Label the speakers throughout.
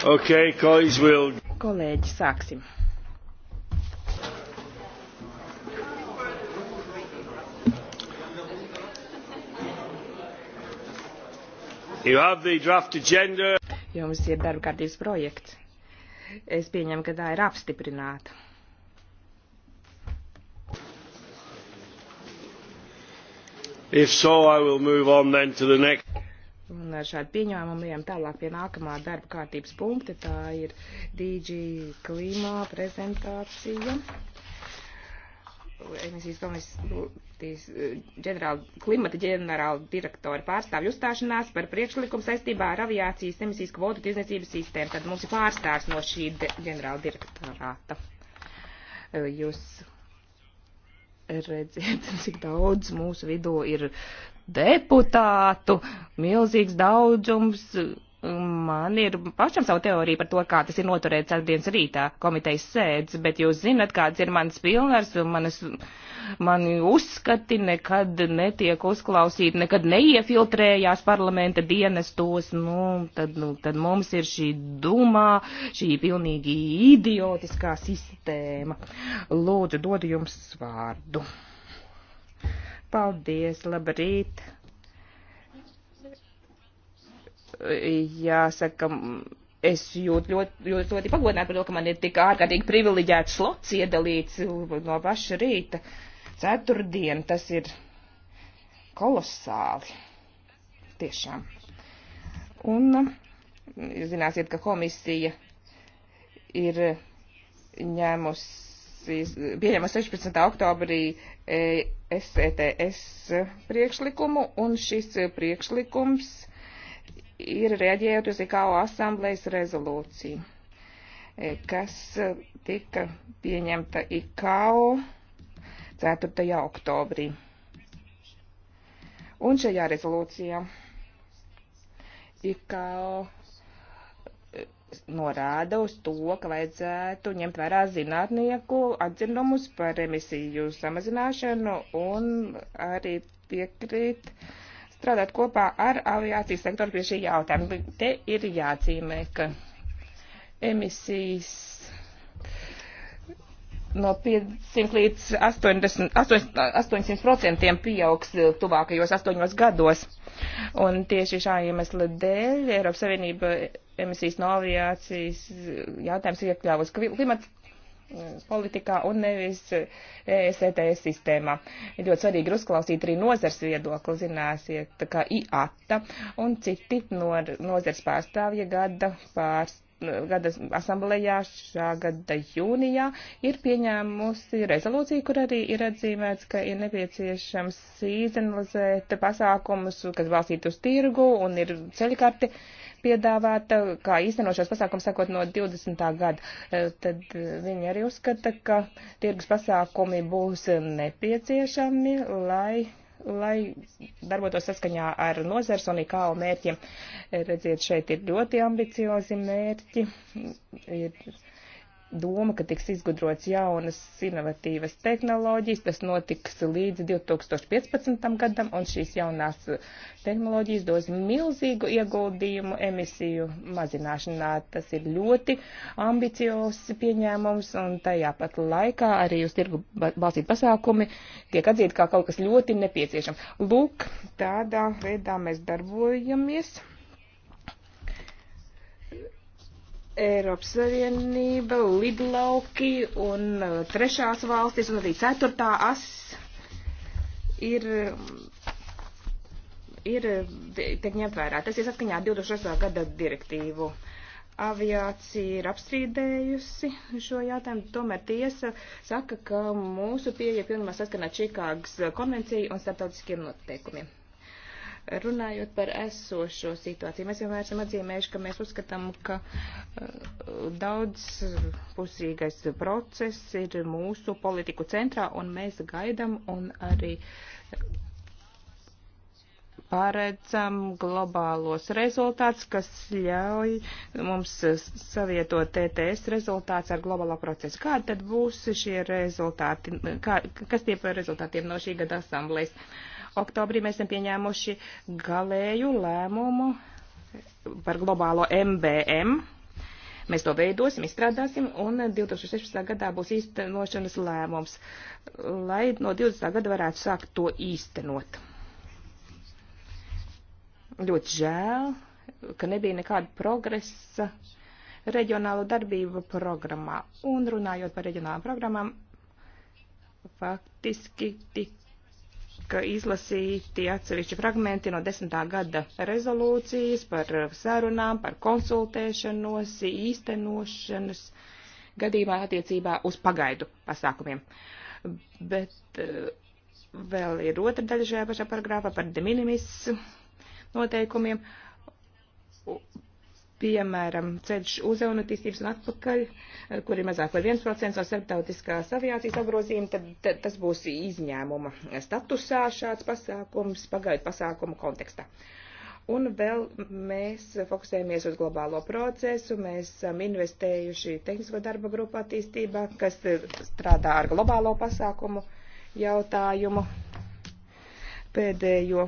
Speaker 1: Okay, colleagues, we'll...
Speaker 2: Kolēģi, sāksim. You have the draft agenda. Jums ir darba kārtības projekts. Es pieņemu, ka tā ir apstiprināta. If so, I will move on then to the next. Un ar šādu pieņēmumu ejam tālāk pie nākamā darba kārtības punkta. Tā ir DG klīmā prezentācija. Emisijas komisijas eh, ģenerāla, klimata ģenerāla direktora pārstāvju uzstāšanās par priekšlikumu saistībā ar aviācijas emisijas kvotu tirdzniecības sistēmu. Tad mums ir pārstāvs no šī ģenerāla direktorāta. Eh, jūs redziet, cik daudz mūsu vidū ir deputātu, milzīgs daudzums. Man ir pašam savu teoriju par to, kā tas ir noturēt ceturtdienas rītā komitejas sēdes, bet jūs zinat, kāds ir mans pilnvars un manas, mani uzskati nekad netiek uzklausīti, nekad neiefiltrējās parlamenta dienestos, nu, tad, nu, tad mums ir šī dumā, šī pilnīgi idiotiskā sistēma. Lūdzu, dodu jums vārdu. Paldies, labrīt. Jāsaka, es jūtu ļoti, ļoti, ļoti pagodināta par to, ka man ir tik ārkārtīgi privileģēts slots iedalīts no paša rīta. Ceturtdien tas ir kolosāli. Tiešām. Un zināsiet, ka komisija ir ņēmusi pieņēma 16. oktobrī SETS e priekšlikumu, un šis priekšlikums ir reaģējot uz IKO asamblējas rezolūciju, e, kas tika pieņemta IKO 4. oktobrī. Un šajā rezolūcijā IKO norāda uz to, ka vajadzētu ņemt vērā zinātnieku atzinumus par emisiju samazināšanu un arī piekrīt strādāt kopā ar aviācijas sektoru pie šī jautājuma. Te ir jāatzīmē, ka emisijas no 500 līdz 80, 800 procentiem pieaugs tuvākajos astoņos gados. Un tieši šā iemesla dēļ Eiropas Savienība emisijas no aviācijas eh, jautājums ir iekļāvus klimata eh, politikā un nevis ESTS eh, e e sistēmā. Ir ļoti svarīgi uzklausīt arī nozars viedokli, zināsiet, kā IATA un citi no nozars pārstāvja gada pārstāvja gada asamblējā šā gada jūnijā ir pieņēmusi rezolūciju, kur arī ir atzīmēts, ka ir nepieciešams izanalizēt pasākumus, kas balstīt uz tirgu un ir ceļkarti. Uh, piedāvāta, eh, kā īstenot šos pasākumus sakot no 20. gada. Eh, tad eh, viņi arī uzskata, ka tirgus pasākumi būs nepieciešami, lai lai darbotos saskaņā ar nozars un IKO mērķiem. Redziet, šeit ir ļoti ambiciozi mērķi. Ir doma, ka tiks izgudrots jaunas inovatīvas tehnoloģijas, tas notiks līdz 2015. gadam, un šīs jaunās tehnoloģijas dos milzīgu ieguldījumu emisiju mazināšanā. Tas ir ļoti ambiciozs pieņēmums, un tajā pat laikā arī uz tirgu balstīt pasākumi tiek atzīti kā kaut kas ļoti nepieciešams. Lūk, tādā veidā mēs darbojamies. Eiropas Savienība, lidlauki un uh, trešās valstis un arī ceturtā as ir, ir tiek ņemt vērā. Tas ir saskaņā ar 2008. gada direktīvu. Aviācija ir apstrīdējusi šo jautājumu, tomēr tiesa saka, ka mūsu pieeja pilnībā saskanā Čikāgas konvenciju un starptautiskiem noteikumiem. Runājot par esošo situāciju, mēs vienmēr esam atzīmējuši, ka mēs uzskatām, ka uh, daudzpusīgais process ir mūsu politiku centrā, un mēs gaidam un arī paredzam globālos rezultātus, kas ļauj mums savietot e TTS rezultāts ar globālo procesu. Kādi tad būs šie rezultāti? Kā, kas tie par rezultātiem no šī gada asamblēs? Uh, oktobrī mēs esam pieņēmuši galēju lēmumu par globālo MBM. Mēs to veidosim, izstrādāsim, un 2016. gadā būs īstenošanas lēmums, lai no 20. gada varētu sākt to īstenot. Ļoti žēl, ka nebija nekāda progresa reģionāla darbība programmā. Un runājot par reģionālām programmām, faktiski tik tika izlasīti atsevišķi fragmenti no desmitā gada rezolūcijas par sarunām, par konsultēšanos, īstenošanas gadījumā attiecībā uz pagaidu pasākumiem. Bet eh, vēl ir otra daļa šajā pašā paragrāfā par de minimis noteikumiem piemēram, ceļš uz un attīstības un atpakaļ, kur ir mazāk par 1% no starptautiskās aviācijas apgrozījuma, tad, tad tas būs izņēmuma statusā šāds pasākums pagaidu pasākumu kontekstā. Un vēl mēs fokusējamies uz globālo procesu, mēs esam investējuši tehnisko darba grupu attīstībā, kas strādā ar globālo pasākumu jautājumu pēdējo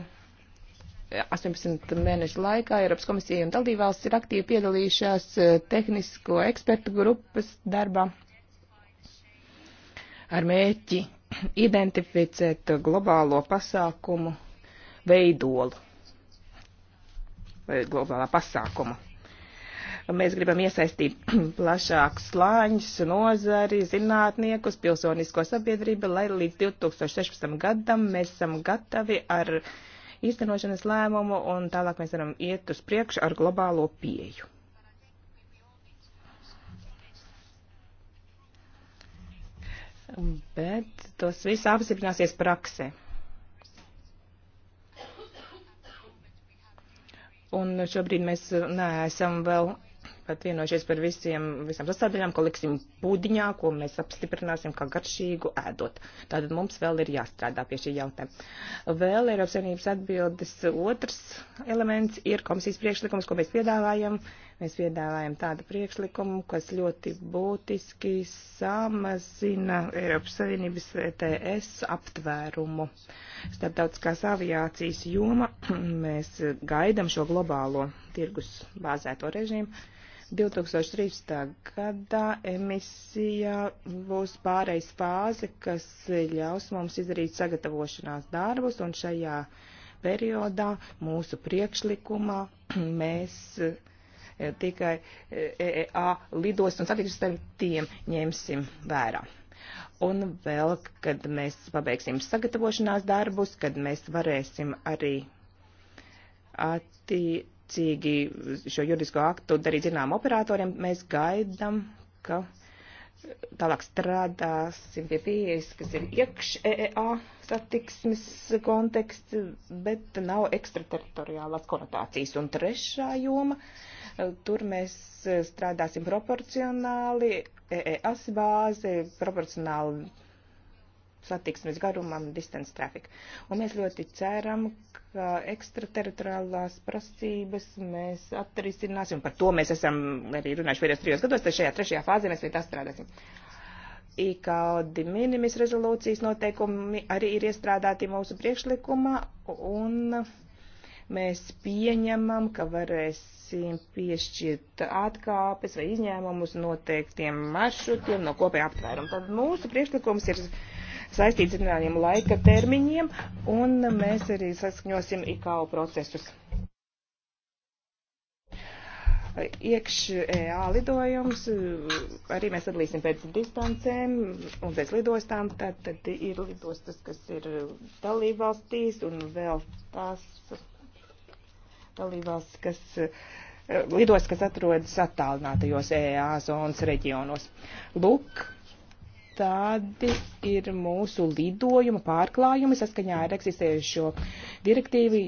Speaker 2: 18 mēnešu laikā Eiropas komisija un dalībvalsts ir aktīvi piedalījušās eh, tehnisko ekspertu grupas darbā ar mērķi identificēt globālo pasākumu veidolu vai globālā pasākumu. Mēs gribam iesaistīt plašākus slāņus, nozari, zinātniekus, pilsonisko sabiedrību, lai līdz 2016. gadam mēs esam gatavi ar uh, īstenošanas lēmumu, un tālāk mēs varam iet uz priekšu ar globālo pieju. Bet tos viss apstiprināsies praksē. Un šobrīd mēs neesam vēl pat vienojušies par visiem, visām sastāvdaļām, ko liksim pūdiņā, ko mēs apstiprināsim kā garšīgu ēdot. Tātad mums vēl ir jāstrādā pie šī jautājuma. Vēl Eiropas Savienības atbildes otrs elements ir komisijas priekšlikums, ko mēs piedāvājam. Mēs piedāvājam tādu priekšlikumu, kas ļoti būtiski samazina Eiropas Savienības ETS aptvērumu. Starptautiskās aviācijas joma mēs gaidam šo globālo tirgus bāzēto režīmu 2013. gadā emisijā būs pārejas fāze, kas ļaus mums izdarīt sagatavošanās darbus, un šajā periodā mūsu priekšlikumā mēs e, tikai EEA lidos un satiksmes tarifiem ņemsim vērā. Un vēl, kad mēs pabeigsim sagatavošanās darbus, kad mēs varēsim arī atti attiecīgi šo juridisko aktu darīt zinām operatoriem, mēs gaidam, ka tālāk strādāsim pie pieejas, kas ir iekš EEA satiksmes konteksts, bet nav ekstrateritoriālās konotācijas. Un trešā joma, tur mēs strādāsim proporcionāli, EEAS bāze, proporcionāli satiksmes garumam, distance traffic. Un mēs ļoti ceram, ka ekstrateritoriālās prasības mēs atrisināsim, par to mēs esam arī runājuši pēdējos trijos gados, tad šajā trešajā fāzē mēs pie tā strādāsim. IKO de minimis rezolūcijas noteikumi arī ir iestrādāti mūsu priekšlikumā, un mēs pieņemam, ka varēsim piešķirt atkāpes vai izņēmumus noteiktiem maršrutiem no kopējā aptvēruma. Tad mūsu priekšlikums ir saistīts ar zināmiem laika termiņiem, un mēs arī saskaņosim IKO procesus. Iekš EA lidojums, arī mēs atlīsim pēc distancēm un pēc lidostām, tad, tad ir lidostas, kas ir dalībvalstīs un vēl tās dalībvalstis, kas lidos, kas atrodas attālinātajos EA zonas reģionos. Lūk, tādi ir mūsu lidojuma pārklājumi saskaņā ar eksistējušo direktīvu.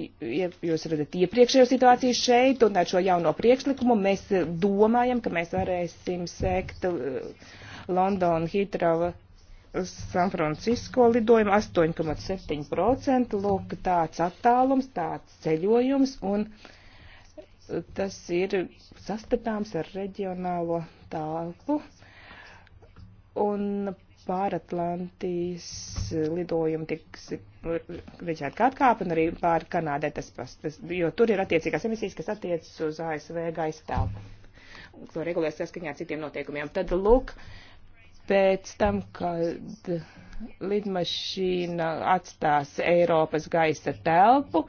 Speaker 2: Jūs redzat iepriekšējo situāciju šeit un ar šo jauno priekšlikumu mēs domājam, ka mēs varēsim sekt uh, Londonu, Hitrava, San Francisco lidojumu 8,7%. Lūk, tāds attālums, tāds ceļojums un tas ir sastatāms ar reģionālo tālpu un pāratlantijas lidojumi tiks redzēt kā atkāpi, un arī pār Kanādai tas pats, jo tur ir attiecīgās emisijas, kas attiecas uz ASV gaisa telpu, ko regulēs saskaņā ar citiem noteikumiem. Tad, lūk, pēc tam, kad lidmašīna atstās Eiropas gaisa telpu,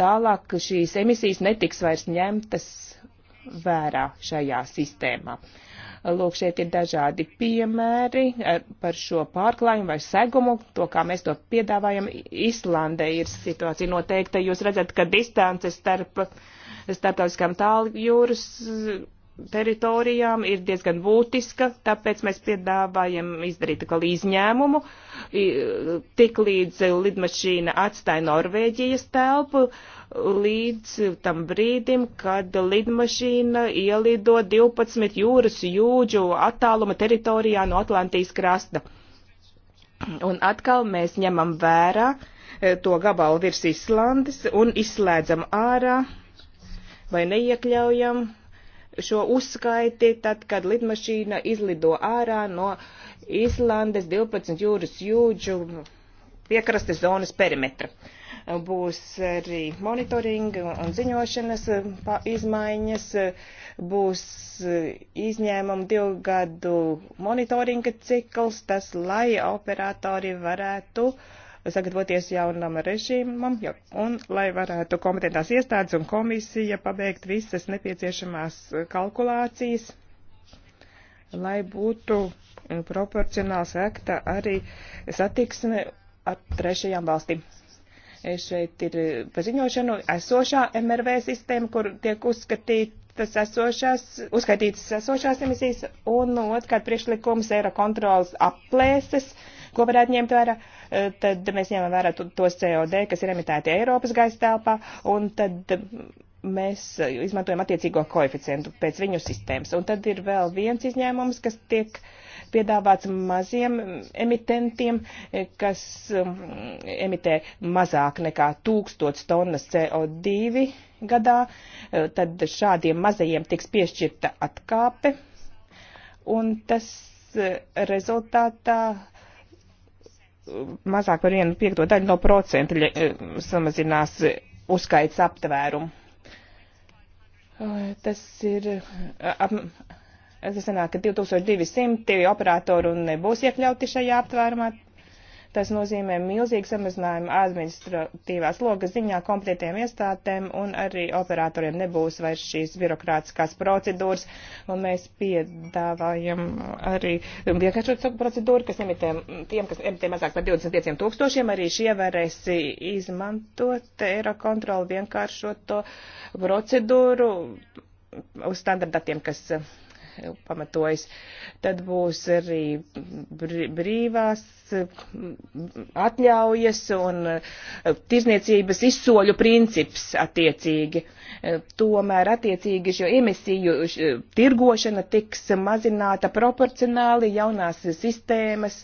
Speaker 2: tālāk šīs emisijas netiks vairs ņemtas vērā šajā sistēmā. Uh, Lūk, šeit ir dažādi piemēri eh, par šo pārklājumu vai segumu, to, kā mēs to piedāvājam. Islandē ir situācija noteikta. Jūs redzat, ka distances starp starptautiskām tāljūras teritorijām ir diezgan būtiska, tāpēc mēs piedāvājam izdarīt kā izņēmumu. Tik līdz lidmašīna atstāja Norvēģijas telpu, līdz tam brīdim, kad lidmašīna ielido 12 jūras jūdžu attāluma teritorijā no Atlantijas krasta. Un atkal mēs ņemam vērā e, to gabalu virs Islandes un izslēdzam ārā vai neiekļaujam šo uzskaiti, tad, kad lidmašīna izlido ārā no Islandes 12 jūras jūdžu piekrastes zonas perimetra. Būs arī monitoringa un ziņošanas eh, izmaiņas, eh, būs eh, izņēmuma divu gadu monitoringa cikls, tas, lai operatori varētu uh, sagatavoties jaunam režīmam, ja, un lai varētu kompetentās iestādes un komisija pabeigt visas nepieciešamās eh, kalkulācijas, lai būtu eh, proporcionāls sekta arī satiksme ar trešajām valstīm šeit ir eh, paziņošanu esošā MRV sistēma, kur tiek uzskatītas esošās, uzskaitītas esošās emisijas, un otrkārt priekšlikums eiro kontrolas aplēses. Uh, ko varētu ņemt vērā, e, tad mēs ņemam vērā tos CO2, kas ir emitēti Eiropas gaisa telpā, un tad mēs izmantojam attiecīgo koeficientu pēc viņu sistēmas. Un tad ir vēl viens izņēmums, kas tiek piedāvāts maziem emitentiem, e, kas um, emitē mazāk nekā tūkstots tonnas CO2 gadā. E, tad šādiem mazajiem tiks piešķirta atkāpe. Un tas rezultātā mazāk par 1 piekto daļu no procentu e, samazinās uzskaits aptvērumu. Tas ir ap, Tas sanāk, ka 2200 operatoru nebūs iekļauti šajā aptvērumā, Tas nozīmē milzīgu samazinājumu administratīvās logas ziņā kompetentiem iestādēm un arī operatoriem nebūs vairs šīs birokrātiskās procedūras. Un mēs piedāvājam arī vienkāršotu procedūru, kas emitē tiem, kas emitē mazāk par 25 tūkstošiem, arī šie varēs izmantot Eirokontrolu vienkāršoto procedūru uz standartdatiem, kas pamatojas. Tad būs arī brīvās atļaujas un eh, tirzniecības izsoļu princips attiecīgi. Eh, tomēr attiecīgi šo emisiju eh, tirgošana tiks mazināta proporcionāli jaunās sistēmas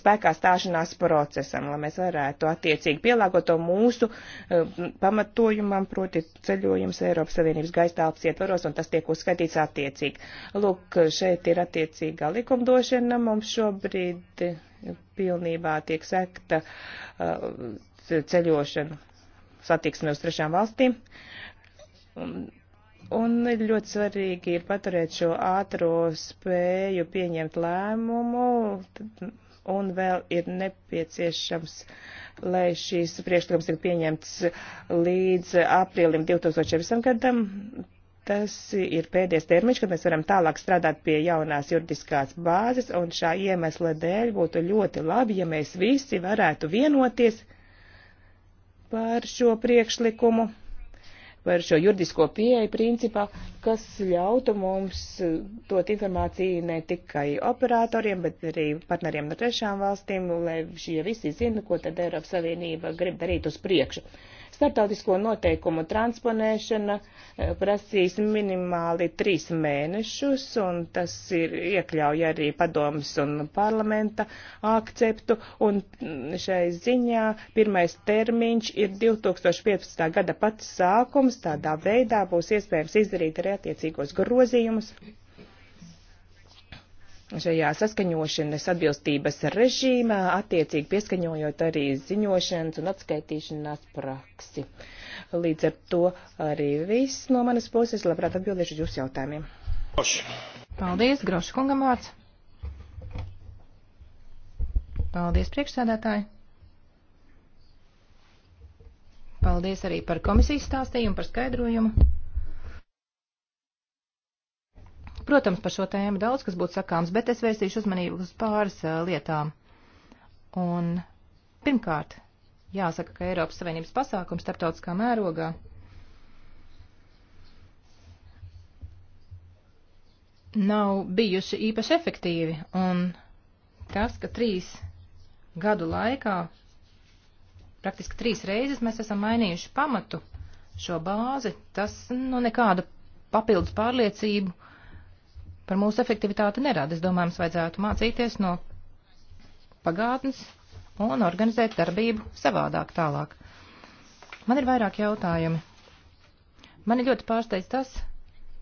Speaker 2: spēkā stāšanās procesam, lai mēs varētu attiecīgi pielāgot to mūsu eh, pamatojumam, proti ceļojums Eiropas Savienības gaistālpas ietvaros, un tas tiek uzskaitīts attiecīgi. Lūk, šeit ir attiecīgā likumdošana mums šobrīd pilnībā tiek sekta ceļošana satiksmi uz trešām valstīm. Un, un ļoti svarīgi ir paturēt šo ātro spēju pieņemt lēmumu, un vēl ir nepieciešams, lai šīs priekšlikums ir pieņemts līdz aprīlim 2014. gadam. Tas ir pēdējais termiņš, kad mēs varam tālāk strādāt pie jaunās juridiskās bāzes, un šā iemesla dēļ būtu ļoti labi, ja mēs visi varētu vienoties par šo priekšlikumu vai ar šo juridisko pieeju principā, kas ļautu mums eh, dot informāciju ne tikai operatoriem, bet arī partneriem no trešām valstīm, lai šie visi zina, ko tad Eiropas Savienība grib darīt uz priekšu. Uh, Startautisko noteikumu transponēšana eh, prasīs minimāli trīs mēnešus, un tas ir iekļauj arī padomas un parlamenta akceptu, un mm, šai ziņā pirmais termiņš ir 2015. gada pats sākums, tādā veidā būs iespējams izdarīt arī attiecīgos grozījumus šajā saskaņošanas atbilstības režīmā, attiecīgi pieskaņojot arī ziņošanas un atskaitīšanās praksi. Līdz ar to arī viss no manas puses. Labprāt atbildēšu uz jūsu jautājumiem. Paldies, Groša kungam
Speaker 3: vārds. Paldies, priekšsēdētāji. Paldies arī par komisijas stāstījumu, par skaidrojumu. Protams, par šo tēmu daudz kas būtu sakāms, bet es vērsīšu uzmanību uz pāris lietām. Un pirmkārt, jāsaka, ka Eiropas Savienības pasākums starptautiskā mērogā nav bijuši īpaši efektīvi, un tas, ka trīs gadu laikā, praktiski trīs reizes mēs esam mainījuši pamatu šo bāzi, tas nu nekādu papildus pārliecību par mūsu efektivitāti nerada. Es domāju, mums vajadzētu mācīties no pagātnes un organizēt darbību savādāk tālāk. Man ir vairāk jautājumi. Man ir ļoti pārsteidz tas,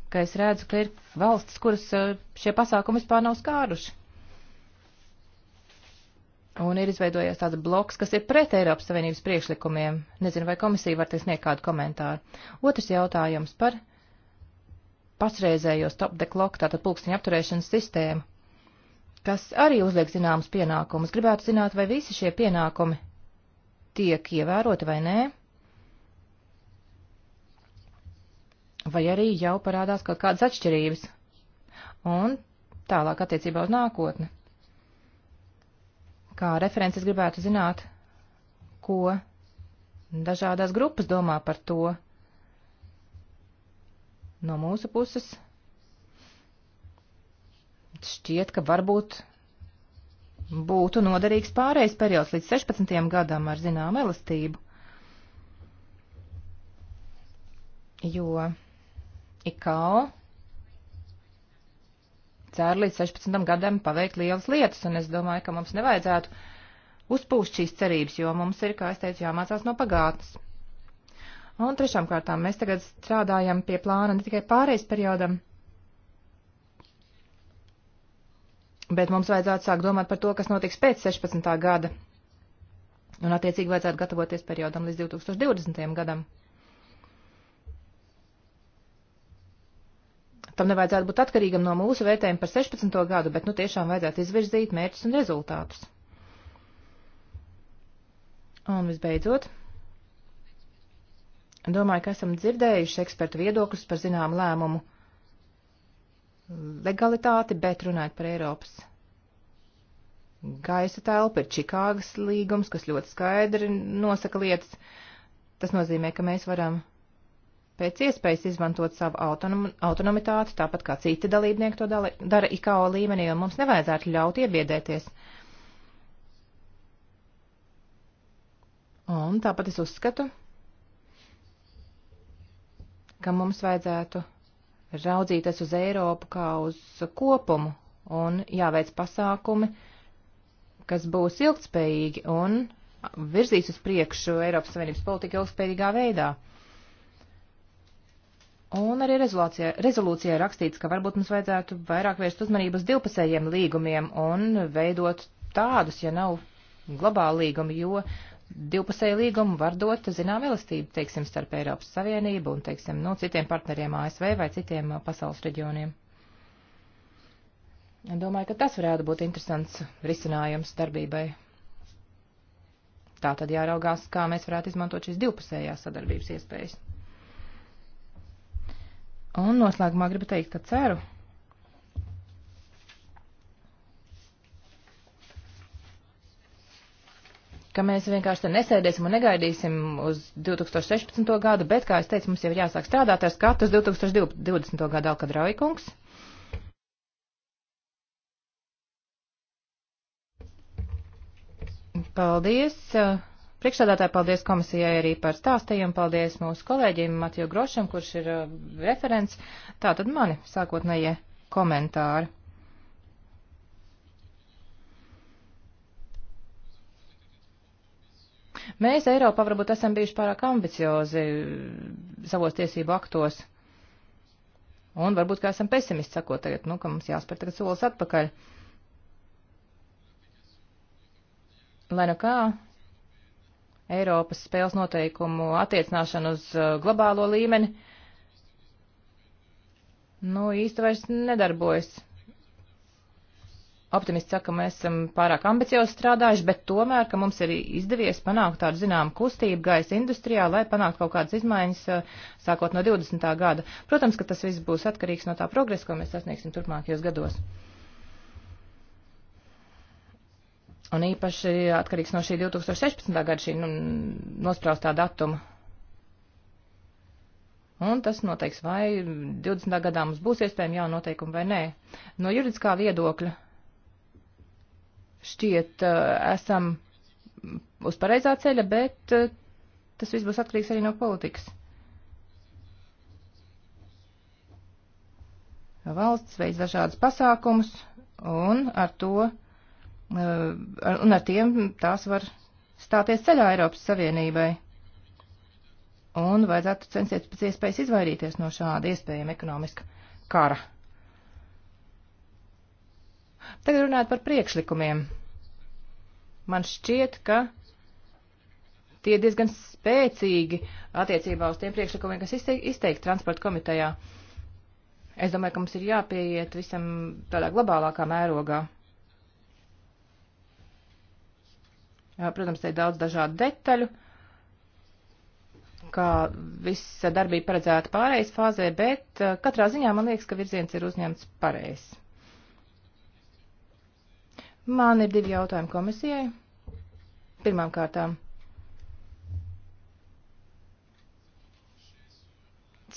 Speaker 3: ka es redzu, ka ir valsts, kuras eh, šie pasākumi vispār nav skāruši. Un ir izveidojies tāds bloks, kas ir pret Eiropas Savienības priekšlikumiem. Nezinu, vai komisija var teikt kādu komentāru. Otrs jautājums par pašreizējo stop the clock, tātad pulksteņa apturēšanas sistēmu, kas arī uzliek zināmas pienākumus. Gribētu zināt, vai visi šie pienākumi tiek ievēroti vai nē, vai arī jau parādās kaut kādas atšķirības. Un tālāk attiecībā uz nākotni. Kā references gribētu zināt, ko dažādās grupas domā par to, no mūsu puses šķiet, ka varbūt būtu noderīgs pārējais periods līdz 16. gadam ar zināmu elastību. Jo IKO cer līdz 16. gadam paveikt lielas lietas, un es domāju, ka mums nevajadzētu uzpūst šīs cerības, jo mums ir, kā es teicu, jāmācās no pagātnes. Un trešām kārtām mēs tagad strādājam pie plāna ne tikai pārejas periodam, bet mums vajadzētu sākt domāt par to, kas notiks pēc 16. gada. Un attiecīgi vajadzētu gatavoties periodam līdz 2020. gadam. Tam nevajadzētu būt atkarīgam no mūsu vērtējuma par 16. gadu, bet nu tiešām vajadzētu izvirzīt mērķus un rezultātus. Un visbeidzot. Domāju, ka esam dzirdējuši ekspertu viedokļus par zināmu lēmumu legalitāti, bet runājot par Eiropas gaisa telpu, ir Čikāgas līgums, kas ļoti skaidri nosaka lietas. Tas nozīmē, ka mēs varam pēc iespējas izmantot savu autonom, autonomitāti, tāpat kā citi dalībnieki to dala, dara IKO līmenī, un mums nevajadzētu ļaut iebiedēties. Un tāpat es uzskatu, ka mums vajadzētu raudzīties uz Eiropu kā uz kopumu un jāveic pasākumi, kas būs ilgtspējīgi un virzīs uz priekšu Eiropas Savienības politiku ilgspējīgā veidā. Un arī rezolūcijā, rezolūcijā rakstīts, ka varbūt mums vajadzētu vairāk vērst uzmanību uz divpusējiem līgumiem un veidot tādus, ja nav globāli līgumi, jo divpusēju līgumu var dot zinām elastību, teiksim, starp Eiropas Savienību un, teiksim, nu, citiem partneriem ASV vai citiem pasaules reģioniem. Domāju, ka tas varētu būt interesants risinājums darbībai. Tā tad jāraugās, kā mēs varētu izmantot šīs divpusējās sadarbības iespējas. Un noslēgumā gribu teikt, ka ceru, ka mēs vienkārši nesēdēsim un negaidīsim uz 2016. gadu, bet, kā es teicu, mums jau ir jāsāk strādāt ar skatu uz 2020. gadu Alkad Rauikungs. Paldies. Eh, Priekšsādātāji, paldies komisijai arī par stāstījumu, paldies mūsu kolēģim Matiju Grošam, kurš ir eh, referents. Tātad mani sākotnējie komentāri. Mēs Eiropā varbūt esam bijuši pārāk ambiciozi savos tiesību aktos. Un varbūt kā esam pesimisti sakot tagad, nu, ka mums jāspēr tagad solis atpakaļ. Lai nu kā, Eiropas spēles noteikumu attiecināšanu uz uh, globālo līmeni, nu, īsti vairs nedarbojas optimists saka, ka mēs esam pārāk ambiciozi strādājuši, bet tomēr, ka mums ir izdevies panākt tādu zināmu kustību gaisa industrijā, lai panāktu kaut kādas izmaiņas eh, sākot no 20. gada. Protams, ka tas viss būs atkarīgs no tā progresa, ko mēs sasniegsim turpmākajos gados. Un īpaši atkarīgs no šī 2016. gada šī nu, nospraustā datuma. Un tas noteiks, vai 20. gadā mums būs iespējami jauna noteikuma vai nē. No juridiskā viedokļa šķiet eh, esam uz pareizā ceļa, bet eh, tas viss būs atkarīgs arī no politikas. Valsts veids dažādas pasākumus, un ar to, eh, un ar tiem tās var stāties ceļā Eiropas Savienībai. Un vajadzētu censties pēc iespējas izvairīties no šāda iespējama ekonomiska kara. Tagad runājot par priekšlikumiem. Man šķiet, ka tie diezgan spēcīgi attiecībā uz tiem priekšlikumiem, kas izteikti izteik transporta komitejā. Es domāju, ka mums ir jāpieiet visam tādā globālākā mērogā. Protams, te ir daudz dažādu detaļu, kā viss darbība paredzēta pārējais fāzē, bet eh, katrā ziņā man liekas, ka virziens ir uzņemts pareizs. Man ir divi jautājumi komisijai. Pirmām kārtām,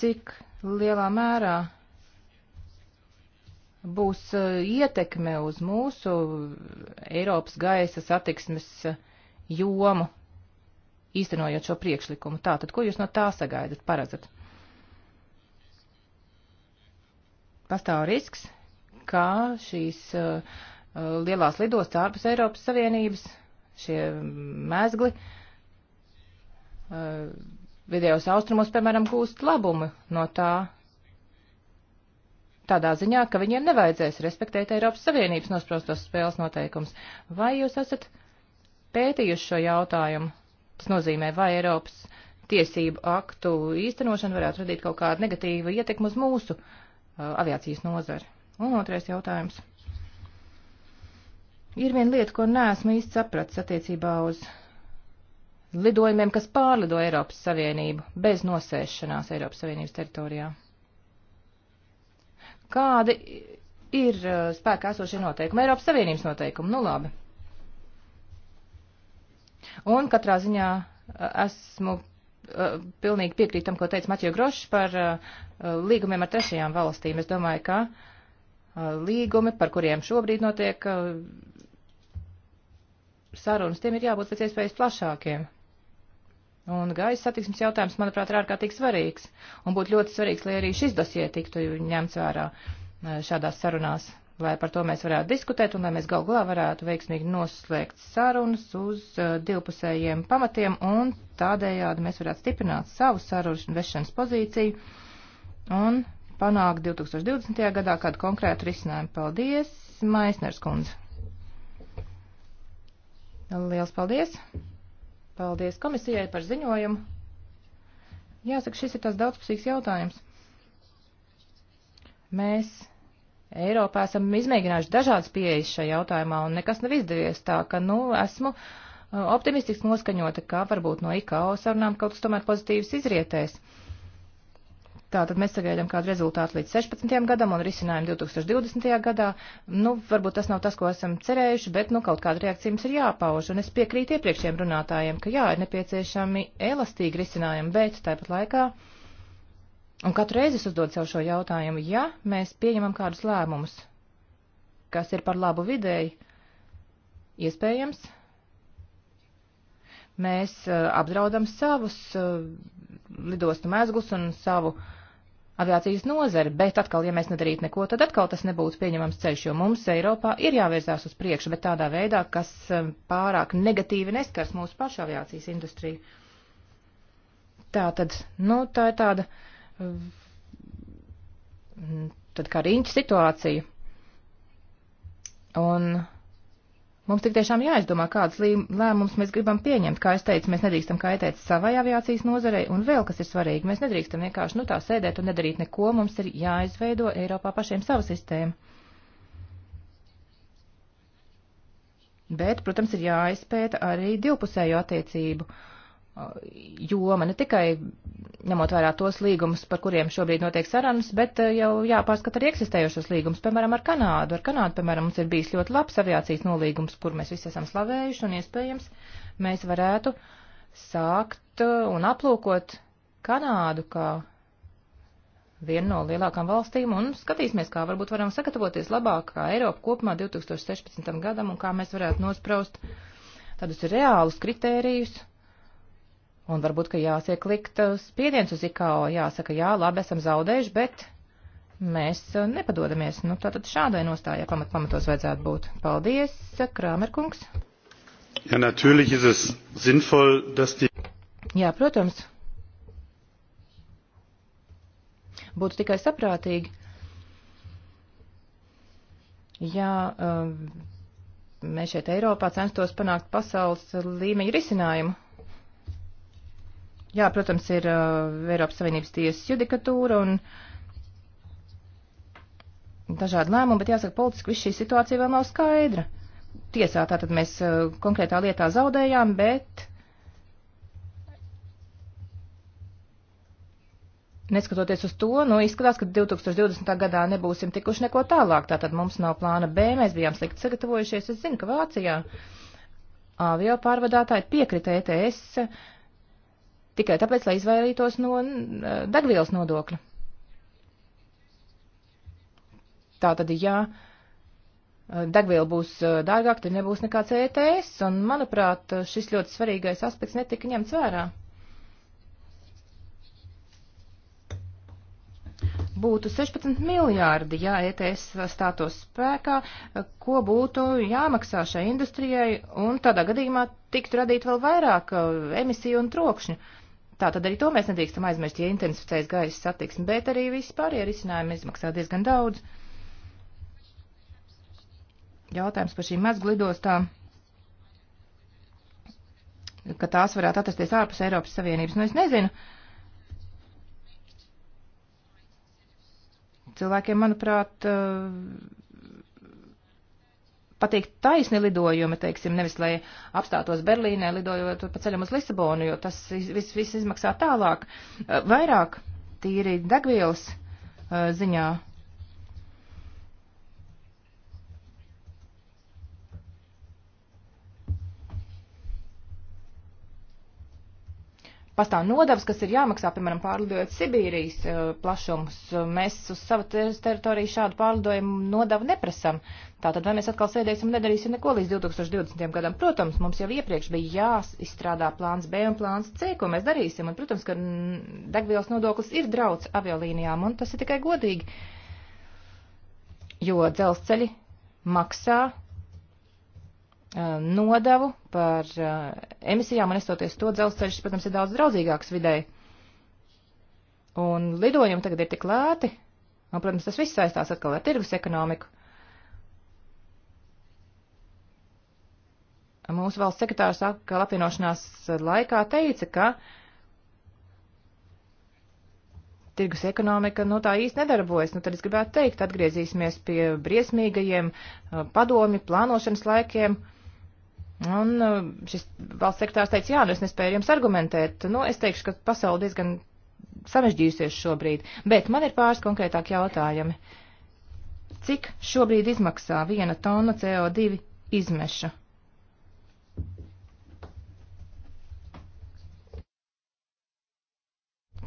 Speaker 3: cik lielā mērā būs eh, ietekme uz mūsu Eiropas gaisa satiksmes eh, jomu, īstenojot šo priekšlikumu? Tātad, ko jūs no tā sagaidat, paredzat? Pastāv risks, kā šīs uh, Uh, lielās lidostas ārpus Eiropas Savienības, šie mēzgli. Uh, vidējos austrumos, piemēram, gūst labumu no tā, tādā ziņā, ka viņiem nevajadzēs respektēt Eiropas Savienības nosprostos spēles noteikums. Vai jūs esat pētījuši šo jautājumu? Tas nozīmē, vai Eiropas tiesību aktu īstenošana varētu radīt kaut kādu negatīvu ietekmu uz mūsu uh, aviācijas nozari. Un otrais jautājums. Ir viena lieta, ko neesmu īsti sapratis attiecībā uz lidojumiem, kas pārlido Eiropas Savienību bez nosēšanās Eiropas Savienības teritorijā. Kādi ir uh, spēkā esošie noteikumi? Eiropas Savienības noteikumi, nu labi. Un katrā ziņā uh, esmu uh, pilnīgi piekrīt tam, ko teica Maķio Grošs par līgumiem ar trešajām valstīm. Es domāju, ka līgumi, par kuriem šobrīd notiek sarunas, tiem ir jābūt pēc iespējas plašākiem. Un gaisa satiksmes jautājums, manuprāt, ir ārkārtīgi svarīgs. Un būtu ļoti svarīgs, lai arī šis dosie tiktu ņemts vērā šādās sarunās, lai par to mēs varētu diskutēt un lai mēs gal galā varētu veiksmīgi noslēgt sarunas uz divpusējiem pamatiem un tādējādi mēs varētu stiprināt savu sarunu vešanas pozīciju un panākt 2020. gadā kādu konkrētu risinājumu. Paldies, Maisners kundze! Liels paldies! Paldies komisijai par ziņojumu. Jāsaka, šis ir tas daudzpusīgs jautājums. Mēs Eiropā esam izmēģinājuši dažādas pieejas šajā jautājumā, un nekas nav izdevies tā, ka, nu, esmu uh, optimistiski noskaņota, ka varbūt no IKO sarunām kaut kas tomēr pozitīvs izrietēs. Uh, Tātad mēs sagaidām kādu rezultātu līdz 16. gadam un risinājumu 2020. gadā. Nu, varbūt tas nav tas, ko esam cerējuši, bet, nu, kaut kāda reakcija mums ir jāpauž. Un es piekrītu iepriekšējiem runātājiem, ka jā, ir nepieciešami elastīgi risinājumi, bet tāpat laikā, un katru reizi es uzdod sev šo jautājumu, ja mēs pieņemam kādus lēmumus, kas ir par labu videi, iespējams, mēs uh, apdraudam savus uh, lidostu mezglus un savu uh, aviācijas nozari, bet atkal, ja mēs nedarītu neko, tad atkal tas nebūtu pieņemams ceļš, jo mums Eiropā ir jāvērsās uz priekšu, bet tādā veidā, kas um, pārāk negatīvi neskars mūsu pašu aviācijas industriju. Tā tad, nu, tā ir tāda, um, tad kā riņķa situācija. Un Mums tik tiešām jāizdomā, kādas lēmumus mēs gribam pieņemt. Kā es teicu, mēs nedrīkstam kaitēt savai aviācijas nozarei, un vēl kas ir svarīgi, mēs nedrīkstam vienkārši nu tā sēdēt un nedarīt neko, mums ir jāizveido Eiropā pašiem sava sistēma. Bet, protams, ir jāizpēta arī divpusējo attiecību uh, Uh, joma, ne tikai ņemot vērā tos līgumus, par kuriem šobrīd notiek sarunas, bet uh, jau jāpārskata arī eksistējošos līgumus, piemēram, ar Kanādu. Ar Kanādu, piemēram, mums ir bijis ļoti labs aviācijas nolīgums, kur mēs visi esam slavējuši, un iespējams mēs varētu sākt uh, un aplūkot Kanādu kā vienu no lielākām valstīm, un skatīsimies, kā varbūt varam sagatavoties labāk kā Eiropa kopumā 2016. gadam, un kā mēs varētu nospraust tādus reālus kritērijus, Un varbūt, ka jāsiek likt uh, spiediens uz IKO, jāsaka, jā, labi, esam zaudējuši, bet mēs uh, nepadodamies. Nu, tātad šādai nostājai pamat, pamatos vajadzētu būt. Paldies, Krāmerkungs.
Speaker 2: Ja, natürlich ist es sinnvoll,
Speaker 3: dass die... Jā, protams. Būtu tikai saprātīgi, ja um, mēs šeit Eiropā censtos panākt pasaules līmeņa risinājumu Jā, protams, ir uh, Eiropas Savienības tiesas judikatūra un dažādi lēmumi, bet jāsaka, politiski viss šī situācija vēl nav skaidra. Tiesā tātad mēs uh, konkrētā lietā zaudējām, bet neskatoties uz to, nu, izskatās, ka 2020. gadā nebūsim tikuši neko tālāk. Tātad mums nav plāna B, mēs bijām slikti sagatavojušies. Es zinu, ka Vācijā avio pārvadātāji piekrita ETS tikai tāpēc, lai izvairītos no eh, degvielas nodokļa. Tā tad, ja eh, degviela būs eh, dārgāka, tad nebūs nekāds ETS, un, manuprāt, šis ļoti svarīgais aspekts netika ņemts vērā. Būtu 16 miljārdi, ja ETS stātos spēkā, ko būtu jāmaksā šai industrijai, un tādā gadījumā tiktu radīt vēl vairāk emisiju un trokšņu. Uh, Tā tad arī to mēs nedrīkstam aizmirst, ja intensificēs gaisa satiksmi, bet arī viss pārējie risinājumi izmaksā diezgan daudz. Jautājums par šīm mazglidostām, ka tās varētu atrasties ārpus Eiropas Savienības, nu es nezinu. Cilvēkiem, manuprāt, uh, patīk taisni lidojumi, teiksim, nevis lai apstātos Berlīnē, lidojot pa ceļam uz Lisabonu, jo tas viss vis izmaksā tālāk, vairāk tīri degvielas uh, ziņā pastāv nodevs, kas ir jāmaksā, piemēram, pārlidojot Sibīrijas eh, plašumus. Mēs uz savu teritoriju šādu pārlidojumu nodevu neprasam. Tātad, vai mēs atkal sēdēsim un nedarīsim neko līdz 2020. gadam? Protams, mums jau iepriekš bija jāizstrādā plāns B un plāns C, ko mēs darīsim. Un, protams, ka mm, degvielas nodoklis ir drauds aviolīnijām, un tas ir tikai godīgi, jo dzelzceļi maksā Uh, nodevu par uh, emisijām, un estoties to dzelzceļš, protams, ir daudz draudzīgāks videi. Un lidojumi tagad ir tik lēti, un, protams, tas viss saistās atkal ar tirgus ekonomiku. Mūsu valsts sekretārs atkal apvienošanās laikā teica, ka tirgus ekonomika, nu tā īsti nedarbojas. Nu, tad es gribētu teikt, atgriezīsimies pie briesmīgajiem uh, padomi plānošanas laikiem. Uh, Un uh, šis valsts sekretārs teica, jā, nu es nespēju jums argumentēt. Nu, es teikšu, ka pasauli diezgan sarežģījusies šobrīd, bet man ir pāris konkrētāk jautājumi. Cik šobrīd izmaksā viena tona CO2 izmeša?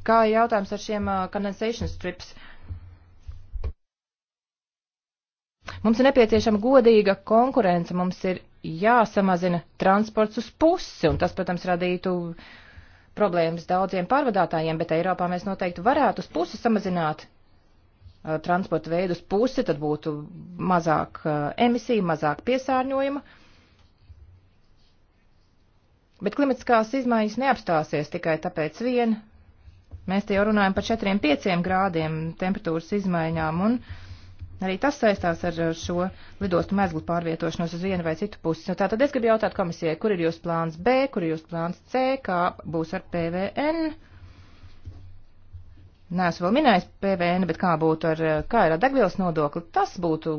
Speaker 3: Kā ir jautājums ar šiem uh, condensation strips? Mums ir nepieciešama godīga konkurence, mums ir jāsamazina transports uz pusi, un tas, protams, radītu problēmas daudziem pārvadātājiem, bet Eiropā mēs noteikti varētu uz pusi samazināt uh, transporta veidu uz pusi, tad būtu mazāk uh, emisiju, mazāk piesārņojuma. Bet klimatiskās izmaiņas neapstāsies tikai tāpēc vien. Mēs te jau runājam par 4-5 grādiem temperatūras izmaiņām, un uh, Arī tas saistās ar šo lidostu mezglu pārvietošanos uz vienu vai citu pusi. Nu, tātad es gribu jautāt komisijai, kur ir jūsu plāns B, kur ir jūsu plāns C, kā būs ar PVN. Neesmu vēl minējis PVN, bet kā būtu ar, kā ir ar degvielas nodokli, tas būtu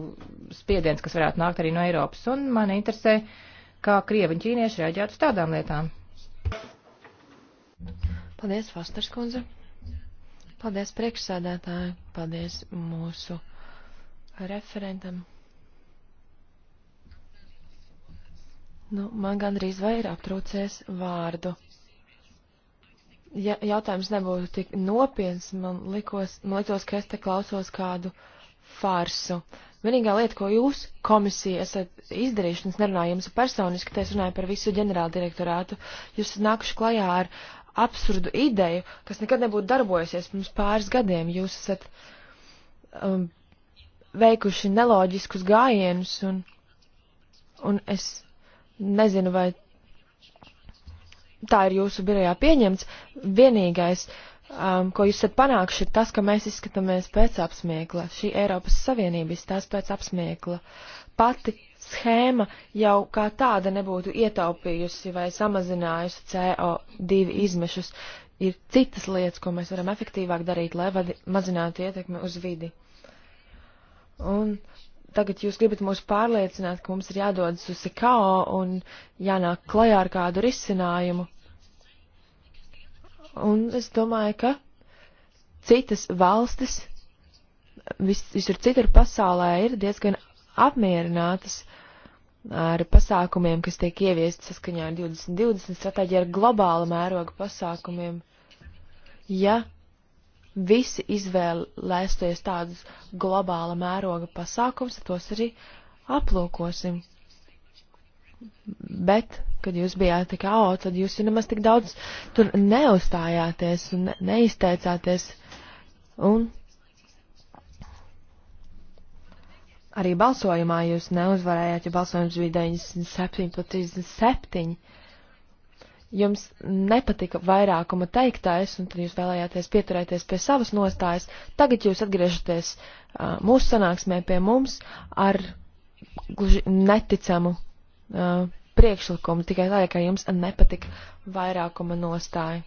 Speaker 3: spiediens, kas varētu nākt arī no Eiropas. Un man interesē, kā krievi un ķīnieši reaģētu uz tādām lietām.
Speaker 1: Paldies, Fosters kundze. Paldies, priekšsēdētāji. Paldies mūsu referentam. Nu, man gandrīz vai ir aptrūcies vārdu. Ja jautājums nebūtu tik nopietns, man likos, man likos, ka es te klausos kādu farsu. Vienīgā lieta, ko jūs, komisija, esat izdarījuši, es nerunāju jums personiski, te es runāju par visu ģenerāldirektorātu, jūs esat nākuši klajā ar absurdu ideju, kas nekad nebūtu darbojusies pirms pāris gadiem. Jūs esat um, veikuši neloģiskus gājienus, un, un es nezinu, vai tā ir jūsu birojā pieņemts. Vienīgais, um, ko jūs esat panākuši, ir tas, ka mēs izskatāmies pēc apsmiekla. Šī Eiropas Savienība izstās pēc apsmiekla. Pati schēma jau kā tāda nebūtu ietaupījusi vai samazinājusi CO2 izmešus. Ir citas lietas, ko mēs varam efektīvāk darīt, lai vadi, mazinātu ietekmi uz vidi. Un tagad jūs gribat mūs pārliecināt, ka mums ir jādodas uz IKO un jānāk klajā ar kādu risinājumu. Un es domāju, ka citas valstis vis, visur citur pasaulē ir diezgan apmierinātas ar pasākumiem, kas tiek ieviesti saskaņā ar 2020 stratēģiju, ar globāla mēroga pasākumiem. Ja visi izvēlēsies tādus globāla mēroga pasākums, tos arī aplūkosim. Bet, kad jūs bijāt tik āo, tad jūs jau nemaz tik daudz tur neuzstājāties un neizteicāties. Un arī balsojumā jūs neuzvarējāt, jo balsojums bija 97 pret 37 jums nepatika vairākuma teiktais, un tad jūs vēlējāties pieturēties pie savas nostājas. Tagad jūs atgriežaties uh, mūsu sanāksmē pie mums ar gluži neticamu uh, priekšlikumu, tikai tā, ka jums nepatika vairākuma nostāja.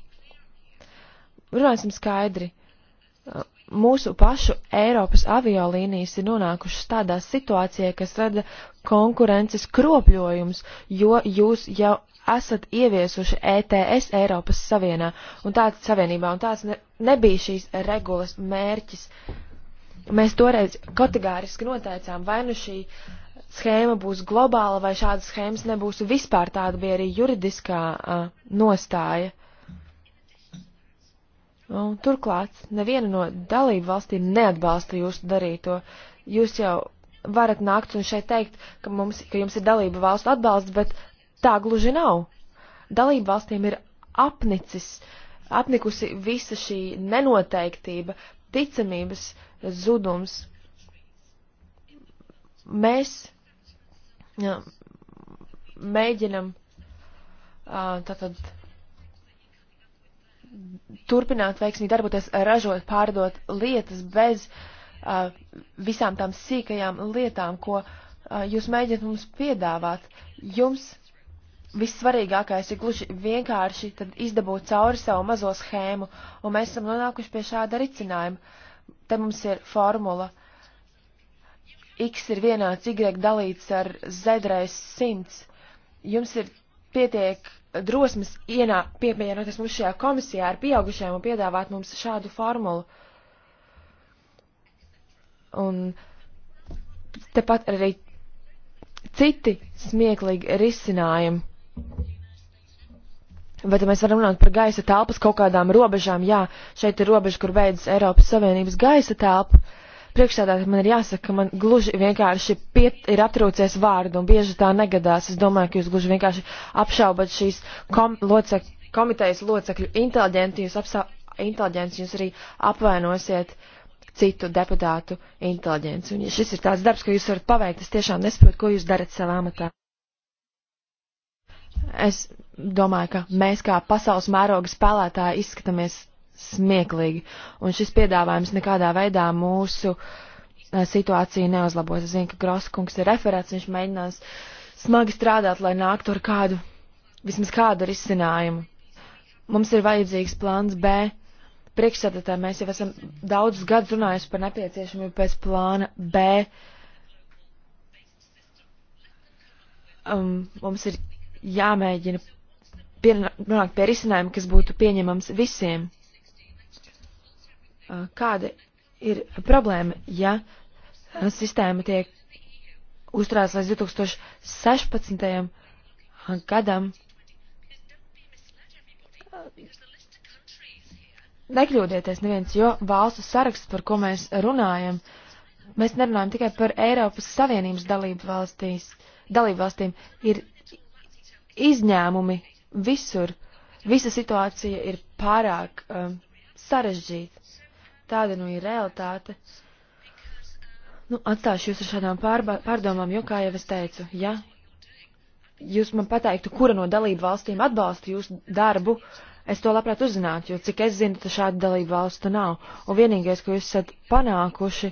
Speaker 1: Runāsim skaidri. Uh, mūsu pašu Eiropas aviolīnijas ir nonākušas tādā situācijā, kas rada konkurences kropļojums, jo jūs jau esat ieviesuši ETS Eiropas Savienā un tāds Savienībā, un tāds ne, nebija šīs regulas mērķis. Mēs toreiz kategāriski noteicām, vai nu šī schēma būs globāla, vai šādas schēmas nebūs vispār tāda bija arī juridiskā uh, nostāja. Un, turklāt, neviena no dalību valstīm neatbalsta jūsu darīto. Jūs jau varat nākt un šeit teikt, ka, mums, ka jums ir dalība valstu atbalsts, bet Tā gluži nav. Dalību valstīm ir apnicis, apnikusi visa šī nenoteiktība, ticamības zudums. Mēs jā, mēģinam tātad turpināt veiksmīgi darboties, ražot, pārdot lietas bez uh, visām tām sīkajām lietām, ko uh, jūs mēģināt mums piedāvāt. Jums vissvarīgākais ir gluži vienkārši izdabūt cauri savu mazo schēmu, un mēs esam nonākuši pie šāda ricinājuma. Te mums ir formula. X ir vienāds, Y dalīts ar Z reiz 100. Jums ir pietiek drosmes ienā, pievienoties mums šajā komisijā ar pieaugušajiem un piedāvāt mums šādu formulu. Un tepat arī citi smieklīgi risinājumi. Vai tad mēs varam runāt par gaisa telpas kaut kādām robežām? Jā, šeit ir robeža, kur beidzas Eiropas Savienības gaisa telpa. Priekšstādātāji man ir jāsaka, ka man gluži vienkārši piet, ir aptrūcies vārdu un bieži tā negadās. Es domāju, ka jūs gluži vienkārši apšaubat šīs kom, locek, komitejas locekļu inteliģenci, jūs, apsa, inteliģenci, jūs arī apvainosiet citu deputātu inteliģenci. Un ja šis ir tāds darbs, ko jūs varat paveikt, es tiešām nesaprotu, ko jūs darat savā matā. Es domāju, ka mēs kā pasaules mēroga spēlētāji izskatāmies smieklīgi, un šis piedāvājums nekādā veidā mūsu uh, situāciju neuzlabos. Es zinu, ka Groskungs ir referēts, viņš mēģinās smagi strādāt, lai nāktu ar kādu, vismaz kādu risinājumu. Mums ir vajadzīgs plāns B. Priekšsēdētāji mēs jau esam daudzus gadus runājuši par nepieciešamību pēc plāna B. Um, mums ir jāmēģina nonākt pie risinājuma, kas būtu pieņemams visiem. Uh, kāda ir problēma, ja uh, sistēma tiek uzturēts līdz 2016. Uh, gadam? Nekļūdieties neviens, jo valstu saraksts, par ko mēs runājam, mēs nerunājam tikai par Eiropas Savienības dalību valstīs. Dalību valstīm ir izņēmumi visur. Visa situācija ir pārāk um, sarežģīta. Tāda nu ir realitāte. Nu, atstāšu jūs ar šādām pārdomām, jo, kā jau es teicu, ja jūs man pateiktu, kura no dalību valstīm atbalsta jūsu darbu, es to labprāt uzzinātu, jo, cik es zinu, šāda dalību valstu nav. Un vienīgais, ko jūs esat panākuši,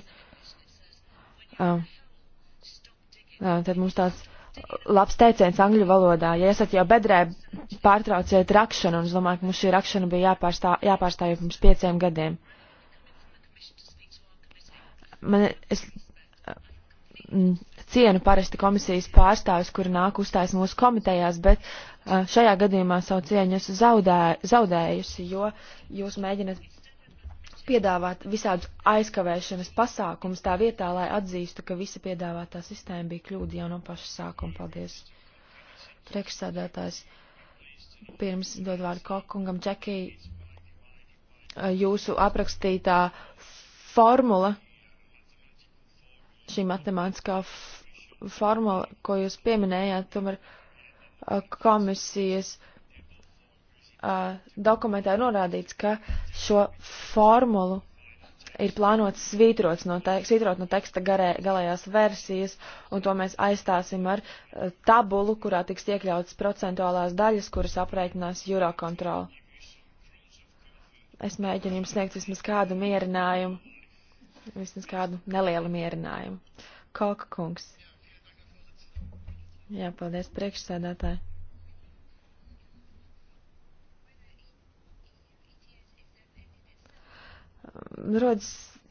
Speaker 1: uh, uh, tad mums tāds labs teiciens angļu valodā. Ja esat jau bedrē, pārtrauciet rakšanu, un es domāju, ka mums šī rakšana bija jāpārstā, jāpārstāj jau pirms pieciem gadiem. Man, es m, mm, cienu parasti komisijas pārstāvis, kuri nāk uzstājas mūsu komitejās, bet šajā gadījumā savu cieņu esmu zaudē, zaudējusi, jo jūs mēģinat piedāvāt visādus aizkavēšanas pasākumus tā vietā, lai atzīstu, ka visa piedāvātā sistēma bija kļūda jau no paša sākuma. Paldies! Priekšsādātājs, pirms dod vārdu Kokungam, Džekija, jūsu aprakstītā formula, šī matemātiskā formula, ko jūs pieminējāt, tomēr komisijas uh, uh, dokumentā norādīts, ka šo formulu ir plānots svītrot no, te, svītrot no teksta garē, galējās versijas, un to mēs aizstāsim ar uh, tabulu, kurā tiks iekļautas procentuālās daļas, kuras aprēķinās Eurocontrol. Es mēģinu jums sniegt vismaz kādu mierinājumu, vismaz kādu nelielu mierinājumu. Kalka kungs. Jā, paldies priekšsēdētāji. Um, rodas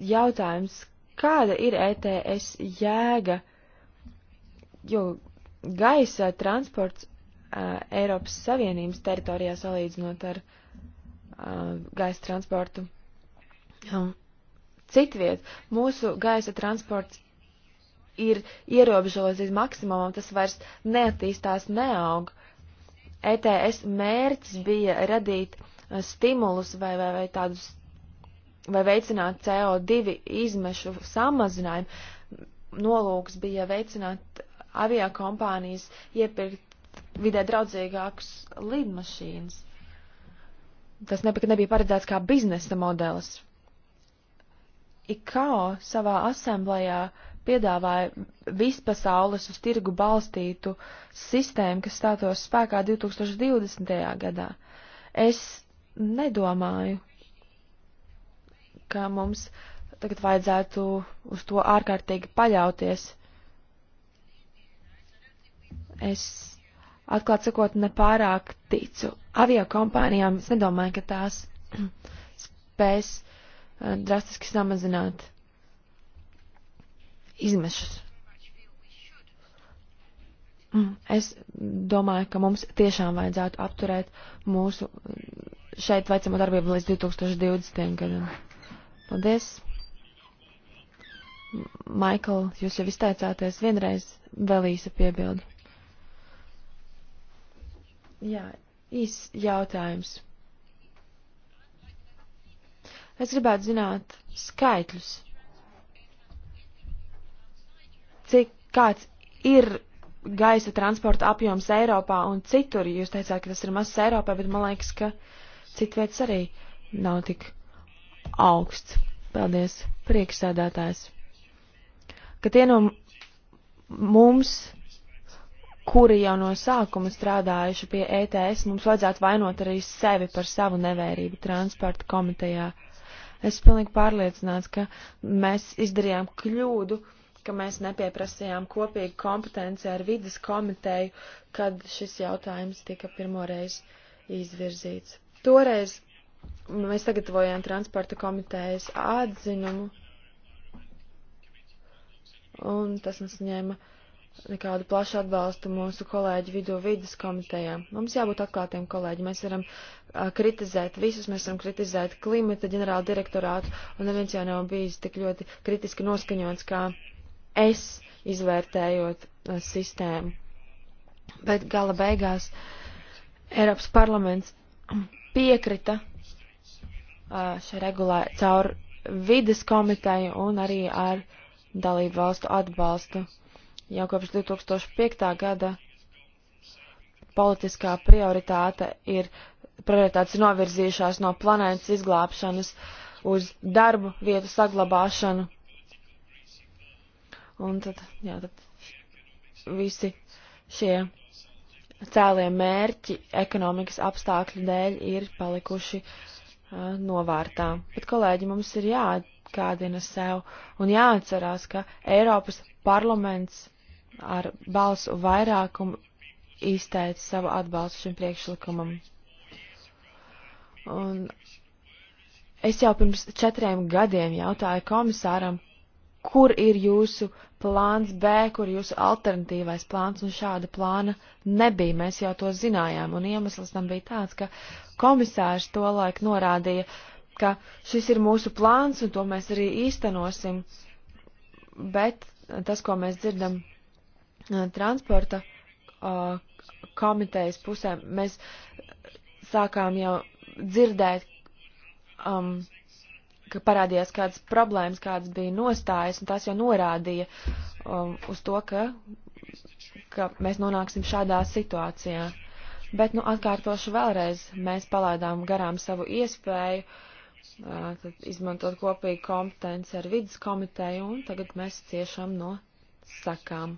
Speaker 1: jautājums, kāda ir ETS jēga, jo gaisa transports uh, Eiropas Savienības teritorijā salīdzinot ar uh, gaisa transportu um, citviet, mūsu gaisa transports ir ierobežots līdz maksimumam, tas vairs neattīstās, neaug. ETS mērķis bija radīt uh, stimulus vai, vai, vai tādus vai veicināt CO2 izmešu samazinājumu. Nolūks bija veicināt aviokompānijas iepirkt vidē draudzīgākus lidmašīnas. Tas nepakaļ nebija paredzēts kā biznesa modelis. ICAO savā asemblējā piedāvāja vispasaules uz tirgu balstītu sistēmu, kas stātos spēkā 2020. gadā. Es nedomāju, ka mums tagad vajadzētu uz to ārkārtīgi paļauties. Es atklāt sakot nepārāk ticu aviokompānijām. Es nedomāju, ka tās spēs eh, drastiski samazināt izmešus. Mm, es domāju, ka mums tiešām vajadzētu apturēt mūsu eh, šeit veicamo darbību līdz 2020. gadam. Paldies! Maikl, jūs jau izteicāties vienreiz, vēl īsa piebilda. Jā, īsts jautājums. Es gribētu zināt skaitļus. Cik kāds ir gaisa transporta apjoms Eiropā un citur? Jūs teicāt, ka tas ir mazs Eiropā, bet man liekas, ka citviets arī nav tik augsts. Paldies, priekšsēdētājs. Ka tie no mums, kuri jau no sākuma strādājuši pie ETS, mums vajadzētu vainot arī sevi par savu nevērību transporta komitejā. Es pilnīgi pārliecināts, ka mēs izdarījām kļūdu ka mēs nepieprasījām kopīgu kompetenci ar vidas komiteju, kad šis jautājums tika pirmoreiz izvirzīts. Toreiz Mēs sagatavojām transporta komitejas atzinumu, un tas nesaņēma nekādu plašu atbalstu mūsu kolēģu vidū vidas komitejā. Mums jābūt atklātiem kolēģi. Mēs varam a, kritizēt visus, mēs varam kritizēt klimata ģenerāla direktorātu, un neviens jau nav bijis tik ļoti kritiski noskaņots kā es, izvērtējot a, sistēmu. Bet gala beigās Eiropas parlaments piekrita Uh, šai regulē caur vides komiteju un arī ar dalību valstu atbalstu. Jau kopš 2005. gada politiskā prioritāte ir prioritātes novirzījušās no planētas izglābšanas uz darbu vietu saglabāšanu. Un tad, jā, tad visi šie cēlie mērķi ekonomikas apstākļu dēļ ir palikuši uh, novārtā. Bet, kolēģi, mums ir jāatgādina sev un jāatcerās, ka Eiropas parlaments ar balsu vairākumu izteica savu atbalstu šim priekšlikumam. Un es jau pirms četriem gadiem jautāju komisāram, kur ir jūsu plāns B, kur ir jūsu alternatīvais plāns, un šāda plāna nebija, mēs jau to zinājām, un iemesls tam bija tāds, ka komisārs to laik norādīja, ka šis ir mūsu plāns, un to mēs arī īstenosim, bet tas, ko mēs dzirdam uh, transporta uh, komitejas pusē, mēs sākām jau dzirdēt um, ka parādījās kādas problēmas, kādas bija nostājas, un tas jau norādīja um, uz to, ka, ka mēs nonāksim šādā situācijā. Bet, nu, atkārtošu vēlreiz, mēs palaidām garām savu iespēju, uh, izmantot kopīgu kompetenci ar vidas komiteju, un tagad mēs ciešam no sakām.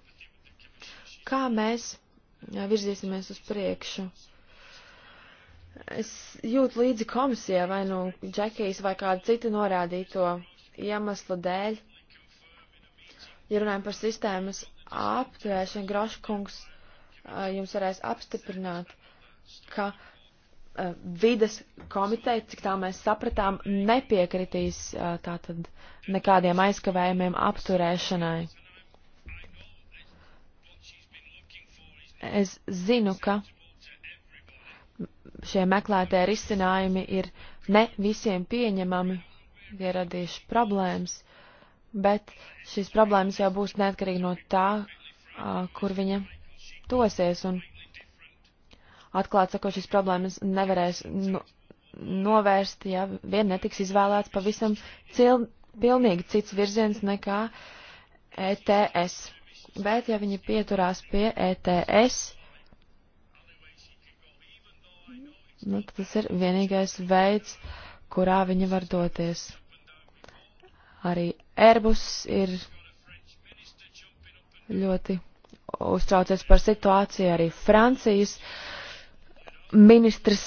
Speaker 1: Kā mēs uh, virzīsimies uz priekšu? Uh, Es jūtu līdzi komisijai vai nu Džekijas vai kāda cita norādīto iemeslu dēļ. Ja runājam par sistēmas apturēšanu, Groškungs jums varēs apstiprināt, ka uh, vides komiteja, cik tā mēs sapratām, nepiekritīs uh, tātad nekādiem aizkavējumiem apturēšanai. Es zinu, ka šie meklētie risinājumi ir ne visiem pieņemami, tie radīšu problēmas, bet šīs problēmas jau būs neatkarīgi no tā, kur viņa tosies, un atklāt sakot, šīs problēmas nevarēs no, novērst, ja vien netiks izvēlēts pavisam cil, pilnīgi cits virziens nekā ETS. Bet, ja viņi pieturās pie ETS, Nu, tas ir vienīgais veids, kurā viņi var doties. Arī Airbus ir ļoti uztraucies par situāciju. Arī Francijas ministrs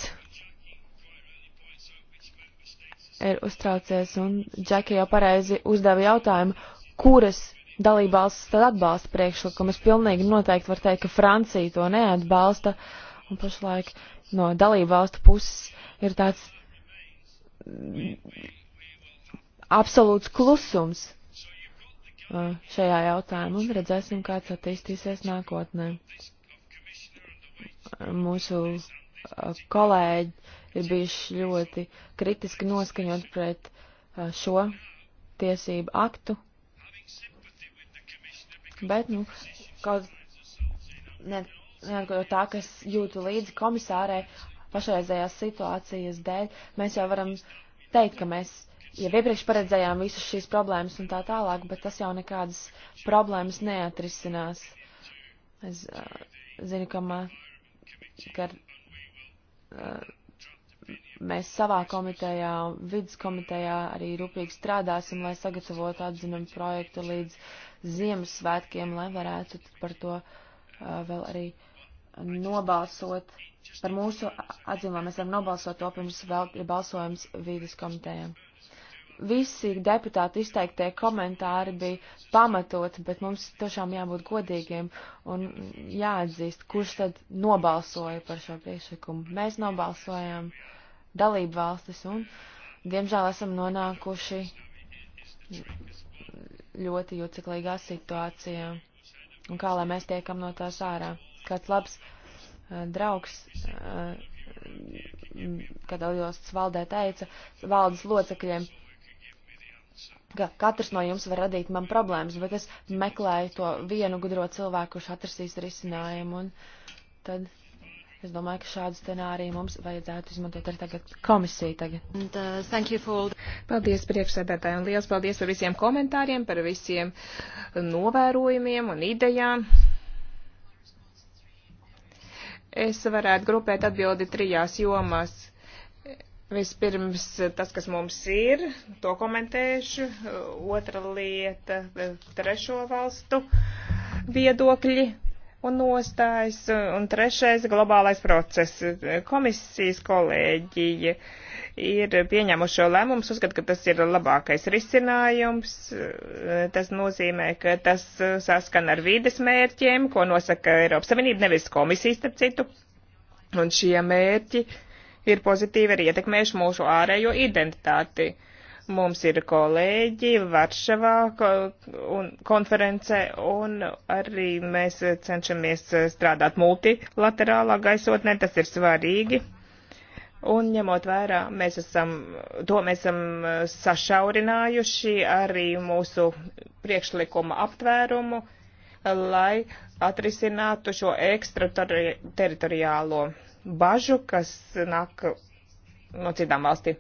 Speaker 1: ir uztraucies, un Džeki jau pareizi uzdeva jautājumu, kuras dalībvalstis tad atbalsta priekšlikumus. Pilnīgi noteikti var teikt, ka Francija to neatbalsta. Uh, un pašlaik no dalību valstu puses ir tāds absolūts klusums uh, šajā jautājumā, un redzēsim, kāds attīstīsies nākotnē. Mūsu uh, kolēģi ir bijuši ļoti kritiski noskaņot pret uh, šo tiesību aktu, bet, nu, kaut ne no tā, kas jūtu līdzi komisārai pašreizējās situācijas dēļ, mēs jau varam teikt, ka mēs jau iepriekš paredzējām visas šīs problēmas un tā tālāk, bet tas jau nekādas problēmas neatrisinās. Es uh, zinu, ka, man, ka uh, mēs savā komitejā, vidas komitejā arī rūpīgi strādāsim, lai sagatavotu atzinumu projektu līdz Ziemassvētkiem, lai varētu par to uh, vēl arī uh, nobalsot par mūsu atzīmām, mēs varam nobalsot to pirms vēl ir balsojums vīdes komitējiem. Visi deputāti izteiktie komentāri bija pamatot, bet mums tiešām jābūt godīgiem un jāatzīst, kurš tad nobalsoja par šo priekšlikumu. Mēs nobalsojām dalību valstis un, diemžēl, esam nonākuši ļoti juceklīgā situācijā. Un kā lai mēs tiekam no tās ārā? kāds labs eh, draugs, eh, kad aljostas valdē teica valdes locekļiem, ka katrs no jums var radīt man problēmas, bet es meklēju to vienu gudro cilvēku, kurš atrasīs risinājumu, un tad es domāju, ka šādu scenāriju mums vajadzētu izmantot arī tagad komisiju tagad. And, uh, thank you for... Paldies priekšsēdētāji, un liels paldies par visiem
Speaker 2: komentāriem, par visiem novērojumiem un idejām. Es varētu grupēt atbildi trijās jomās. Vispirms tas, kas mums ir, to komentēšu. Otra lieta - trešo valstu viedokļi un nostājas, un trešais globālais process. Komisijas kolēģi ir pieņēmuši šo lēmumu, uzskat, ka tas ir labākais risinājums. Tas nozīmē, ka tas saskan ar vīdes mērķiem, ko nosaka Eiropas Savienība, nevis komisijas, starp citu. Un šie mērķi ir pozitīvi arī ietekmējuši mūsu ārējo identitāti. Uh, Mums ir kolēģi Varšavā un konferencē, un arī mēs cenšamies strādāt multilaterālā gaisotnē, tas ir svarīgi. Un ņemot vērā, mēs esam, to mēs esam sašaurinājuši arī mūsu priekšlikuma aptvērumu, lai atrisinātu šo ekstrateritoriālo bažu, kas nāk no citām valstīm.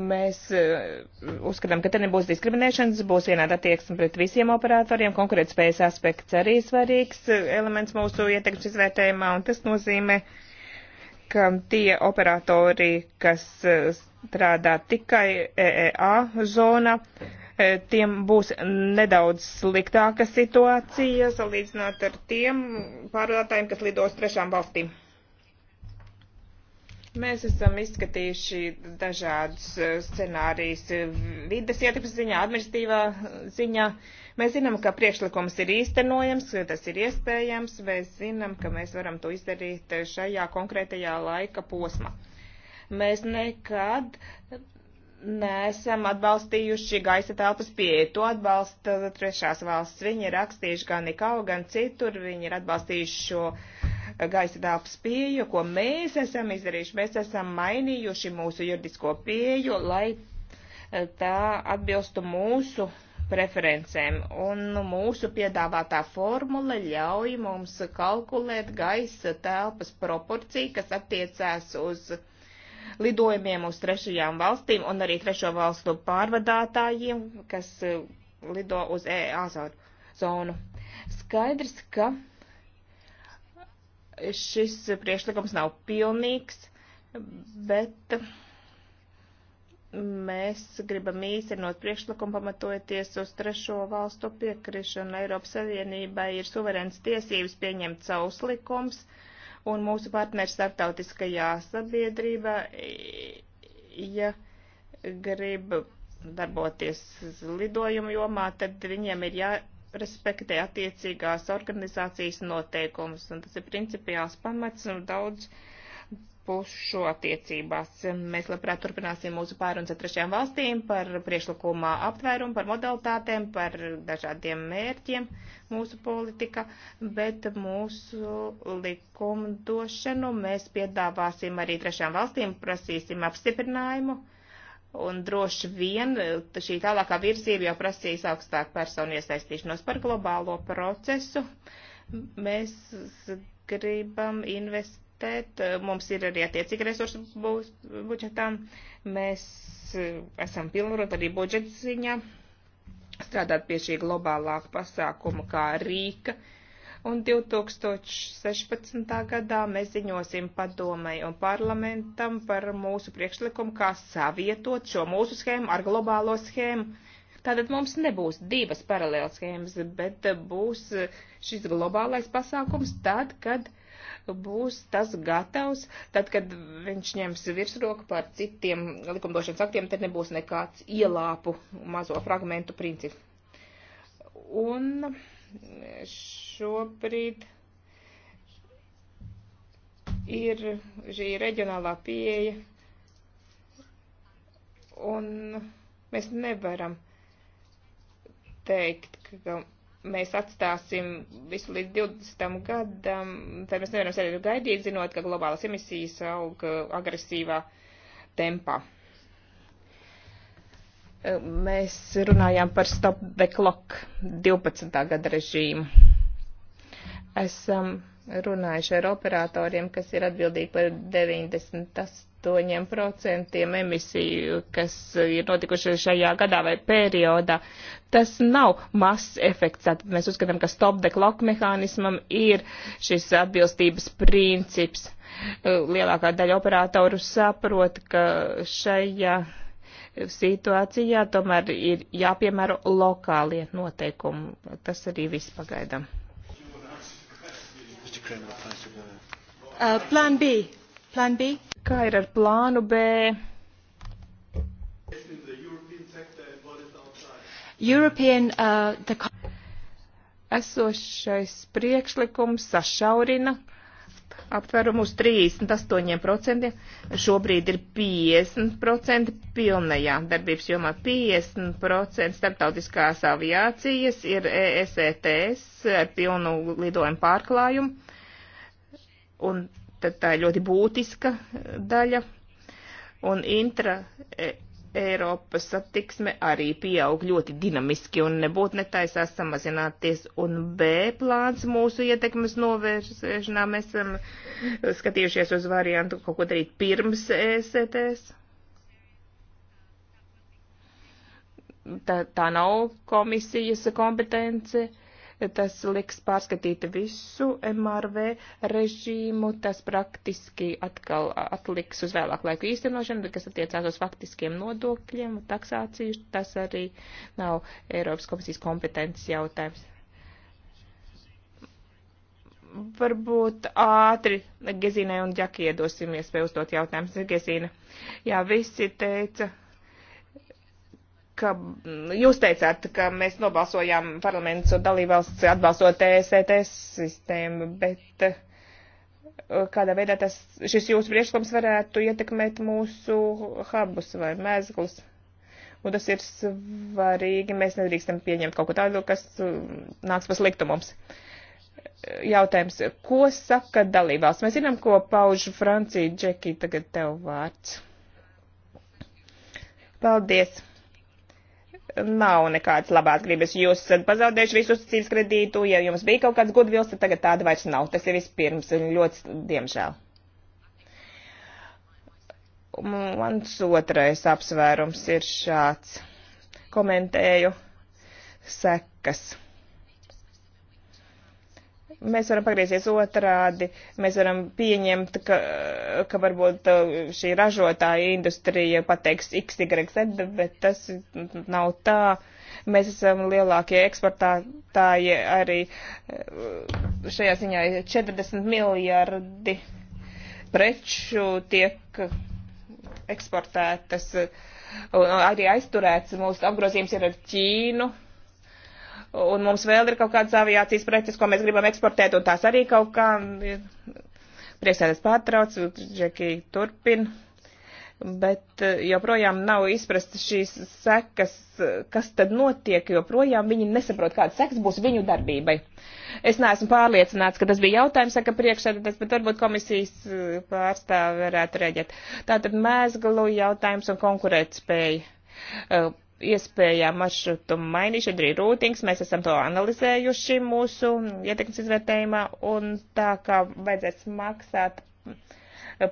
Speaker 2: Mēs eh, uzskatām, ka te nebūs diskriminēšanas, būs vienāda attieksme pret visiem operatoriem. Konkurētspējas aspekts arī svarīgs eh, elements mūsu ietekmes izvērtējumā, un tas nozīmē, ka tie operatori, kas eh, strādā tikai EEA zonā, tiem būs nedaudz sliktāka situācija salīdzināt ar tiem pārvadātājiem, kas lidos trešām valstīm. Mēs esam izskatījuši dažādus eh, scenārijus eh, vides ietekmes ziņā, administratīvā ziņā. Mēs zinām, ka priekšlikums ir īstenojams, ka tas ir iespējams. Mēs zinām, ka mēs varam to izdarīt eh, šajā konkrētajā laika posmā. Mēs nekad neesam atbalstījuši gaisa telpas pieeju. To atbalsta trešās valsts. Viņi ir rakstījuši gan Ikau, gan citur. Viņi ir atbalstījuši šo uh, gaisa telpas pieju, ko mēs esam izdarījuši. Mēs esam mainījuši mūsu juridisko pieju, lai e, tā atbilstu mūsu preferencēm. Un mūsu piedāvātā formula ļauj mums kalkulēt gaisa telpas proporciju, kas attiecās uz lidojumiem uz trešajām valstīm un arī trešo valstu pārvadātājiem, kas e, lido uz EA zonu. Skaidrs, ka šis priekšlikums nav pilnīgs, bet mēs gribam īstenot priekšlikumu pamatojoties uz trešo valstu piekrišanu. Eiropas Savienībai ir suverēns tiesības pieņemt savus likums, un mūsu partneri starptautiskajā sabiedrībā, ja grib darboties lidojumu jomā, tad viņiem ir jā, jārespektē attiecīgās organizācijas noteikumus, un tas ir principiāls pamats un daudz pušu attiecībās. Mēs labprāt turpināsim mūsu pārunas ar trešajām valstīm par priešlikumā aptvērumu, par modalitātēm, par dažādiem mērķiem mūsu politika, bet mūsu likumdošanu mēs piedāvāsim arī trešajām valstīm, prasīsim apstiprinājumu un droši vien eh, šī tālākā virzība jau prasīs augstāku personu iesaistīšanos par globālo procesu. Mēs gribam investēt, eh, mums ir arī attiecīgi resursi budžetām, mēs eh, esam pilnvarot arī budžeta ziņā strādāt pie šī globālā pasākuma kā rīka un 2016. gadā mēs ziņosim padomai un parlamentam par mūsu priekšlikumu, kā savietot šo mūsu schēmu ar globālo schēmu. Tātad mums nebūs divas paralēlas schēmas, bet būs šis globālais pasākums tad, kad būs tas gatavs, tad, kad viņš ņems virsroku par citiem likumdošanas aktiem, tad nebūs nekāds ielāpu mazo fragmentu princips. Un šobrīd ir šī reģionālā pieeja, un mēs nevaram teikt, ka mēs atstāsim visu līdz 20. gadam, tad mēs nevaram sevi gaidīt, zinot, ka globālas emisijas aug agresīvā tempā. Mēs runājām par Stop the Clock 12. gada režīmu. Esam runājuši ar operatoriem, kas ir atbildīgi par 98% emisiju, kas ir notikuši šajā gadā vai periodā. Tas nav mazs efekts. Tātad mēs uzskatām, ka Stop the Clock mehānismam ir šis atbilstības princips. Lielākā daļa operatoru saprot, ka šajā situācijā tomēr ir jāpiemēro lokālie noteikumi. Tas arī viss pagaidām. Uh, plan B. Plan B. Kā ir ar plānu B? European, uh, the... Esošais priekšlikums sašaurina uh, aptverumu uz 38%, šobrīd ir 50% pilnajā darbības jomā, 50% starptautiskās aviācijas ir ESETS e ar pilnu lidojumu pārklājumu, un tad tā ir ļoti būtiska daļa, un intra e, Eiropas satiksme arī pieaug ļoti dinamiski un nebūtu netaisās samazināties. Un B plāns mūsu ietekmes novēršanā mēs esam skatījušies uz variantu kaut ko darīt pirms ESTS. Tā, tā nav komisijas kompetence. Uh, Tas liks pārskatīt visu MRV režīmu, tas praktiski atkal atliks uz vēlāku laiku īstenošanu, kas attiecās uz faktiskiem nodokļiem, taksāciju, tas arī nav Eiropas komisijas kompetences jautājums. Varbūt ātri Gezīnai un Džakie dosim iespēju uzdot jautājumus. Gezīna, jā, visi teica ka mm, jūs teicāt, ka mēs nobalsojām parlaments un dalībvalsts atbalstot ESTS e sistēmu, bet eh, kādā veidā tas, šis jūsu priekšlikums varētu ietekmēt mūsu hubus vai mēzglus. Un tas ir svarīgi, mēs nedrīkstam pieņemt kaut ko tādu, kas mm, nāks pa sliktu mums. Jautājums, ko saka dalībvalsts? Mēs zinām, ko pauž Francija, Džeki, tagad tev vārds. Paldies! nav nekādas labās gribas. Jūs esat pazaudējuši visu uzticības kredītu, ja jums bija kaut kāds gudvils, tad tagad tāda vairs nav. Tas ir vispirms ļoti diemžēl. Mans otrais apsvērums ir šāds. Komentēju sekas mēs varam pagriezties otrādi, mēs varam pieņemt, ka, ka varbūt uh, šī ražotāja industrija pateiks x, y, z, bet tas nav tā. Mēs esam lielākie eksportētāji arī uh, šajā ziņā 40 miljardi preču tiek eksportētas uh, un arī aizturēts mūsu apgrozījums ir ar Ķīnu un mums vēl ir kaut kādas aviācijas preces, ko mēs gribam eksportēt, un tās arī kaut kā priekšsēdēs pārtrauc, Džeki turpina. Bet eh, joprojām nav izprast šīs sekas, kas tad notiek, joprojām viņi nesaprot, kādas sekas būs viņu darbībai. Es neesmu pārliecināts, ka tas bija jautājums, saka priekšsēdētājs, bet varbūt komisijas eh, pārstāvi varētu rēģēt. Tātad mēzglu jautājums un konkurētspēja eh, iespējām maršrutu mainīšana, arī rūtings, mēs esam to analizējuši mūsu ietekmes izvērtējumā, un tā kā vajadzēs maksāt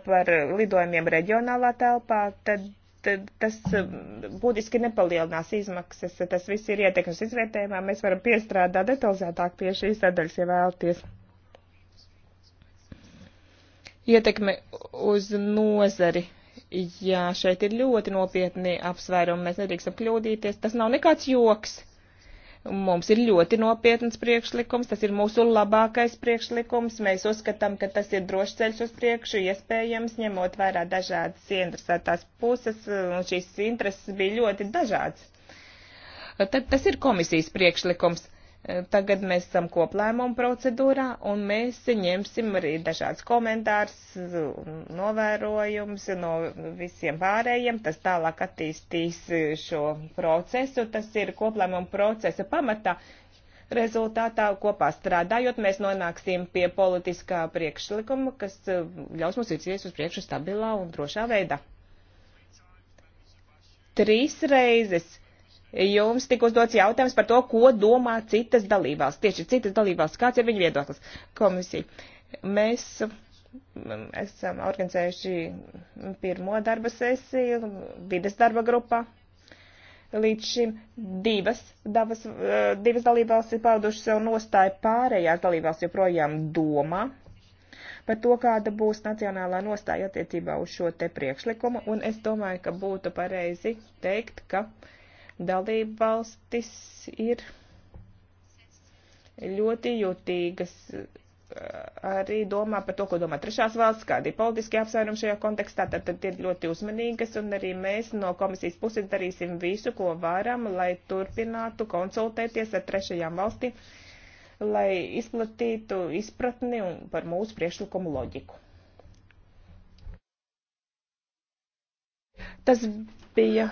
Speaker 2: par lidojumiem reģionālā telpā, tad, tad tas um, būtiski nepalielinās izmaksas. Tas viss ir ietekmes izvērtējumā, mēs varam piestrādāt detalizētāk pie šīs sadaļas, ja vēlaties. Ietekme uz nozari Jā, šeit ir ļoti nopietni apsvērumi, mēs nedrīkstam kļūdīties, tas nav nekāds joks. Mums ir ļoti nopietns priekšlikums, tas ir mūsu labākais priekšlikums. Mēs uzskatām, ka tas ir drošs ceļš uz priekšu, iespējams, ņemot vērā dažādas interesētās puses, un šīs intereses bija ļoti dažādas. Tad tas ir komisijas priekšlikums. Tagad mēs esam koplēmumu procedūrā, un mēs ņemsim arī dažādas komentārs, novērojums no visiem pārējiem. Tas tālāk attīstīs šo procesu. Tas ir koplēmumu procesa pamatā. Rezultātā kopā strādājot, mēs nonāksim pie politiskā priekšlikuma, kas ļaus mums virzīties uz priekšu stabilā un drošā veidā. Trīs reizes jums tika uzdots jautājums par to, ko domā citas dalībvalsts. Tieši citas dalībvalsts, kāds ir viņa viedoklis komisija. Mēs mm, esam organizējuši pirmo darba sesiju vides darba grupā. Līdz šim divas, davas, eh, divas dalībvalsts ir pauduši savu nostāju, pārējās dalībvalsts joprojām domā par to, kāda būs nacionālā nostāja attiecībā uz šo te priekšlikumu, un es domāju, ka būtu pareizi teikt, ka uh, dalība valstis ir ļoti jūtīgas eh, arī domā par to, ko domā trešās valsts, kādi ir politiski apsvērumi šajā kontekstā, tad, tad ir ļoti uzmanīgas, un arī mēs no komisijas puses darīsim visu, ko varam, lai turpinātu konsultēties ar trešajām valstīm, lai izplatītu izpratni par mūsu priekšlikumu loģiku. Tas bija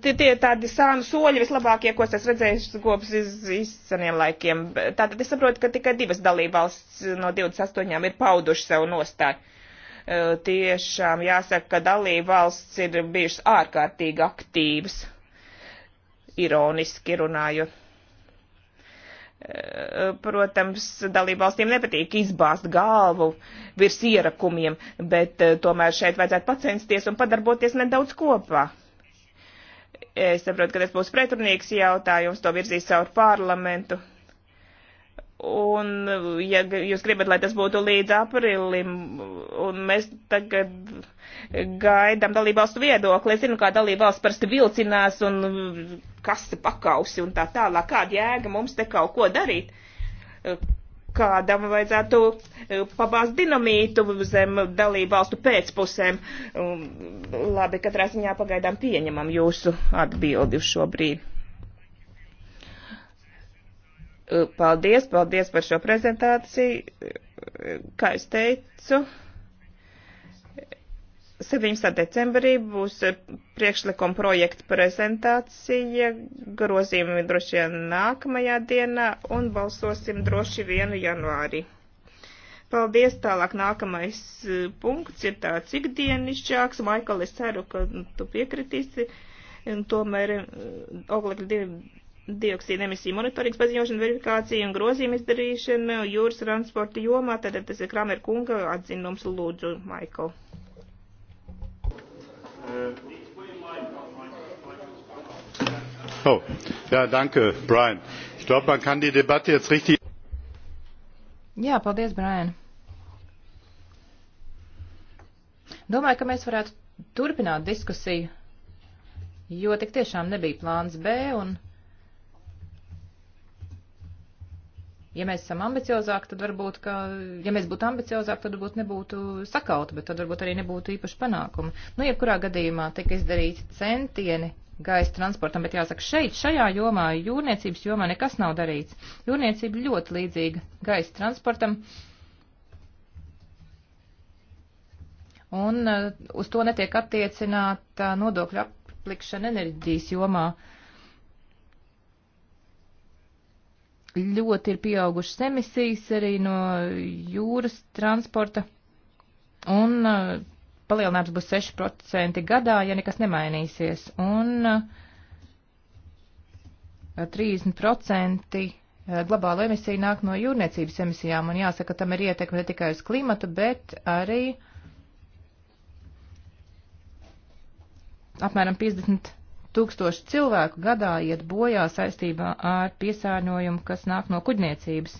Speaker 2: Tie, tie tādi sānu soļi vislabākie, ko es esmu redzējis kopš iz, izceniem laikiem. Tātad es saprotu, ka tikai divas dalībvalsts no 28 ir pauduši savu nostāju. E, tiešām jāsaka, ka dalībvalsts ir bijušas ārkārtīgi aktīvas, ironiski runājot Protams, dalībvalstīm nepatīk izbāzt galvu virs ierakumiem, bet eh, tomēr šeit vajadzētu pacensties un padarboties nedaudz kopā. Es saprotu, ka tas būs pretrunīgs jautājums, to virzīs caur parlamentu. Un, ja jūs gribat, lai tas būtu līdz aprilim, un mēs tagad gaidām dalībvalstu viedokli, es zinu, kā dalībvalsts parasti vilcinās un kas pakausi un tā tālāk, kāda jēga mums te kaut ko darīt. Kādam vajadzētu pabāzt dinamītu zem dalībvalstu pēcpusēm. Labi, katrā ziņā pagaidām pieņemam jūsu atbildi uz šo brīdi. Eh, paldies, paldies par šo prezentāciju. Eh, kā es teicu, 17. decembrī būs eh, priekšlikuma projekta prezentācija, grozījumi droši vien nākamajā dienā un balsosim droši vienu janvārī. Paldies, tālāk nākamais punkts ir tāds ikdienišķāks. Maikal, es ceru, ka tu piekritīsi. Un tomēr oglekļa divi dioksīda emisiju monitorings paziņošana, verifikācija un grozījuma izdarīšana jūras transporta jomā. Tātad tas ir Kramer kunga atzinums lūdzu, Maikl. Oh, ja, danke, Brian. Ich glaube, man kann die Debatte jetzt richtig.
Speaker 3: Jā, paldies, Brian. Domāju, ka mēs varētu turpināt diskusiju, jo tik tiešām nebija plāns B un ja mēs esam ambiciozāki, tad varbūt, ka, ja mēs būtu ambiciozāki, tad varbūt nebūtu sakauta, bet tad varbūt arī nebūtu īpaši panākumi. Nu, jebkurā gadījumā tika izdarīti centieni gaisa transportam, bet jāsaka, šeit, šajā jomā, jūrniecības jomā nekas nav darīts. Jūrniecība ļoti līdzīga gaisa transportam. Un uh, uz to netiek attiecināta nodokļu aplikšana enerģijas jomā. Uh, ļoti ir pieaugušas emisijas arī no jūras transporta, un uh, palielinājums būs 6% gadā, ja nekas nemainīsies, un 30% globālo emisiju nāk no jūrniecības emisijām, un jāsaka, tam ir ietekme ne tikai uz klimatu, bet arī apmēram 50 tūkstoši cilvēku gadā iet bojā saistībā ar piesārņojumu, kas nāk no kuģniecības.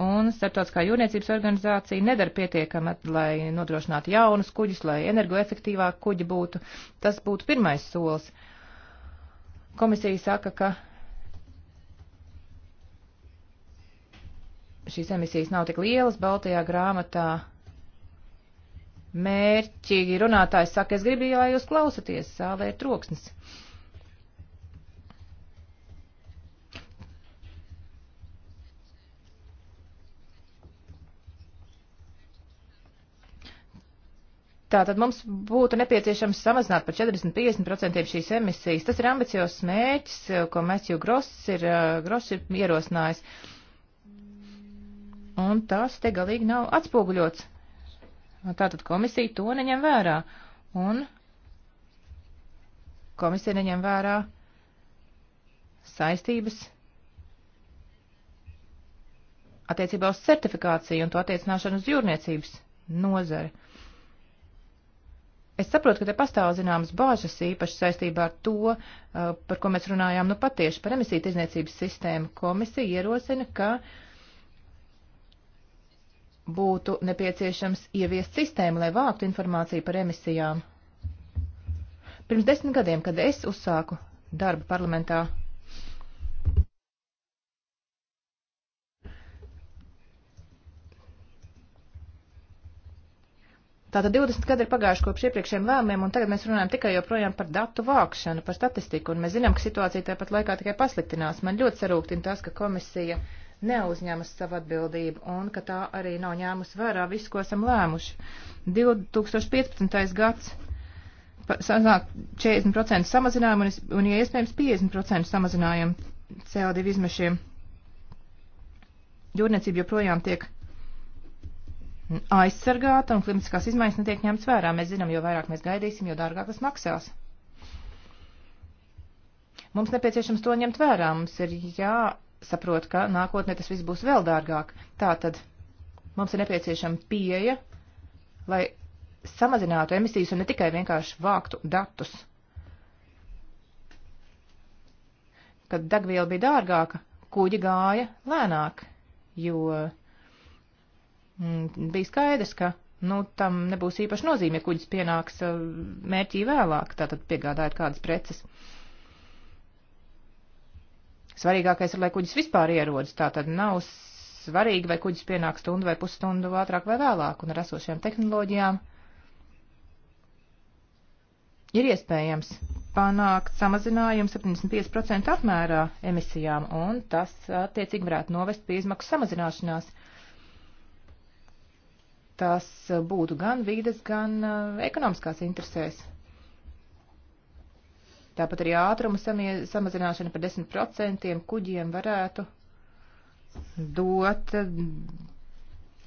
Speaker 3: Un starptautiskā jūrniecības organizācija nedara pietiekami, lai nodrošinātu jaunus kuģus, lai energoefektīvāk kuģi būtu. Tas būtu pirmais solis. Komisija saka, ka šīs emisijas nav tik lielas Baltajā grāmatā. Mērķīgi runātājs saka, es gribu, lai jūs klausaties, sālē ir troksnis. Uh, Tātad mums būtu nepieciešams samazināt par 40-50% šīs emisijas. Tas ir ambiciozs mērķis, ko Mēsju Gross ir, Gross ir ierosinājis. Un tas te galīgi nav atspoguļots. Tātad komisija to neņem vērā. Un komisija neņem vērā saistības attiecībā uz certifikāciju un to attiecināšanu uz jūrniecības nozari. Es saprotu, ka te pastāv zināmas bāžas īpaši saistībā ar to, uh, par ko mēs runājām nu patieši par emisiju tirdzniecības sistēmu. Komisija ierosina, ka būtu nepieciešams ieviest sistēmu, lai vāktu informāciju par emisijām. Pirms desmit gadiem, kad es uzsāku darbu parlamentā, Tātad 20 gadi ir pagājuši kopš iepriekšējiem lēmumiem, un tagad mēs runājam tikai joprojām par datu vākšanu, par statistiku, un mēs zinām, ka situācija tāpat laikā tikai pasliktinās. Man ļoti sarūktina tas, ka komisija neuzņemas savu atbildību, un ka tā arī nav ņēmusi vērā visu, ko esam lēmuši. 2015. gads sanāk 40% samazinājumu, un, un ja iespējams 50% samazinājumu CO2 izmešiem. Jūrniecība joprojām tiek aizsargāta un klimatiskās izmaiņas netiek ņemts vērā. Mēs zinām, jo vairāk mēs gaidīsim, jo dārgāk tas maksās. Mums nepieciešams to ņemt vērā. Mums ir jāsaprot, ka nākotnē tas viss būs vēl dārgāk. Tātad mums ir nepieciešama pieeja, lai samazinātu emisijas un ne tikai vienkārši vāktu datus. Kad degviela bija dārgāka, kuģi gāja lēnāk, jo Mm, bija skaidrs, ka nu, tam nebūs īpaši nozīme, ja kuģis pienāks uh, mērķī vēlāk, tātad piegādājot kādas preces. Svarīgākais ir, lai kuģis vispār ierodas, tātad nav svarīgi, vai kuģis pienāk stundu vai pusstundu ātrāk vai vēlāk, un ar esošajām tehnoloģijām ir iespējams panākt samazinājumu 75% apmērā emisijām, un tas attiecīgi varētu novest pie izmaksu samazināšanās tas būtu gan vīdes, gan eh, ekonomiskās interesēs. Tāpat arī ātruma samazināšana par 10% kuģiem varētu dot 19%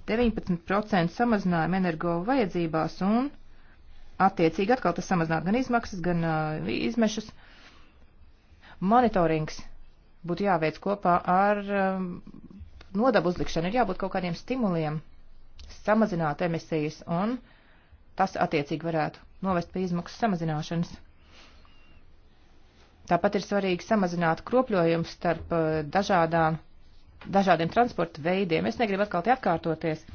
Speaker 3: eh, samazinājumu energo vajadzībās un attiecīgi atkal tas samazinātu gan izmaksas, gan uh, eh, izmešus. Monitorings būtu jāveic kopā ar um, nodabu uzlikšanu, ir jābūt kaut kādiem stimuliem samazināt emisijas, un tas attiecīgi varētu novest pie izmaksu samazināšanas. Tāpat ir svarīgi samazināt kropļojumu starp uh, dažādām, dažādiem transporta veidiem. Es negribu atkal te atkārtoties.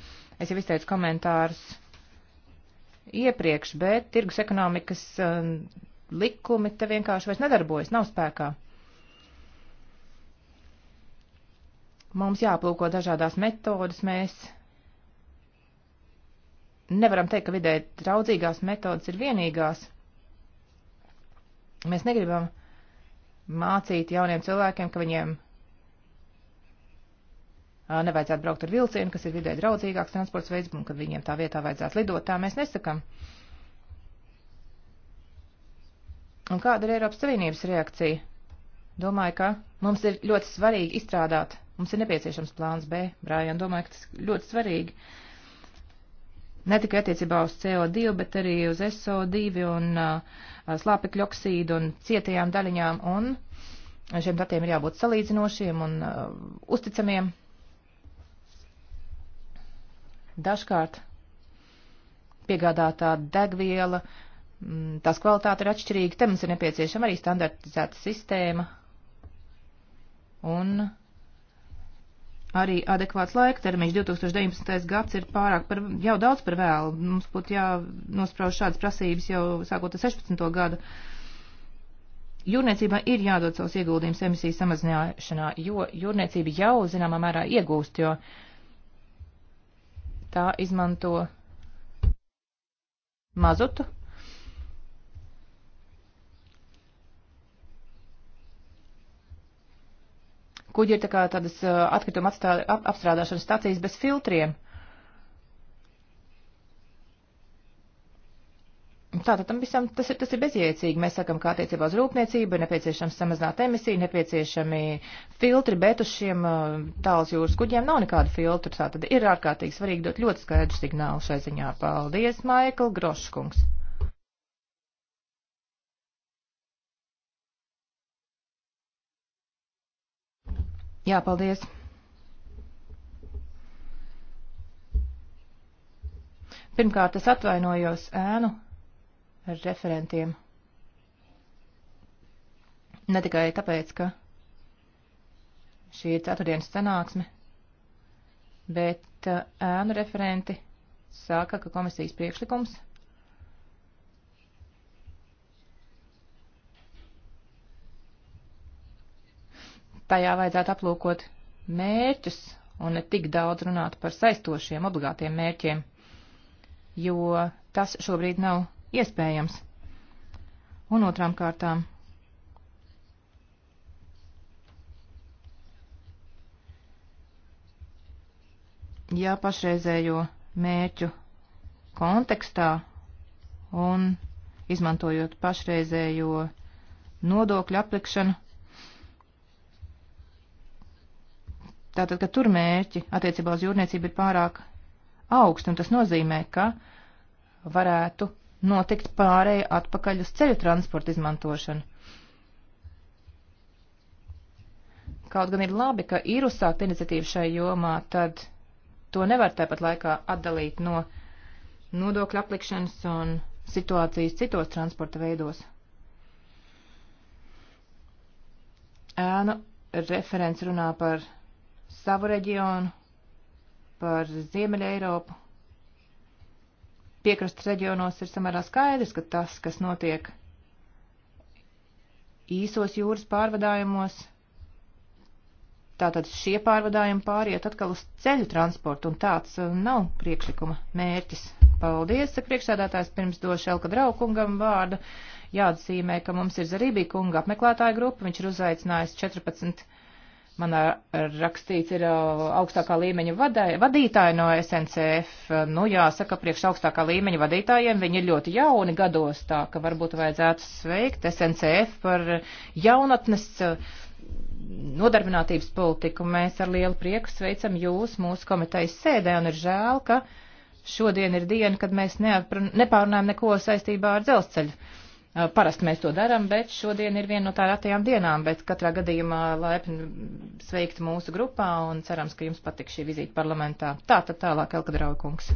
Speaker 3: Es jau izteicu komentārus iepriekš, bet tirgus ekonomikas uh, likumi te vienkārši vairs nedarbojas, nav spēkā. Mums jāplūko dažādās metodas, mēs nevaram teikt, ka vidē draudzīgās metodas ir vienīgās. Mēs negribam mācīt jauniem cilvēkiem, ka viņiem nevajadzētu braukt ar vilcienu, kas ir vidē draudzīgāks transports veids, un ka viņiem tā vietā vajadzētu lidot. Tā mēs nesakam. Un kāda ir Eiropas Savienības reakcija? Domāju, ka mums ir ļoti svarīgi izstrādāt, mums ir nepieciešams plāns B. Brājan, domāju, ka tas ļoti svarīgi. Uh, ne tikai attiecībā uz CO2, bet arī uz SO2 un uh, slāpekļu oksīdu un cietajām daļiņām, un šiem datiem ir jābūt salīdzinošiem un uh, uzticamiem. Dažkārt piegādātā degviela, m, mm, tās kvalitāte ir atšķirīga, te mums ir nepieciešama arī standartizēta sistēma un arī adekvāts laiktermiņš. 2019. gads ir pārāk par, jau daudz par vēlu. Mums būtu jānosprauž šādas prasības jau sākot ar 16. gadu. Jūrniecībai ir jādod savus ieguldījumus emisiju samazināšanā, jo jūrniecība jau zināmā mērā iegūst, jo tā izmanto mazutu kuģi ir tā kā tādas atkrituma atstā, ap, apstrādāšanas stacijas bez filtriem. Tātad tam visam tas ir, tas ir bezjēdzīgi. Mēs sakam, kā attiecībā uz rūpniecību ir nepieciešams samazināt emisiju, nepieciešami filtri, bet uz šiem tāls jūras kuģiem nav nekāda filtra. Tātad ir ārkārtīgi svarīgi dot ļoti skaidru signālu šai ziņā. Paldies, Maikl Groškungs! Jā, paldies. Pirmkārt, es atvainojos ēnu referentiem. Ne tikai tāpēc, ka šī ir ceturtdienas sanāksme, bet uh, ēnu referenti saka, ka komisijas priekšlikums tajā vajadzētu aplūkot mērķus un ne tik daudz runāt par saistošiem obligātiem mērķiem, jo tas šobrīd nav iespējams. Un otrām kārtām. Ja pašreizējo mērķu kontekstā un izmantojot pašreizējo nodokļu aplikšanu, Tātad, ka tur mērķi attiecībā uz jūrniecību ir pārāk augsti, un tas nozīmē, ka varētu notikt pārēja atpakaļ uz ceļu transporta izmantošanu. Kaut gan ir labi, ka ir uzsākt iniciatīva šai jomā, tad to nevar tāpat laikā atdalīt no nodokļu aplikšanas un situācijas citos transporta veidos. Ēnu referents runā par savu reģionu, par Ziemeļa Eiropu. Piekrastes reģionos ir samērā skaidrs, ka tas, kas notiek īsos jūras pārvadājumos, tātad šie pārvadājumi pāriet atkal uz ceļu transportu, un tāds uh, nav priekšlikuma mērķis. Paldies, saka priekšsēdētājs, pirms došu Elka draukungam vārdu. Jāatzīmē, ka mums ir Zarībī kunga apmeklētāja grupa, viņš ir uzaicinājis 14 Man rakstīts ir uh, augstākā līmeņa vadē, vadītāji no SNCF. Uh, nu, jāsaka, priekš augstākā līmeņa vadītājiem viņi ir ļoti jauni gados, tā ka varbūt vajadzētu sveikt SNCF par jaunatnes uh, nodarbinātības politiku. Mēs ar lielu prieku sveicam jūs mūsu komitejas sēdē un ir žēl, ka šodien ir diena, kad mēs nepārunājam neko saistībā ar dzelzceļu Eh, parasti mēs to darām, bet šodien ir viena no tā retajām dienām, bet katrā gadījumā laipni sveikt mūsu grupā un cerams, ka jums patiks šī vizīte parlamentā. Tā tad tālāk, Elka Draukungs.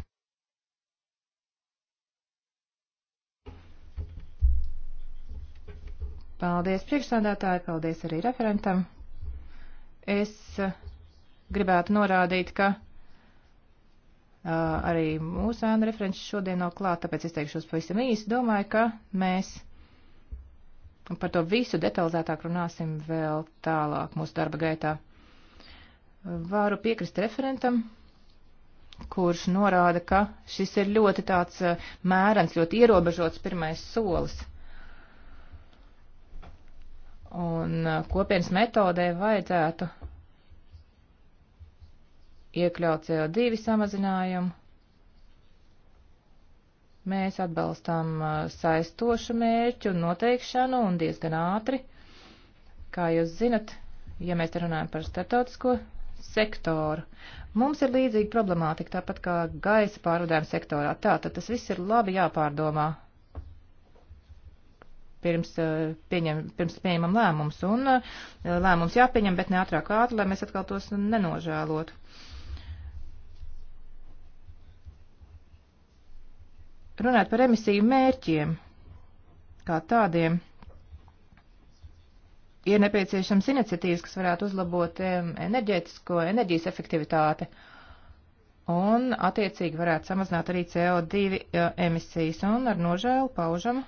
Speaker 3: Paldies priekšsādātāji, paldies arī referentam. Es eh, gribētu norādīt, ka arī mūsu ēnu referenci šodien nav klāt, tāpēc es teikšos pavisam īsi. Domāju, ka mēs par to visu detalizētāk runāsim vēl tālāk mūsu darba gaitā. Varu piekrist referentam, kurš norāda, ka šis ir ļoti tāds mērens, ļoti ierobežots pirmais solis. Un kopienas metodē vajadzētu iekļaut CO2 samazinājumu. Mēs atbalstam uh, saistošu mērķu noteikšanu un diezgan ātri. Kā jūs zinat, ja mēs te runājam par starptautisko sektoru, mums ir līdzīga problemātika, tāpat kā gaisa pārvadājuma sektorā. Tātad tas viss ir labi jāpārdomā pirms, uh, pieņem, pirms pieņemam lēmums, un uh, lēmums jāpieņem, bet ne ātrāk ātri, lai mēs atkal tos nenožēlotu. Runāt par emisiju mērķiem kā tādiem. Ir nepieciešams iniciatīvas, kas varētu uzlabot enerģētisko enerģijas efektivitāti un attiecīgi varētu samazināt arī CO2 e, emisijas. Un ar nožēlu paužam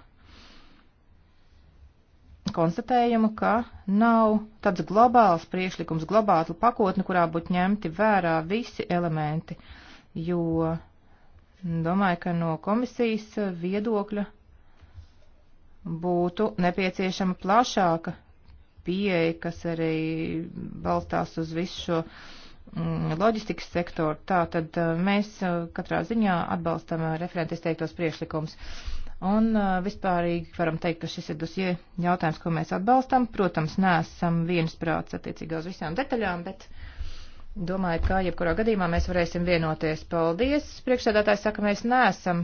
Speaker 3: konstatējumu, ka nav tāds globāls priekšlikums, globāla pakotne, kurā būtu ņemti vērā visi elementi, jo Domāju, ka no komisijas viedokļa būtu nepieciešama plašāka pieeja, kas arī balstās uz visu šo mm, loģistikas sektoru. Tā tad eh, mēs eh, katrā ziņā atbalstam eh, referentes teiktos priekšlikums. Un vispārīgi varam teikt, ka šis ir dosie jautājums, ko mēs atbalstam. Protams, neesam viensprāts attiecībā uz visām detaļām, bet uh, Domāju, ka jebkurā gadījumā mēs varēsim vienoties. Paldies! Priekšsēdētājs saka, mēs neesam.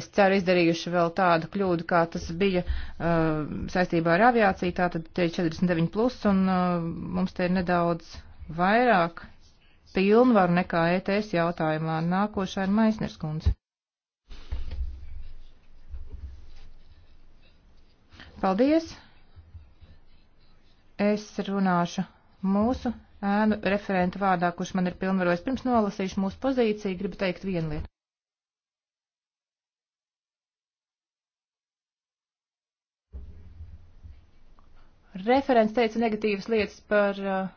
Speaker 3: Es ceru, izdarījuši vēl tādu kļūdu, kā tas bija uh, saistībā ar aviāciju. Tātad te ir 49 plus un uh, mums te ir nedaudz vairāk pilnvaru nekā ETS jautājumā. Nākošā ir Maisners kundze. Paldies! Es runāšu mūsu ēnu referentu vārdā, kurš man ir pilnvarojis. Pirms nolasīšu mūsu pozīciju, gribu teikt vienu lietu. Referents teica negatīvas lietas par uh,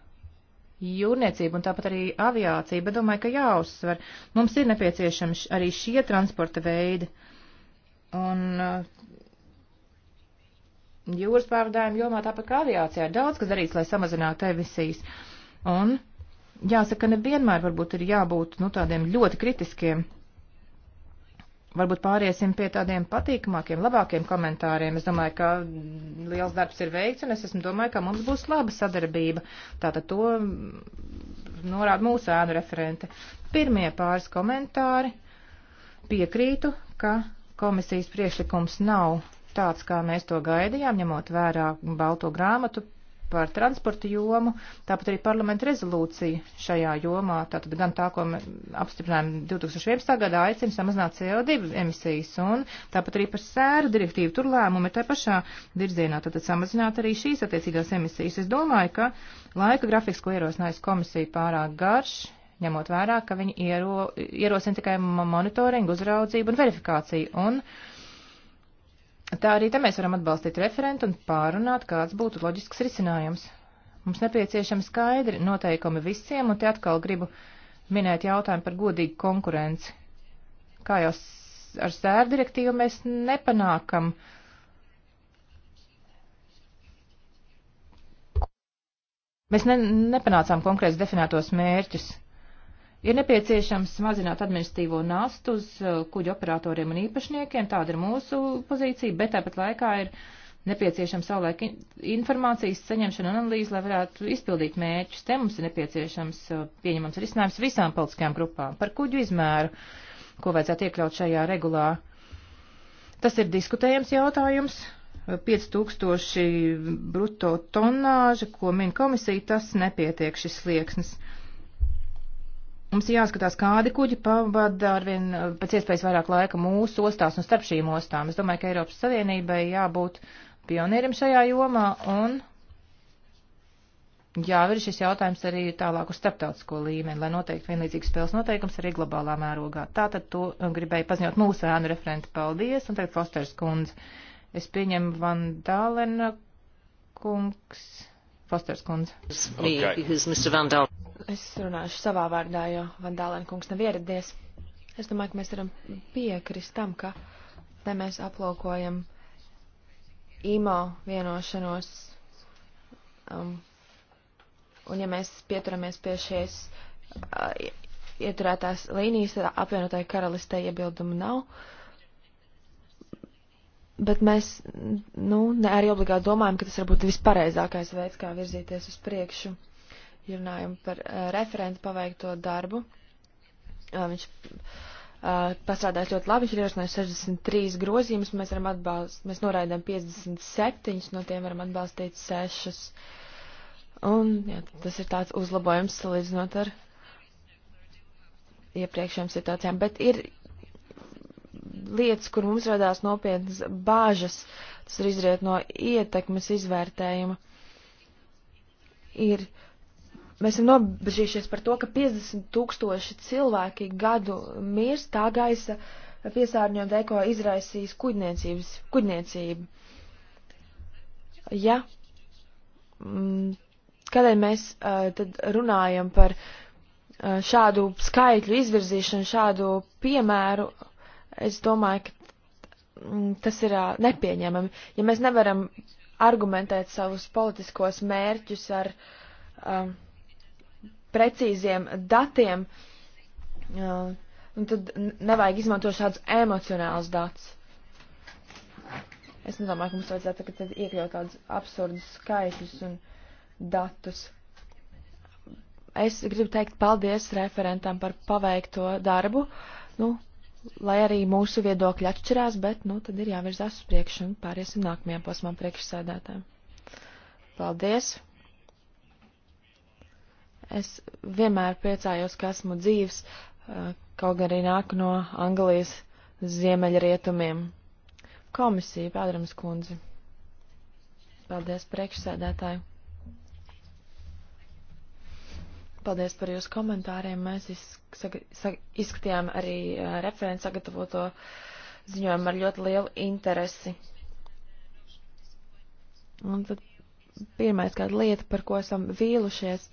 Speaker 3: jūrniecību un tāpat arī aviāciju, bet domāju, ka jāuzsver. Mums ir nepieciešams arī šie transporta veidi. Un uh, jūras pārvadājuma jomā tāpat kā aviācijā ir daudz, kas darīts, lai samazinātu emisijas. Uh, Un jāsaka, nevienmēr varbūt ir jābūt nu, tādiem ļoti kritiskiem. Varbūt pāriesim pie tādiem patīkamākiem, labākiem komentāriem. Es domāju, ka liels darbs ir veikts, un es esmu domāju, ka mums būs laba sadarbība. Tātad to norāda mūsu ēnu referente. Pirmie pāris komentāri piekrītu, ka komisijas priekšlikums nav tāds, kā mēs to gaidījām, ņemot vērā balto grāmatu par transporta jomu, tāpat arī parlamenta rezolūcija šajā jomā, tātad gan tā, ko apstiprinājām 2011. gadā, aicina samazināt CO2 emisijas, un tāpat arī par sēru direktīvu tur lēmumi ir tā pašā virzienā, tātad samazināt arī šīs attiecīgās emisijas. Es domāju, ka laika grafiks, ko ierosinājusi komisija, pārāk garš, ņemot vērā, ka viņi iero, ierosina tikai monitoringu, uzraudzību un verifikāciju. Un, uh, Tā arī te mēs varam atbalstīt referentu un pārunāt, kāds būtu loģisks risinājums. Mums nepieciešami skaidri noteikumi visiem, un te atkal gribu minēt jautājumu par godīgu konkurenci. Kā jau ar sēru direktīvu mēs nepanākam Mēs ne, nepanācām konkrēts definētos mērķus. Ir nepieciešams mazināt administratīvo nastu uz uh, kuģu operatoriem un īpašniekiem, tāda ir mūsu pozīcija, bet tāpat laikā ir nepieciešama savulaik informācijas saņemšana un analīze, lai varētu izpildīt mērķus. Te mums ir nepieciešams uh, pieņemams risinājums visām politiskajām grupām par kuģu izmēru, ko vajadzētu iekļaut šajā regulā. Tas ir diskutējams jautājums. 5000 uh, bruto tonāža, ko min komisija, tas nepietiek šis slieksnis. Mums ir jāskatās, kādi kuģi pavada arvien eh, pēc iespējas vairāk laika mūsu ostās un starp šīm ostām. Es domāju, ka Eiropas Savienībai jābūt pionierim šajā jomā un jāver šis jautājums arī tālāk uz starptautisko līmeni, lai noteikti vienlīdzīgas spēles noteikums arī globālā mērogā. Tātad to gribēju paziņot mūsu ēnu referenti. Paldies, un tagad Fosters kundze. Es pieņemu Van Dālena
Speaker 1: kungs.
Speaker 3: Fosters kundze. Okay.
Speaker 1: Es runāšu savā vārdā, jo Vandālēna kungs nav ieradies. Es domāju, ka mēs varam piekrist tam, ka te mēs aplūkojam IMO vienošanos. Um, un ja mēs pieturamies pie šīs uh, ieturētās līnijas, apvienotāji karalistē iebildumu nav. Uh, bet mēs nu, ne arī obligāti domājam, ka tas varbūt vispareizākais veids, kā virzīties uz priekšu. Ja runājam par uh, eh, referentu paveikto darbu, uh, viņš uh, pastrādājis ļoti labi, viņš ir ierasinājis 63 grozījumus, mēs varam atbalstīt, mēs noraidām 57, no tiem varam atbalstīt 6. Un jā, tas ir tāds uzlabojums salīdzinot ar iepriekšējām situācijām, bet ir lietas, kur mums radās nopietnas bāžas, tas ir izriet no ietekmes izvērtējuma, ir, mēs esam nobežījušies par to, ka 50 tūkstoši cilvēki gadu mirst tā gaisa piesārņot eko izraisīs kuģniecības, kuģniecība. Ja, mm, kādēļ mēs uh, tad runājam par uh, šādu skaitļu izvirzīšanu, šādu piemēru, uh, Es domāju, ka mm, tas ir nepieņemami. Ja mēs nevaram argumentēt savus politiskos mērķus ar um, precīziem datiem, um, tad nevajag izmantot šādus emocionālus datus. Es nedomāju, ka mums vajadzētu tagad iekļaut tādus absurdus skaitļus un datus. Es gribu teikt paldies referentam par paveikto darbu. Nu, lai arī mūsu viedokļi atšķirās, bet, nu, tad ir jāvirzās uz priekšu un pāriesim nākamajam posmam priekšsēdētājiem. Paldies! Es vienmēr priecājos, ka esmu dzīvs, eh, kaut gan arī nāku no Anglijas ziemeļrietumiem. Komisija, Pādrams kundzi. Paldies priekšsēdētāju. Paldies par jūsu komentāriem. Mēs izskatījām saga, saga, izskatījām arī uh, referents sagatavoto ziņojumu ar ļoti lielu interesi. Un tad pirmais kāda lieta, par ko esam vīlušies,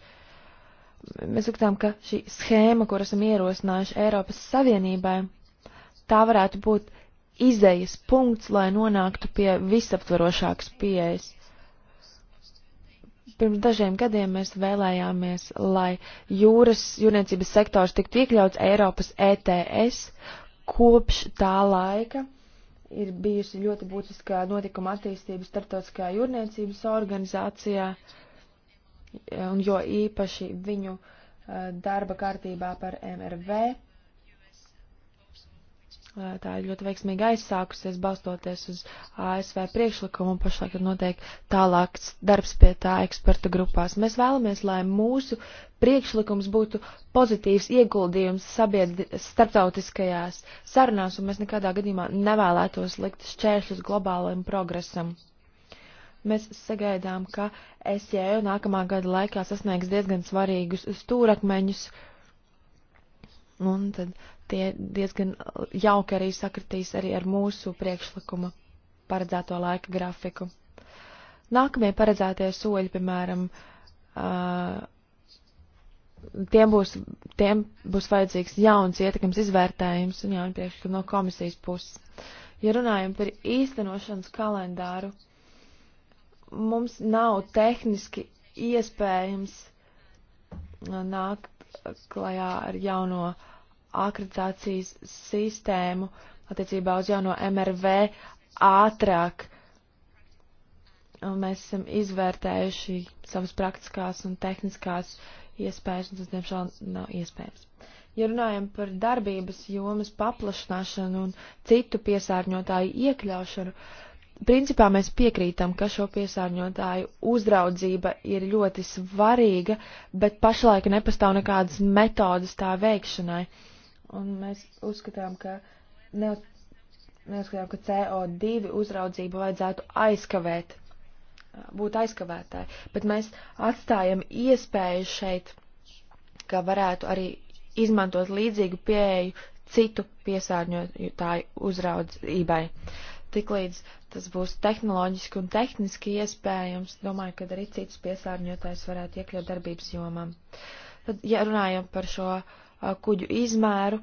Speaker 1: mēs uzskatām, ka šī schēma, kur esam ierosinājuši Eiropas Savienībai, tā varētu būt izejas punkts, lai nonāktu pie visaptvarošākas pieejas. Pirms dažiem gadiem mēs vēlējāmies, lai jūras jūrniecības sektors tiktu iekļauts Eiropas ETS. Kopš tā laika ir bijusi ļoti būtiskā notikuma attīstība starptautiskajā jūrniecības organizācijā, un jo īpaši viņu eh, darba kārtībā par MRV Tā ir ļoti veiksmīgi aizsākusies, balstoties uz ASV priekšlikumu, un pašlaik ir notiek tālāks darbs pie tā ekspertu grupās. Mēs vēlamies, lai mūsu priekšlikums būtu pozitīvs ieguldījums sabiedri, starptautiskajās sarunās, un mēs nekādā gadījumā nevēlētos likt šķēršļus globālajam progresam. Mēs sagaidām, ka SJO e nākamā gada laikā sasniegs diezgan svarīgus stūrakmeņus, un tad tie diezgan jauki arī sakritīs arī ar mūsu priekšlikuma paredzēto laika grafiku. Nākamie paredzētie soļi, piemēram, tiem būs, tiem būs vajadzīgs jauns ietekmes izvērtējums un jauni priekšlikumi no komisijas puses. Ja runājam par īstenošanas kalendāru, mums nav tehniski iespējams nākt klajā ar jauno uh, akreditācijas sistēmu attiecībā uz jauno MRV ātrāk. Un mēs esam izvērtējuši savas praktiskās un tehniskās iespējas, un tas, diemžēl, nav iespējams. Ja runājam par darbības jomas paplašināšanu un citu piesārņotāju iekļaušanu, principā mēs piekrītam, ka šo piesārņotāju uzraudzība ir ļoti svarīga, bet pašlaik nepastāv nekādas metodas tā veikšanai. Uh, Un mēs uzskatām, ka neuz, neuzskatām, ka CO2 uzraudzību vajadzētu aizkavēt, būt aizkavētāji, bet mēs atstājam iespēju šeit, ka varētu arī izmantot līdzīgu pieeju citu piesārņotāju uzraudzībai. Tiklīdz tas būs tehnoloģiski un tehniski iespējams, domāju, ka arī cits piesārņotājs varētu iekļaut darbības jomam. Tad, ja runājam par šo uh, kuģu izmēru.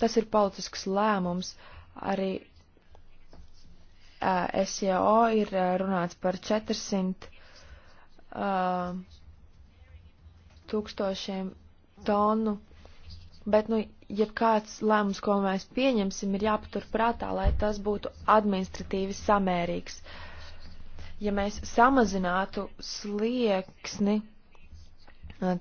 Speaker 1: Tas ir politisks lēmums. Arī SEO ir runāts par 400 uh, tūkstošiem tonu, bet, nu, ja kāds lēmums, ko mēs pieņemsim, ir jāpatur prātā, lai tas būtu administratīvi samērīgs. Ja mēs samazinātu slieksni,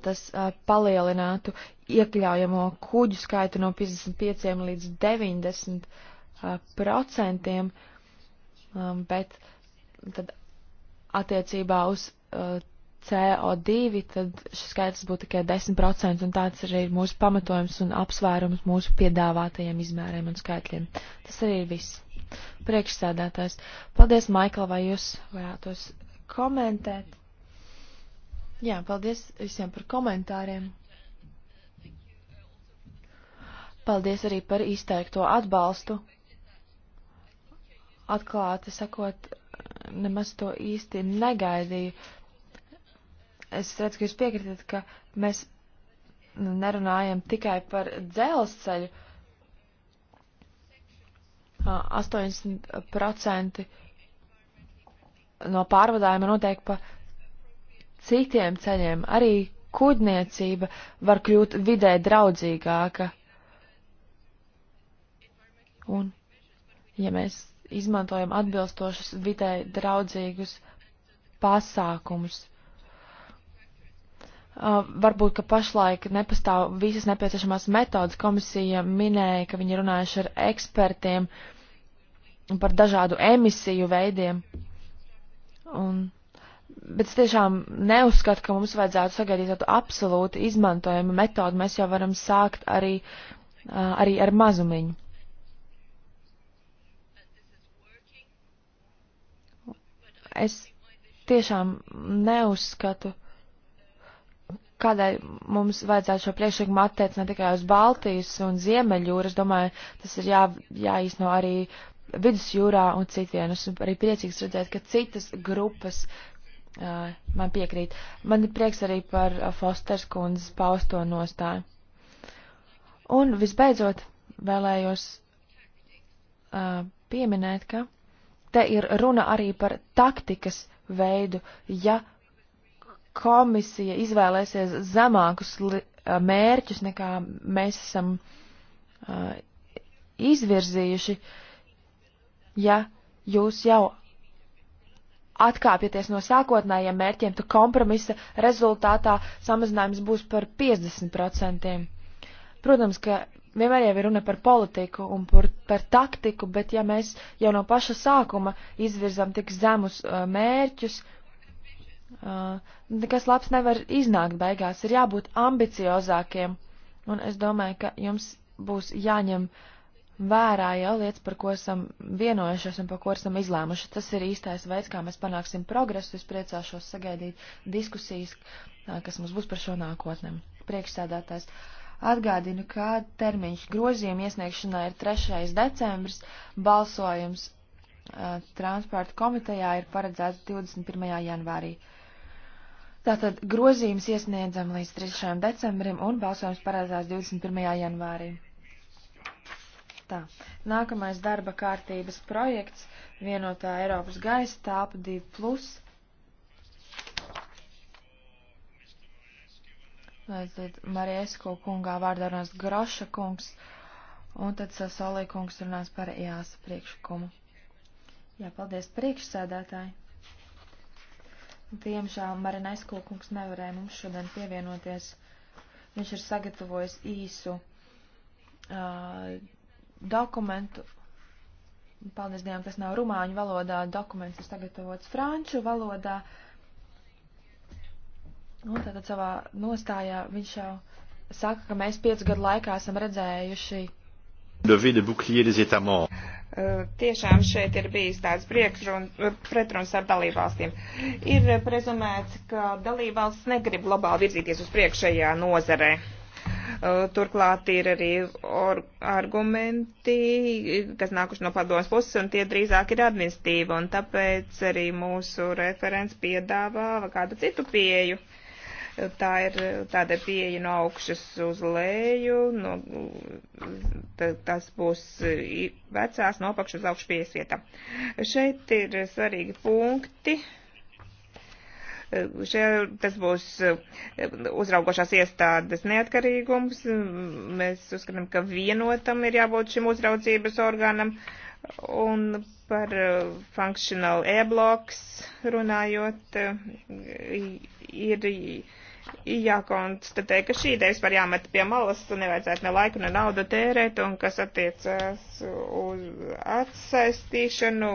Speaker 1: tas palielinātu iekļaujamo kuģu skaitu no 55 līdz 90 procentiem, bet tad attiecībā uz CO2 tad šis skaitlis būtu tikai 10%, un tāds arī ir mūsu pamatojums un apsvērums mūsu piedāvātajiem izmēriem un skaitļiem. Tas arī ir viss. Priekšsēdētājs. Paldies, Maikl, vai jūs varētos komentēt? Jā, paldies visiem par komentāriem. Paldies arī par izteikto atbalstu. Atklāti sakot, nemaz to īsti negaidīju. Es redzu, ka jūs piekritat, ka mēs nerunājam tikai par dzelzceļu. 80% no pārvadājuma notiek pa citiem ceļiem. Arī kuģniecība var kļūt vidē draudzīgāka. Un, ja mēs izmantojam atbilstošus vidē draudzīgus pasākumus, Uh, varbūt, ka pašlaik nepastāv visas nepieciešamās metodas. Komisija minēja, ka viņi runājuši ar ekspertiem par dažādu emisiju veidiem. Un Bet es tiešām neuzskatu, ka mums vajadzētu sagaidīt tādu absolūti izmantojumu metodu. Mēs jau varam sākt arī, arī ar mazumiņu. Es tiešām neuzskatu, kādēļ mums vajadzētu šo priekšlikumu atteikt ne tikai uz Baltijas un Ziemeļjūru. Es domāju, tas ir jā, jāizno arī vidusjūrā un citvienus. Arī priecīgs redzēt, ka citas grupas Eh, man piekrīt. Man ir prieks arī par eh, Fosters kundzes pausto nostāju. Un visbeidzot, vēlējos uh, pieminēt, ka te ir runa arī par taktikas veidu, ja komisija izvēlēsies zemākus mērķus, nekā mēs esam uh, izvirzījuši, ja jūs jau atkāpieties no sākotnējiem mērķiem, tad kompromisa rezultātā samazinājums būs par 50%. Protams, ka vienmēr jau ir runa par politiku un par, par taktiku, bet ja mēs jau no paša sākuma izvirzam tik zemus uh, mērķus, uh, nekas labs nevar iznākt beigās. Ir jābūt ambiciozākiem, un es domāju, ka jums būs jāņem uh, vērā jau lietas, par ko esam vienojušies un par ko esam izlēmuši. Tas ir īstais veids, kā mēs panāksim progresu. Es priecāšos sagaidīt diskusijas, kas mums būs par šo nākotnēm. Priekšsēdētājs. Atgādinu, ka termiņš grozījuma iesniegšanā ir 3. decembris, balsojums uh, transporta komitejā ir paredzēts 21. janvārī. Tātad grozījums iesniedzam līdz 3. decembrim un balsojums paredzēts 21. janvārī. Tā. Nākamais darba kārtības projekts - vienotā Eiropas gaisa tāpa 2. Tad Mariesko kungā vārdā runās Groša kungs, un tad Sasolī kungs runās par jāsa priekšlikumu. Jā, paldies priekšsēdētāji. Diemžēl Marinesko kungs nevarēja mums šodien pievienoties. Viņš ir sagatavojis īsu. Uh, dokumentu. Paldies Dievam, kas nav rumāņu valodā. Dokuments ir sagatavots franču valodā. Un tātad savā nostājā viņš jau saka, ka mēs piecu gadu laikā esam redzējuši.
Speaker 3: Eh,
Speaker 2: tiešām šeit ir bijis tāds pretruns ar dalībvalstīm. Ir prezumēts, ka dalībvalsts negrib globāli virzīties uz priekšējā nozarē. Eh, turklāt ir arī argumenti, kas nākuši no padomas puses, un tie drīzāk ir administīva, un tāpēc arī mūsu referents piedāvā kādu citu pieju. Tā ir tāda pieeja no augšas uz leju, no, tas būs vecās no apakšas uz augšu pieejas vietā. Šeit ir svarīgi punkti Še, tas būs eh, uzraugošās iestādes neatkarīgums. Mēs uzskatām, ka vienotam ir jābūt šim uzraudzības orgānam. Un par eh, functional e-bloks runājot, eh, ir jākonstatē, ka šī ideja vispār jāmet pie malas, nevajadzētu ne laiku, ne naudu tērēt, un kas attiecas uz atsaistīšanu,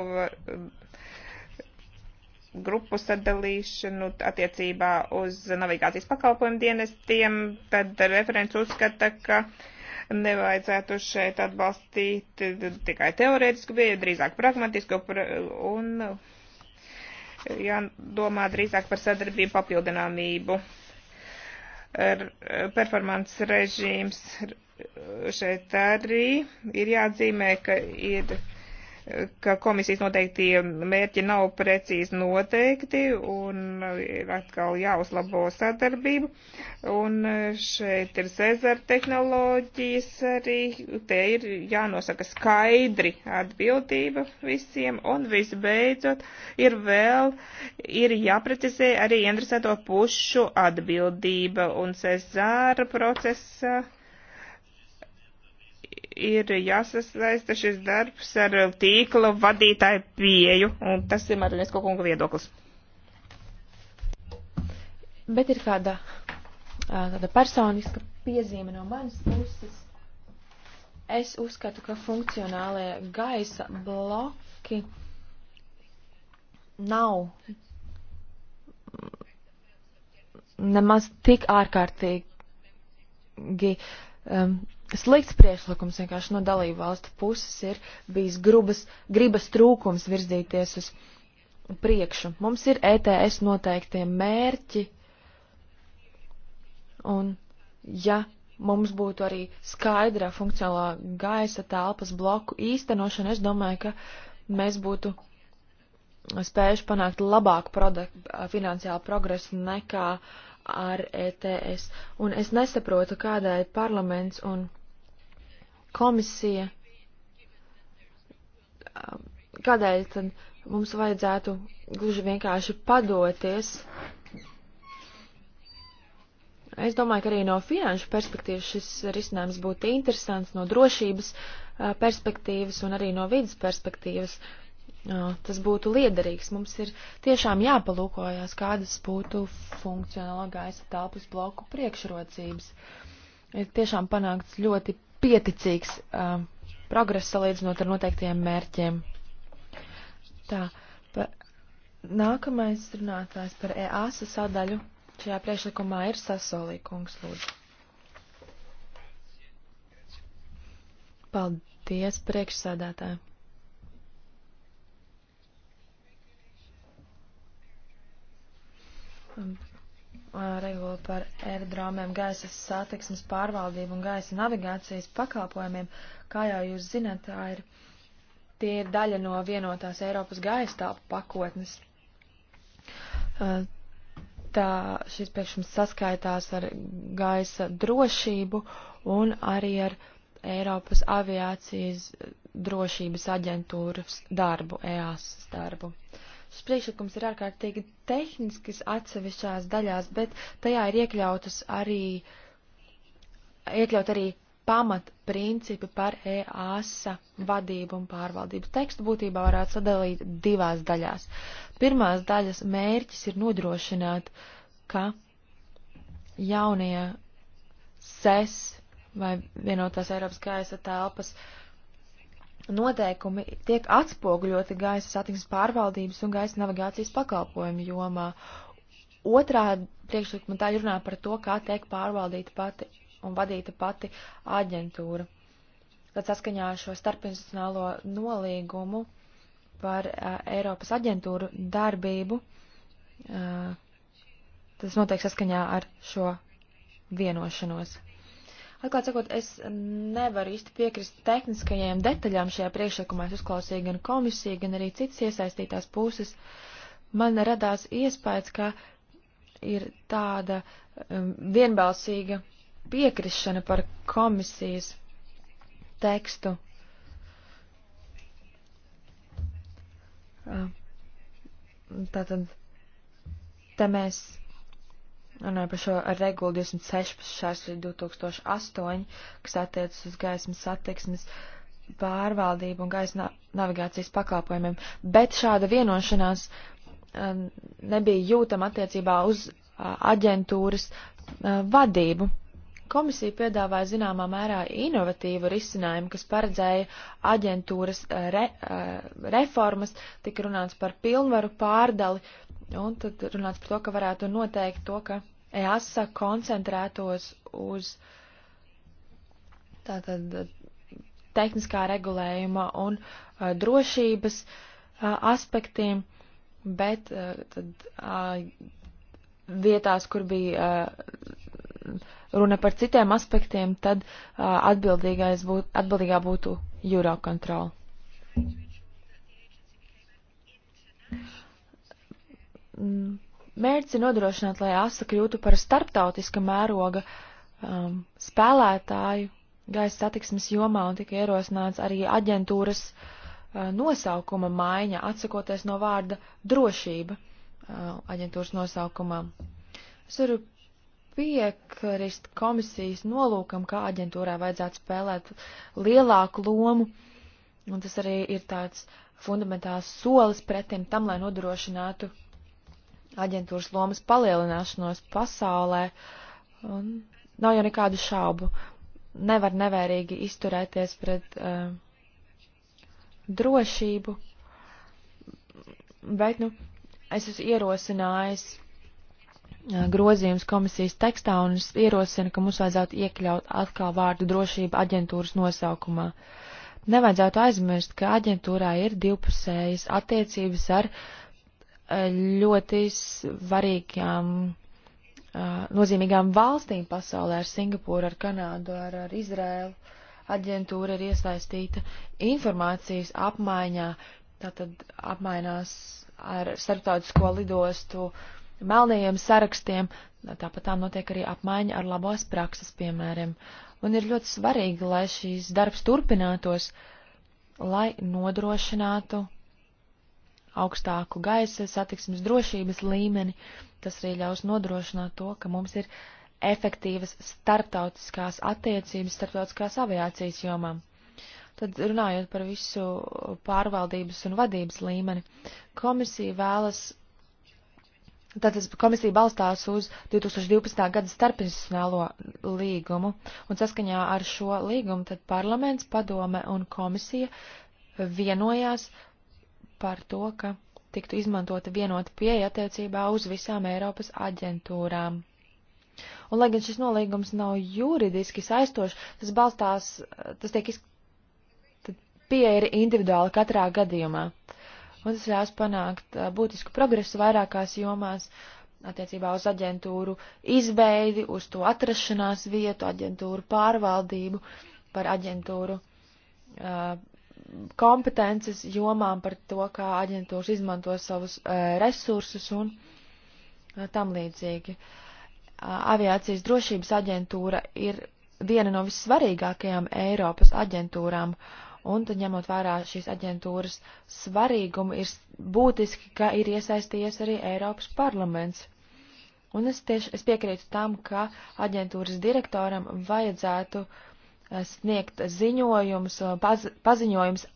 Speaker 2: grupu sadalīšanu attiecībā uz navigācijas pakalpojumu dienestiem, tad referents uzskata, ka nevajadzētu šeit atbalstīt tikai teorētisku pieeju, drīzāk pragmatisku un jādomā drīzāk par sadarbību papildināmību. Performants režīms šeit arī ir jāatzīmē, ka ir ka komisijas noteikti mērķi nav precīzi noteikti un ir atkal jāuzlabo sadarbību. Un šeit ir Cezara tehnoloģijas arī. Te ir jānosaka skaidri atbildība visiem. Un visbeidzot ir vēl, ir jāprecizē arī interesēto pušu atbildība. Un Cezara procesa ir jāsasaista šis darbs ar tīkla vadītāju pieju, un tas ir Marinesko kunga viedoklis.
Speaker 1: Bet ir kāda tāda personiska piezīme no manas puses. Es uzskatu, ka funkcionālie gaisa bloki nav nemaz tik ārkārtīgi um, slikts priekšlikums vienkārši no dalību valstu puses ir bijis grubas, gribas trūkums virzīties uz priekšu. Mums ir ETS noteiktie mērķi, un ja mums būtu arī skaidra funkcionālā gaisa telpas bloku īstenošana, es domāju, ka mēs būtu spējuši panākt labāku finansiālu progresu nekā ar ETS. Un es nesaprotu, kādēļ parlaments un komisija, um, kādēļ tad mums vajadzētu gluži vienkārši padoties. Es domāju, ka arī no finanšu perspektīvas šis risinājums būtu interesants, no drošības uh, perspektīvas un arī no vidas perspektīvas. Uh, tas būtu liederīgs. Mums ir tiešām jāpalūkojās, kādas būtu funkcionāla gaisa telpas bloku priekšrocības. Ir tiešām panākts ļoti pieticīgs uh, progress salīdzinot ar noteiktajiem mērķiem. Tā, pa, nākamais runātājs par EASA sadaļu šajā priekšlikumā ir Sasolī kungs lūdzu. Paldies priekšsādātāji. Um, Uh, regulu par aerodromiem, gaisa satiksmes pārvaldību un gaisa navigācijas pakalpojumiem, kā jau jūs zināt, tā ir, tie ir daļa no vienotās Eiropas gaisa telpu pakotnes. Uh, tā šis priekšums saskaitās ar gaisa drošību un arī ar Eiropas aviācijas drošības aģentūras darbu, EAS darbu. Uh, Šis priekšlikums ir ārkārtīgi tehnisks atsevišķās daļās, bet tajā ir iekļautas arī, iekļaut arī pamatprincipi par EASA vadību un pārvaldību. Tekstu būtībā varētu sadalīt divās daļās. Pirmās daļas mērķis ir nodrošināt, ka jaunie SES e vai vienotās Eiropas gaisa telpas uh, noteikumi tiek atspoguļoti gaisa satiksmes pārvaldības un gaisa navigācijas pakalpojumu jomā. Otrā priekšlikuma tā runā par to, kā tiek pārvaldīta pati un vadīta pati aģentūra. Tad saskaņā ar šo starpinstitucionālo nolīgumu par uh, Eiropas aģentūru darbību, uh, tas notiek saskaņā ar šo vienošanos. Atklāt sakot, es nevaru īsti piekrist tehniskajiem detaļām šajā priekšlikumā. Es uzklausīju gan komisiju, gan arī citas iesaistītās puses. Man radās iespējas, ka ir tāda um, vienbalsīga piekrišana par komisijas tekstu. Uh, tātad, te mēs runāju par šo regulu 216 2008, kas attiecas uz gaismas satiksmes pārvaldību un gaisa navigācijas pakalpojumiem, bet šāda vienošanās um, nebija jūtama attiecībā uz uh, aģentūras uh, vadību. Komisija piedāvāja zināmā mērā inovatīvu risinājumu, kas paredzēja aģentūras eh, re, eh, reformas, tika runāts par pilnvaru pārdali, un tad runāts par to, ka varētu noteikt to, ka EASA koncentrētos uz tātad tehniskā regulējuma un uh, drošības uh, aspektiem, bet uh, tad vietās, kur bija runa par citiem aspektiem, tad atbildīgais būt, atbildīgā būtu Eurocontrol. Mm, mērķis ir nodrošināt, lai ASA kļūtu par starptautiska mēroga um, spēlētāju gaisa satiksmes jomā un tika ierosināts arī aģentūras uh, nosaukuma maiņa, atsakoties no vārda drošība uh, aģentūras nosaukumā. Es varu piekrist komisijas nolūkam, kā aģentūrā vajadzētu spēlēt lielāku lomu, un tas arī ir tāds fundamentāls solis pretim tam, lai nodrošinātu aģentūras lomas palielināšanos pasaulē, un nav jau nekādu šaubu. Nevar nevērīgi izturēties pret uh, drošību, bet, nu, es esmu ierosinājis grozījums komisijas tekstā un es ierosinu, ka mums vajadzētu iekļaut atkal vārdu drošība aģentūras nosaukumā. Nevajadzētu aizmirst, ka aģentūrā ir divpusējas attiecības ar ļoti svarīgām, nozīmīgām valstīm pasaulē ar Singapūru, ar Kanādu, ar, ar Izrēlu. Aģentūra ir iesaistīta informācijas apmaiņā, tātad apmainās ar starptautisko lidostu uh, melnajiem sarakstiem, tāpat tā notiek arī apmaiņa ar labos prakses piemēriem. Un ir ļoti svarīgi, lai šīs darbs turpinātos, lai nodrošinātu augstāku gaisa satiksmes drošības līmeni. Tas arī ļaus nodrošināt to, ka mums ir efektīvas starptautiskās attiecības starptautiskās aviācijas jomām. Tad runājot par visu pārvaldības un vadības līmeni, komisija vēlas Tātad komisija balstās uz 2012. gada starpinstitucionālo līgumu, un saskaņā ar šo līgumu tad parlaments, padome un komisija vienojās par to, ka tiktu izmantota vienota pieeja attiecībā uz visām Eiropas aģentūrām. Un, lai gan šis nolīgums nav juridiski saistošs, tas balstās, tas tiek iz... pieeja ir individuāli katrā gadījumā. Uh, un tas ļaus panākt būtisku progresu vairākās jomās attiecībā uz aģentūru izveidi, uz to atrašanās vietu, aģentūru pārvaldību, par aģentūru kompetences jomām, par to, kā aģentūras izmanto savus resursus un tam līdzīgi. Aviācijas drošības aģentūra ir viena no vissvarīgākajām Eiropas aģentūrām uh, Un tad ņemot vērā šīs aģentūras svarīgumu, ir būtiski, ka ir iesaistījies arī Eiropas parlaments. Un es tieši es piekrītu tam, ka aģentūras direktoram vajadzētu eh, sniegt ziņojums, eh, paz, paziņojums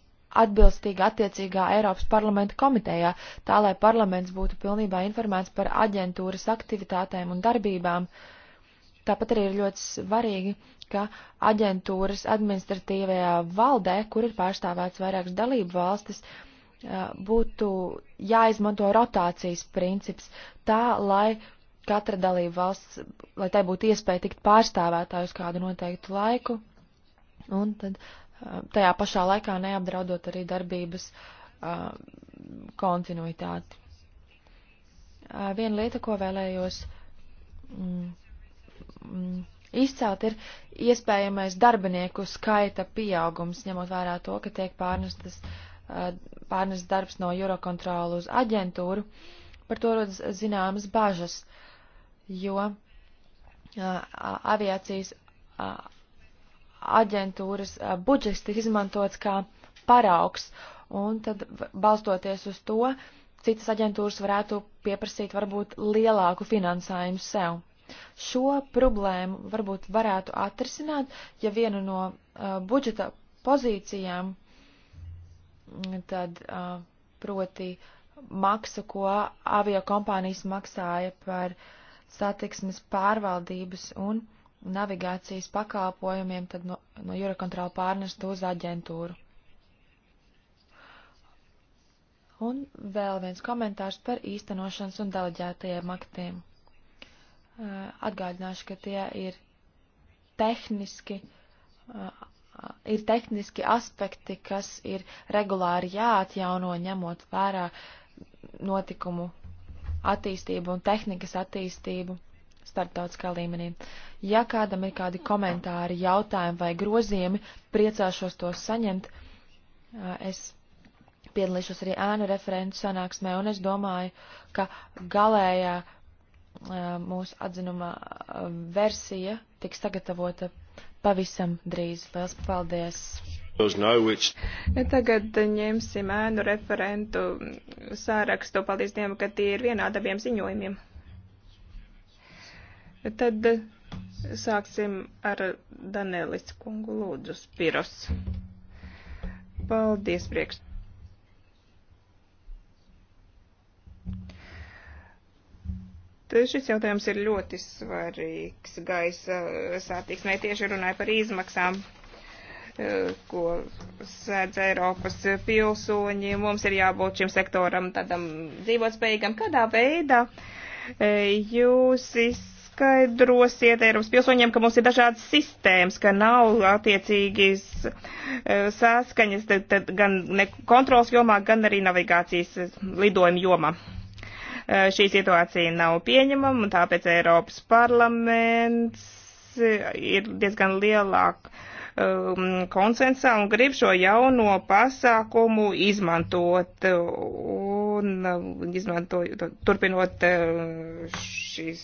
Speaker 1: atbilstīgi attiecīgā Eiropas parlamenta komitejā, tā lai parlaments būtu pilnībā informēts par aģentūras aktivitātēm un darbībām, uh, Tāpat arī ir ļoti svarīgi, ka aģentūras administratīvajā valdē, kur ir pārstāvēts vairākas dalību valstis, būtu jāizmanto rotācijas princips tā, lai katra dalība valsts, lai tai būtu iespēja tikt pārstāvētā uz kādu noteiktu laiku, un tad tajā pašā laikā neapdraudot arī darbības uh, kontinuitāti. Uh, viena lieta, ko vēlējos mm, Mm, izcelt, ir iespējamais darbinieku skaita pieaugums, ņemot vērā to, ka tiek pārnestas, uh, pārnest darbs no Eurokontrolu uz aģentūru. Par to rodas zināmas bažas, jo uh, aviācijas aģentūras budžets tiek izmantots kā paraugs, un tad balstoties uz to, citas aģentūras varētu pieprasīt varbūt lielāku finansējumu sev. Šo problēmu varbūt varētu atrisināt, ja viena no uh, budžeta pozīcijām, mm, tad uh, proti maksa, ko avio kompānijas maksāja par satiksmes pārvaldības un navigācijas pakalpojumiem, tad no, no Eurocontrol pārnest uz aģentūru. Un vēl viens komentārs par īstenošanas un deleģētajiem aktiem. Eh, atgādināšu, ka tie ir tehniski, eh, ir tehniski aspekti, kas ir regulāri jāatjauno, ņemot vērā notikumu attīstību un tehnikas attīstību starptautiskā līmenī. Ja kādam ir kādi komentāri, jautājumi vai grozījumi, priecāšos tos saņemt. Eh, es piedalīšos arī ēnu referentu sanāksmē, un es domāju, ka galējā uh, mūsu atzinuma versija tiks sagatavota pavisam drīz. Lielas paldies! Tagad
Speaker 2: ņemsim ēnu referentu sārakstu. Paldies Dievam, ka tie ir vienādi abiem ziņojumiem. Tad sāksim ar Danelis kungu lūdzu spiros. Paldies priekšstādā. Šis jautājums ir ļoti svarīgs gaisa sātīksmē, tieši runāja par izmaksām, eh, ko sēdz Eiropas pilsoņi. Mums ir jābūt šim sektoram tādam dzīvotspējīgam. Kādā veidā eh, jūs paskaidrosiet Eiropas pilsoņiem, ka mums ir dažādas sistēmas, ka nav attiecīgi eh, saskaņas tad, tad gan kontrols jomā, gan arī navigācijas lidojuma jomā. Eh, šī situācija nav pieņemama, un tāpēc Eiropas parlaments eh, ir diezgan lielāk um, konsensā un grib šo jauno pasākumu izmantot un um, izmantot, turpinot eh, šīs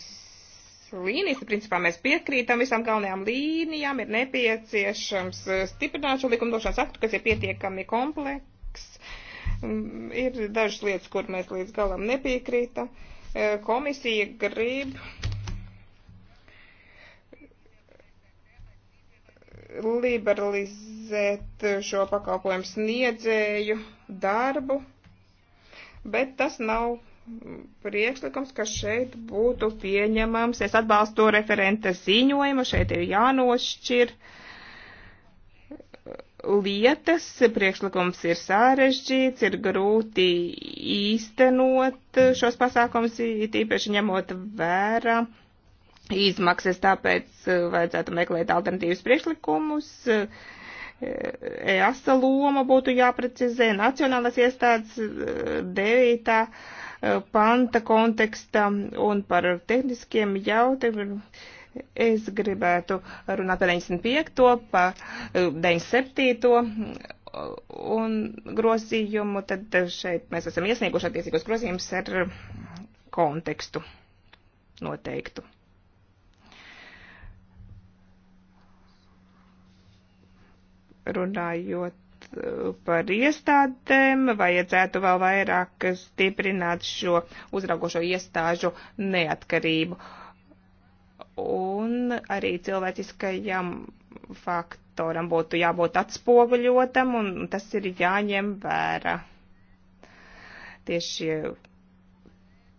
Speaker 2: līnijas. Principā mēs piekrītam visām galvenajām līnijām, ir nepieciešams stiprināt šo likumdošanas aktu, kas ir pietiekami kompleks. Uh, Mm, ir dažas lietas, kur mēs līdz galam nepiekrītam. E, komisija grib liberalizēt šo pakalpojumu sniedzēju darbu, bet tas nav priekšlikums, kas šeit būtu pieņemams. Es atbalstu referenta ziņojumu, šeit ir jānošķir. Uh, lietas. Priekšlikums ir sārežģīts, ir grūti īstenot šos pasākums, tīpaši ņemot vērā izmaksas, tāpēc eh, vajadzētu meklēt alternatīvas priekšlikumus. Eh, EASA loma būtu jāprecizē nacionālās iestādes 9. Eh, panta konteksta un par tehniskiem jautājumiem Es gribētu runāt par 95. par 97. Eh, mm, un grozījumu, tad šeit mēs esam iesnieguši attiecīgos grozījumus ar kontekstu noteiktu. Runājot eh, par iestādēm, vajadzētu vēl vairāk stiprināt šo uzraugošo iestāžu neatkarību. Uh, un arī cilvēciskajam faktoram būtu jābūt atspoguļotam, un tas ir jāņem vērā. Tieši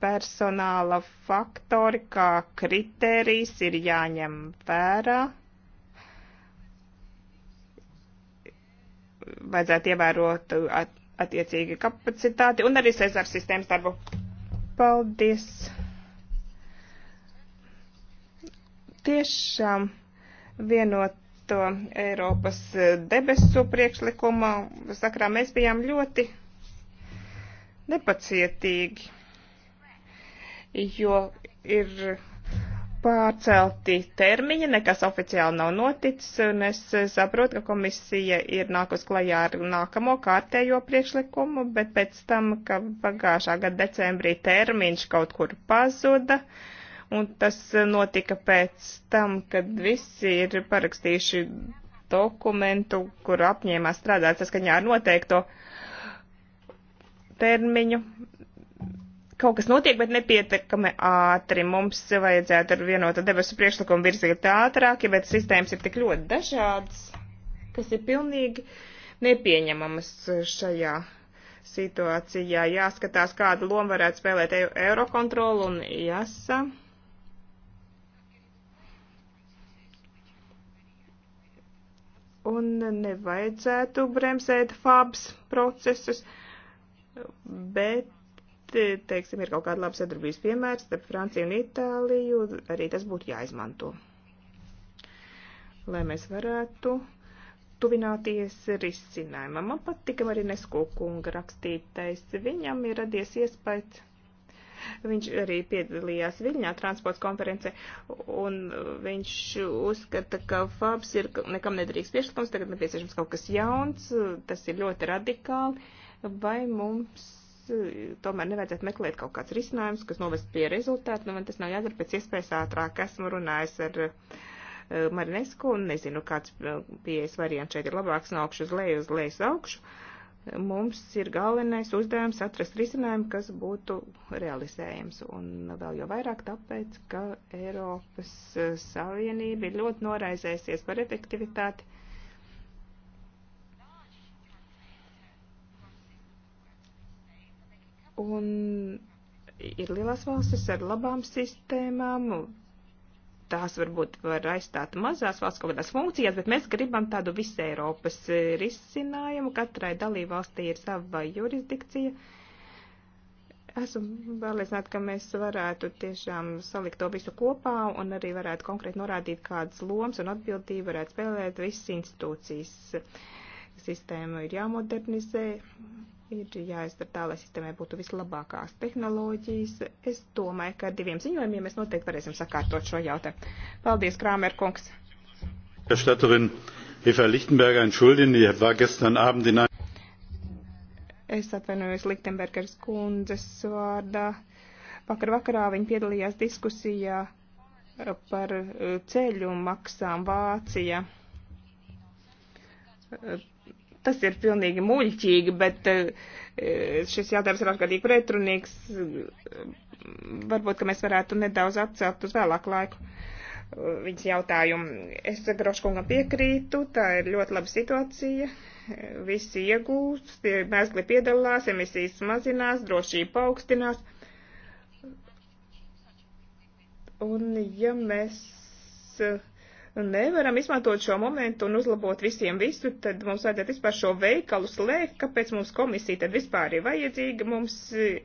Speaker 2: personāla faktori kā kriterijs ir jāņem vērā. Vajadzētu ievērot attiecīgi kapacitāti un arī Cezars sistēmas darbu. Paldies! tiešām vienoto Eiropas debesu priekšlikuma sakrā mēs bijām ļoti nepacietīgi, jo ir pārcelti termiņi, nekas oficiāli nav noticis, un es saprotu, ka komisija ir nākus klajā ar nākamo kārtējo priekšlikumu, bet pēc tam, ka pagājušā gada decembrī termiņš kaut kur pazuda, uh, un tas eh, notika pēc tam, kad visi ir parakstījuši dokumentu, kur apņēmās strādāt saskaņā ar noteikto termiņu. Kaut kas notiek, bet nepietiekami ātri. Mums vajadzētu ar vienotu debesu priekšlikumu virzīt ātrāk, ja bet sistēmas ir tik ļoti dažādas, kas ir pilnīgi nepieņemamas šajā situācijā. Jāskatās, kādu lomu varētu spēlēt e-, Eurokontrolu un jāsa. E un nevajadzētu bremzēt fabs procesus, bet, teiksim, ir kaut kāda laba sadarbības piemērs starp Franciju un Itāliju, arī tas būtu jāizmanto, lai mēs varētu tuvināties risinājumam. Man patika arī Nesko kunga rakstītais. Viņam ir radies iespējas Viņš arī piedalījās Viļņā transports konferencē, un viņš uzskata, ka FABS ir nekam nedrīkst priekšlikums, tagad nepieciešams kaut kas jauns, tas ir ļoti radikāli, vai mums eh, tomēr nevajadzētu meklēt kaut kāds risinājums, kas novest pie rezultātu, nu man tas nav jādara pēc iespējas ātrāk. Esmu runājis ar uh, Marinesku un nezinu, kāds eh, pieejas variants šeit ir labāks no augšu uz leju, uz leju uz augšu. Uh, mums ir galvenais uzdevums atrast risinājumu, kas būtu realizējams. Un vēl jau vairāk tāpēc, ka Eiropas Savienība ir ļoti noraizēsies par efektivitāti. Un ir lielas valstis ar labām sistēmām, tās varbūt var aizstāt mazās valsts kaut kādās funkcijās, bet mēs gribam tādu visu Eiropas e, risinājumu. Katrai dalībvalstī ir sava jurisdikcija. Esmu pārliecināta, ka mēs varētu tiešām salikt to visu kopā un arī varētu konkrēti norādīt, kādas lomas un atbildību varētu spēlēt visas institūcijas. Sistēma ir jāmodernizē, ir jāizdara tā, lai sistēmai būtu vislabākās tehnoloģijas. Es domāju, ka ar diviem ziņojumiem mēs noteikti varēsim sakārtot šo jautājumu. Paldies, Krāmer kungs! Eva Lichtenberger entschuldigen, die war gestern Abend in einem. Es atvainojos Lichtenbergers kundzes vārdā. Vakar vakarā viņa piedalījās diskusijā par eh, ceļu maksām Vācija Tas ir pilnīgi muļķīgi, bet eh, šis jautājums ir ārkārtīgi pretrunīgs. Varbūt, ka mēs varētu nedaudz atcelt uz vēlāku laiku eh, viņas jautājumu. Es Groškungam piekrītu, tā ir ļoti laba situācija. Visi iegūst, mēsli piedalās, emisijas mazinās, drošība paaugstinās. Un ja mēs uh, nevaram izmantot šo momentu un uzlabot visiem visu, tad mums vajadzētu vispār šo veikalu slēgt, kāpēc mums komisija tad vispār ir vajadzīga. Mums eh,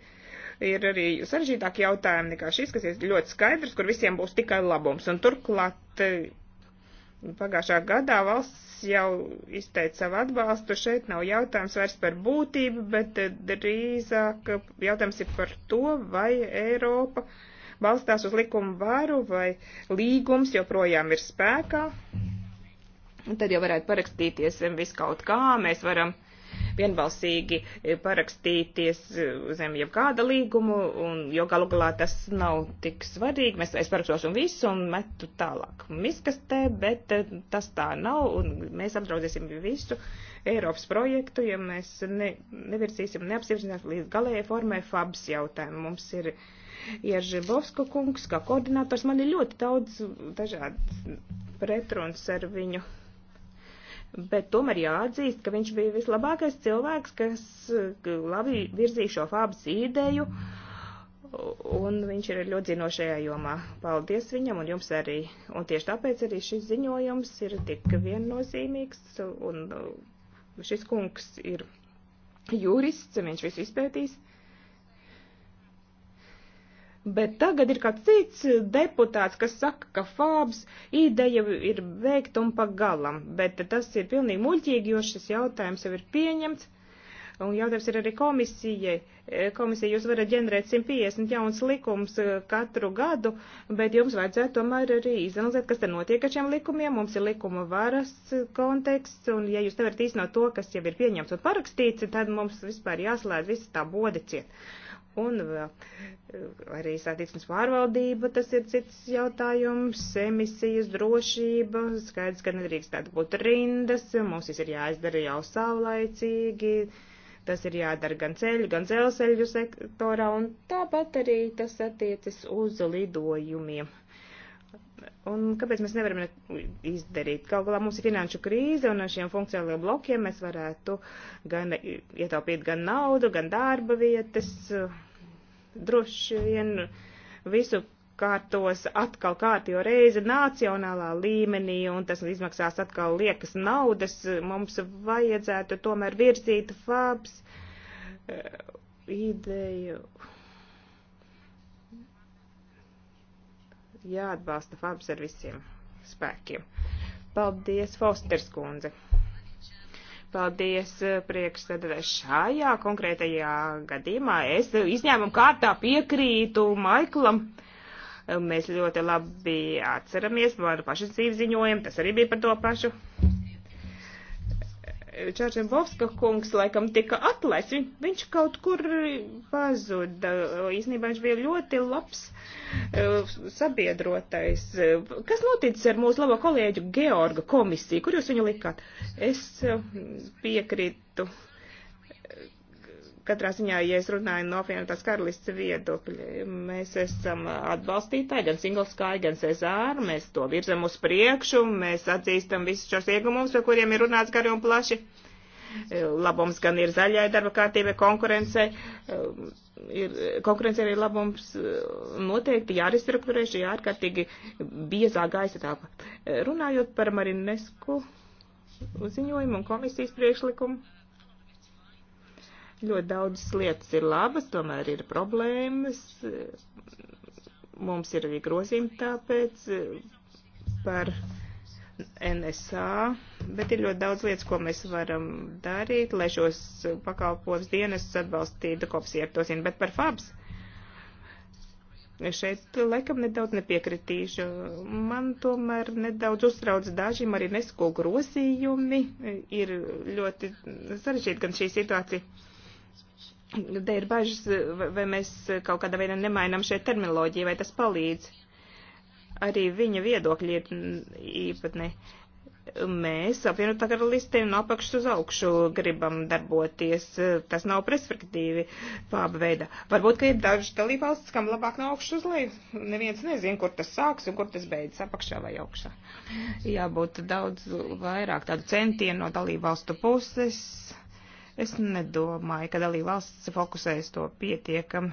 Speaker 2: ir arī sarežģītāki jautājumi nekā šis, kas ir ļoti skaidrs, kur visiem būs tikai labums. Un turklāt eh, pagājušā gadā valsts jau izteica savu atbalstu. Šeit nav jautājums vairs par būtību, bet eh, drīzāk jautājums ir par to, vai Eiropa balstās uz likumu varu vai līgums joprojām ir spēkā. Un tad jau varētu parakstīties viskaut kā, mēs varam uh, vienbalsīgi eh, parakstīties eh, zem jebkāda līgumu, un, jo galu galā tas nav tik svarīgi. Mēs, es parakstos un visu un metu tālāk miskastē, bet eh, tas tā nav, un mēs apdraudēsim visu Eiropas projektu, ja mēs ne, nevirsīsim, neapsirdzināsim līdz galējai formai FABS jautājumu. Mums ir Ieržibovska kungs, kā koordinators, man ir ļoti daudz dažādas pretrunas ar viņu bet tomēr jāatzīst, ka viņš bija vislabākais cilvēks, kas labi virzīja šo fabas ideju, un viņš ir ļoti zinošajā jomā. Paldies viņam un jums arī. Un tieši tāpēc arī šis ziņojums ir tik viennozīmīgs, un uh, šis kungs ir jurists, viņš visu izpētīs. Bet tagad ir kāds cits deputāts, kas saka, ka Fābs ideja ir beigta un pagalam, bet tas ir pilnīgi muļķīgi, jo šis jautājums jau ir pieņemts. Un jautājums ir arī komisijai. Komisija, jūs varat ģenerēt 150 jauns likums eh, katru gadu, bet jums vajadzētu tomēr arī izanalizēt, kas te notiek ar šiem likumiem. Mums ir likuma varas konteksts, un ja jūs nevarat īstenot to, kas jau ir pieņemts un parakstīts, tad mums vispār jāslēdz visi tā bodiciet. Uh, Un vēl arī satiksmes pārvaldība, tas ir cits jautājums, emisijas drošība, skaidrs, ka nedrīkst tāda būt rindas, mums viss ir jāizdara jau savlaicīgi, tas ir jādara gan ceļu, gan dzelzceļu sektorā, un tāpat arī tas attiecas uz lidojumiem. Un kāpēc mēs nevaram izdarīt? Kaut galā mums ir finanšu krīze, un ar šiem funkcionālajiem blokiem mēs varētu gan ietaupīt gan naudu, gan darba vietas. Droši vien visu kārtos atkal kārtējo reizi nacionālā līmenī, un tas izmaksās atkal liekas naudas. Mums vajadzētu tomēr virzīt FABS eh, ideju jāatbalsta Fabs ar visiem spēkiem. Paldies, Fosters kundze! Paldies, eh, priekšsēdētājs. Šajā konkrētajā gadījumā es izņēmumu kārtā piekrītu Maiklam. Mēs ļoti labi atceramies manu pašu dzīves ziņojumu, tas arī bija par to pašu Čāržiem Bovska kungs laikam tika atlaists. Viņ, viņš kaut kur pazuda. Īsnībā viņš bija ļoti labs uh, sabiedrotais. Kas noticis ar mūsu labo kolēģu Georga komisiju? Kur jūs viņu likāt? Es uh, piekrītu katrā ziņā, ja es runāju no apvienotās karalists viedokļa, mēs esam atbalstītāji gan Singleskai, gan Cezāru, mēs to virzam uz priekšu, mēs atzīstam visus šos iegumus, par kuriem ir runāts gari un plaši. Labums gan ir zaļai darba kārtībai, konkurence, ir, konkurence arī labums noteikti jārestruktūrē šī ārkārtīgi biezā gaisa tāpa. Runājot par Marinesku ziņojumu un komisijas priekšlikumu Ļoti daudzas lietas ir labas, tomēr ir problēmas. Mums ir arī grozījumi tāpēc par NSA, bet ir ļoti daudz lietas, ko mēs varam darīt, lai šos pakalpojums dienas atbalstītu kopsieru to zinu, bet par FABS. Šeit laikam nedaudz nepiekritīšu. Man tomēr nedaudz uztrauc daži arī nesko grozījumi. Ir ļoti sarežģīta gan šī situācija. Te ir bažas, vai mēs kaut kādā veidā nemainām šeit terminoloģiju, vai tas palīdz. Arī viņa viedokļi ir īpatni. Mēs apvienotā karalistē no apakšas uz augšu gribam darboties. Tas nav perspektīvi pāba veidā. Varbūt, ka ir daži dalībvalstis, kam labāk no augšas uz leju. Neviens nezin, kur tas sāks un kur tas beidzas, apakšā vai augšā. Jābūt daudz vairāk tādu centienu no dalībvalstu puses Es nedomāju, ka dalība valsts fokusēs to pietiekami.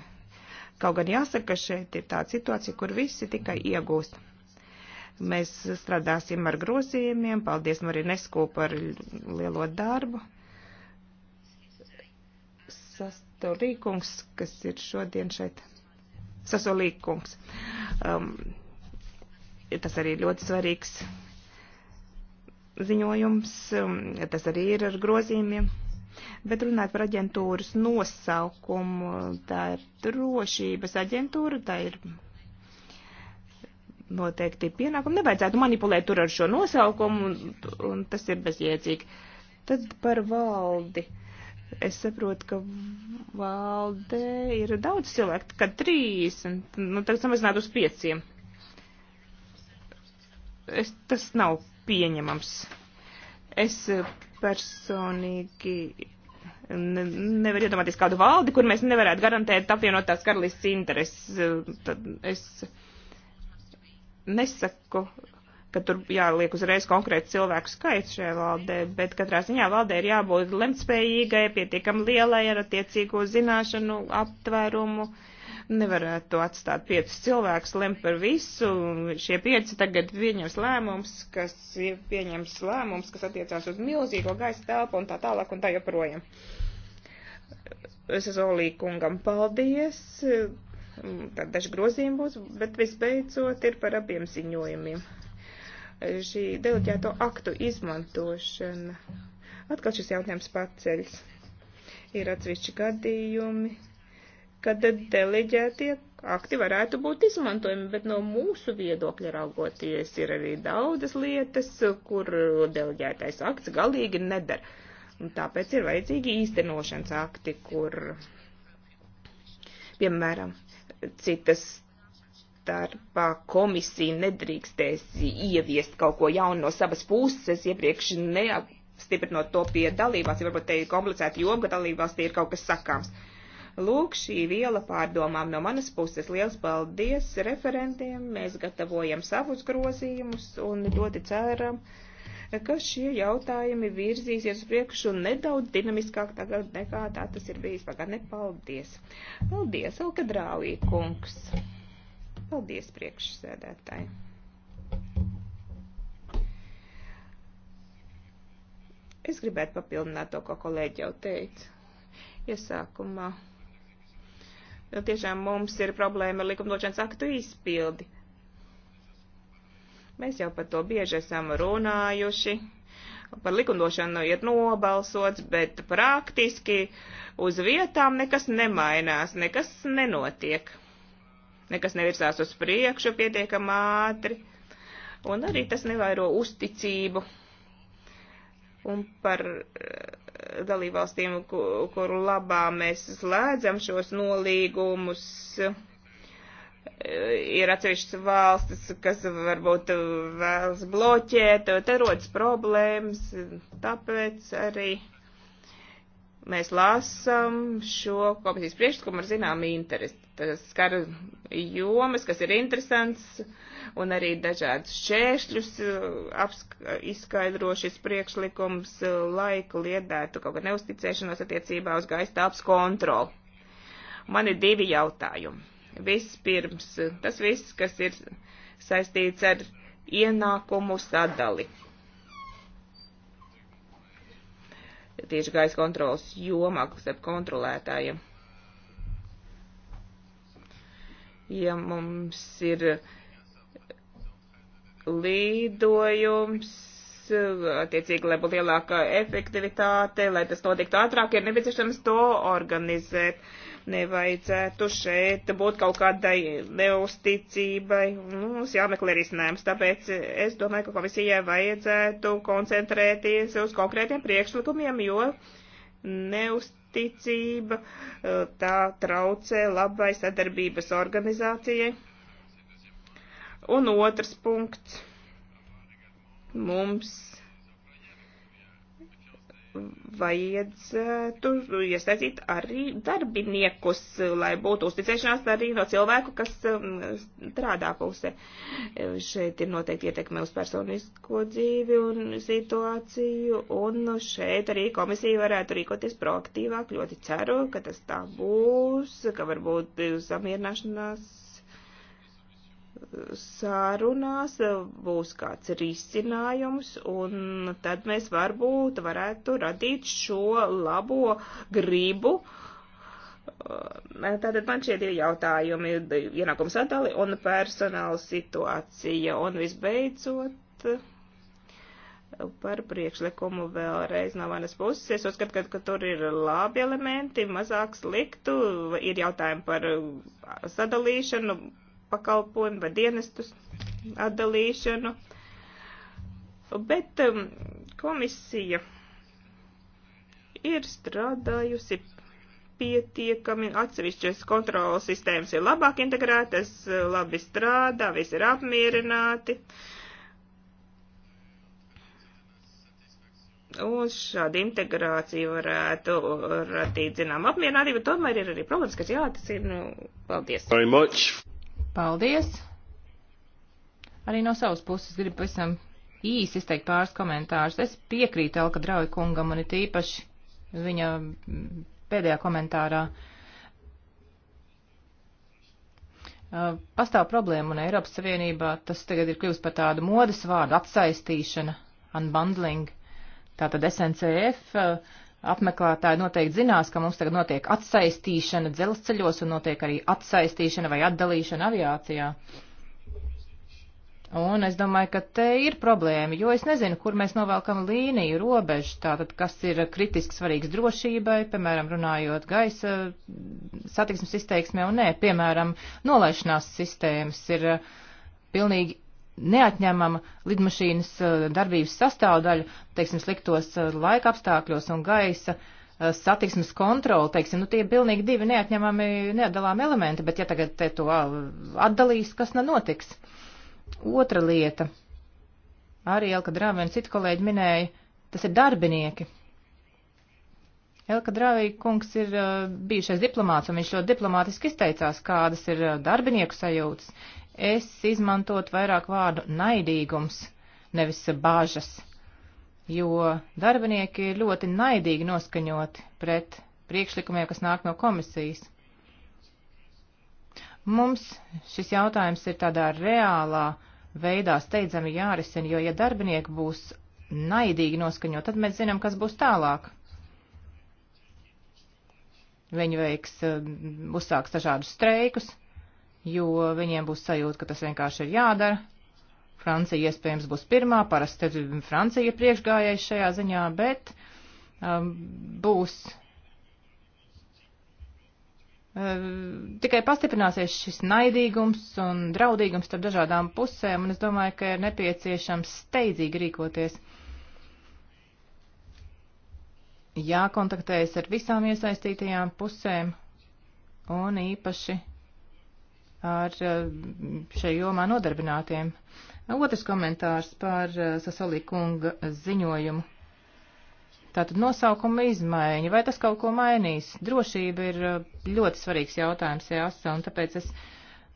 Speaker 2: Kaut gan jāsaka, ka šeit ir tāda situācija, kur visi tikai iegūst. Mēs strādāsim ar grozījumiem. Paldies Marinesku par lielo darbu. Sastorīkungs, kas ir šodien šeit. Sasolīkungs. Um, tas arī ļoti svarīgs ziņojums. Um, tas arī ir ar grozījumiem. Bet runājot par aģentūras nosaukumu, tā ir drošības aģentūra, tā ir noteikti pienākumi. Nevajadzētu manipulēt tur ar šo nosaukumu, un, un tas ir bezjēdzīgi. Tad par valdi. Es saprotu, ka valdē ir daudz cilvēku, kad trīs, un nu, tagad samazināt uz pieciem. Es, tas nav pieņemams. Es personīgi ne, nevar iedomāties kādu valdi, kur mēs nevarētu garantēt apvienotās karalists intereses. Tad es nesaku, ka tur jāliek uzreiz konkrēts cilvēku skaits šajā valdē, bet katrā ziņā valdē ir jābūt lemtspējīgai, pietiekam lielai ar attiecīgo zināšanu aptvērumu. Uh, nevarētu atstāt piecus cilvēkus, lemt par visu. Šie pieci tagad pieņems lēmums, kas pieņems lēmums, kas attiecās uz milzīgo gaisa telpu un tā tālāk un tā joprojām. Es Olī kungam paldies. Tad daži grozījumi būs, bet visbeidzot ir par abiem ziņojumiem. Šī deleģēto aktu izmantošana. Atkal šis jautājums paceļas. Ir atsevišķi gadījumi, kad deleģētie akti varētu būt izmantojami, bet no mūsu viedokļa raugoties ir arī daudzas lietas, kur deleģētais akts galīgi nedara. Un tāpēc ir vajadzīgi īstenošanas akti, kur, piemēram, citas starpā komisija nedrīkstēs ieviest kaut ko jaunu no savas puses, iepriekš neapstiprinot to pie dalībās, ja varbūt te ir komplicēta joma, ka dalībās tie ir kaut kas sakāms. Uh, Lūk, šī viela pārdomām no manas puses. Liels paldies referentiem, mēs gatavojam savus grozījumus un ļoti ceram, ka šie jautājumi virzīsies uz priekšu nedaudz dinamiskāk tagad nekā tā tas ir bijis pagātnē. Paldies! Paldies, Elka Drāvī kungs! Paldies priekšsēdētāji! Es gribētu papildināt to, ko kolēģi jau teica iesākumā. Ja jo nu, tiešām mums ir problēma ar likumdošanas aktu izpildi. Mēs jau par to bieži esam runājuši. Par likumdošanu ir nobalsots, bet praktiski uz vietām nekas nemainās, nekas nenotiek. Nekas nevirsās uz priekšu pietiekam ātri. Un arī tas nevairo uzticību. Un par dalībvalstīm, kuru labā mēs slēdzam šos nolīgumus. Ir atsevišķas valstis, kas varbūt vēlas bloķēt, te rodas problēmas, tāpēc arī mēs lasam šo komisijas priekšlikumu ar zināmu interesi skar jomas, kas ir interesants, un arī dažādus šķēršļus uh, izskaidro šis priekšlikums, uh, lai kliedētu kaut kā neusticēšanos attiecībā uz gaisa tāps kontroli. Man ir divi jautājumi. Vispirms, uh, tas viss, kas ir saistīts ar ienākumu sadali. Tieši gaisa kontrolas jomā, kas ap kontrolētājiem ja mums ir līdojums, attiecīgi, lai būtu lielāka efektivitāte, lai tas notiktu ātrāk, ir nepieciešams to organizēt. Nevajadzētu šeit būt kaut kādai neusticībai. Nu, mums jāmeklē risinājums, tāpēc es domāju, ka komisijai vajadzētu koncentrēties uz konkrētiem priekšlikumiem, jo neust neusticība, eh, tā traucē labai sadarbības organizācijai. Un otrs punkts. Mums vajadzētu iesaistīt arī darbiniekus, lai būtu uzticēšanās arī no cilvēku, kas um, strādā pusē. Šeit ir noteikti ietekme uz personisko dzīvi un situāciju, un šeit arī komisija varētu rīkoties proaktīvāk. Ļoti ceru, ka tas tā būs, ka varbūt samierināšanās sārunās būs kāds risinājums, un tad mēs varbūt varētu radīt šo labo gribu. Tātad man šie divi jautājumi - ienākums atdali un personāla situācija. Un visbeidzot, par priekšlikumu vēlreiz no manas puses. Es uzskatu, ka, ka tur ir labi elementi, mazāk sliktu, ir jautājumi par sadalīšanu, pakalpojumu vai dienestus atdalīšanu. Bet um, komisija ir strādājusi pietiekami, atsevišķas kontrolas sistēmas ir labāk integrētas, labi strādā, visi ir apmierināti. Un šāda integrācija varētu radīt, zinām,
Speaker 3: apmierinātību, tomēr ir arī problēmas, kas jāatcina. Paldies! Very much. Paldies! Arī no savas puses gribu pavisam īsi izteikt pāris komentārus. Es piekrītu Elka Drauja kungam un it īpaši viņa pēdējā komentārā. Uh, pastāv problēma, un Eiropas Savienībā tas tagad ir kļūst par tādu modes vārdu - atsaistīšana, unbundling. Tātad SNCF uh, apmeklētāji noteikti zinās, ka mums tagad notiek atsaistīšana dzelzceļos un notiek arī atsaistīšana vai atdalīšana aviācijā. Un es domāju, ka te ir problēma, jo es nezinu, kur mēs novelkam līniju robežu, tātad kas ir kritiski svarīgs drošībai, piemēram, runājot gaisa mm, satiksmes izteiksmē un nē, piemēram, nolaišanās sistēmas ir eh, pilnīgi neatņemama lidmašīnas uh, darbības sastāvdaļa, teiksim, sliktos uh, laika apstākļos un gaisa uh, satiksmes kontroli, teiksim, nu tie ir pilnīgi divi neatņemami, neatdalāmi elementi, bet ja tagad te to atdalīs, kas nu notiks? Otra lieta, arī Elka Drāvi un citi kolēģi minēja, tas ir darbinieki. Elka Drāvi kungs ir bijušais diplomāts, un viņš ļoti diplomātiski izteicās, kādas ir darbinieku sajūtas es izmantotu vairāk vārdu naidīgums, nevis bāžas, jo darbinieki ir ļoti naidīgi noskaņoti pret priekšlikumiem, kas nāk no komisijas. Mums šis jautājums ir tādā reālā veidā steidzami jārisina, jo ja darbinieki būs naidīgi noskaņot, tad mēs zinām, kas būs tālāk. Viņi veiks, eh, uzsāks dažādus streikus, jo viņiem būs sajūta, ka tas vienkārši ir jādara. Francija iespējams būs pirmā, parasti mm, Francija priekšgājais šajā ziņā, bet um, būs. Um, tikai pastiprināsies šis naidīgums un draudīgums starp dažādām pusēm, un es domāju, ka ir nepieciešams steidzīgi rīkoties. Jākontaktējas ar visām iesaistītajām pusēm, un īpaši ar eh, šai jomā nodarbinātiem. Otrs komentārs par eh, Sasolī kunga ziņojumu. Tātad nosaukuma izmaiņa, vai tas kaut ko mainīs? Drošība ir eh, ļoti svarīgs jautājums EASA, un tāpēc es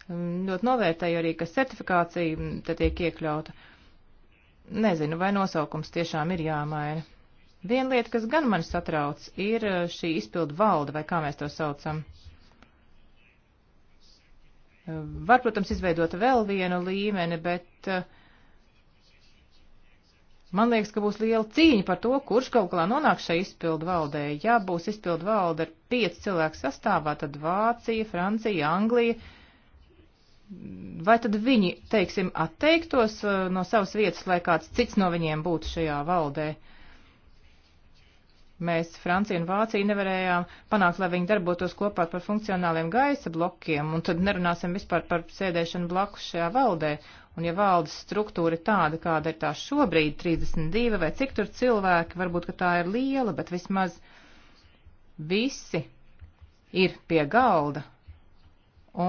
Speaker 3: mm, ļoti novērtēju arī, ka certifikācija mm, te tiek iekļauta. Nezinu, vai nosaukums tiešām ir jāmaina. Viena lieta, kas gan man satrauc, ir šī izpildu valde, vai kā mēs to saucam. Uh, Var, protams, izveidot vēl vienu līmeni, bet eh, man liekas, ka būs liela cīņa par to, kurš galu galā nonāks šai izpildu valdē. Ja būs izpildu valde ar pieci cilvēku sastāvā, tad Vācija, Francija, Anglija. Vai tad viņi, teiksim, atteiktos eh, no savas vietas, lai kāds cits no viņiem būtu šajā valdē? Uh, Mēs Franciju un Vāciju nevarējām panākt, lai viņi darbotos kopā par funkcionāliem gaisa blokiem, un tad nerunāsim vispār par sēdēšanu blakus šajā valdē. Un ja valdes struktūra ir tāda, kāda ir tā šobrīd, 32 vai cik tur cilvēki, varbūt, ka tā ir liela, bet vismaz visi ir pie galda,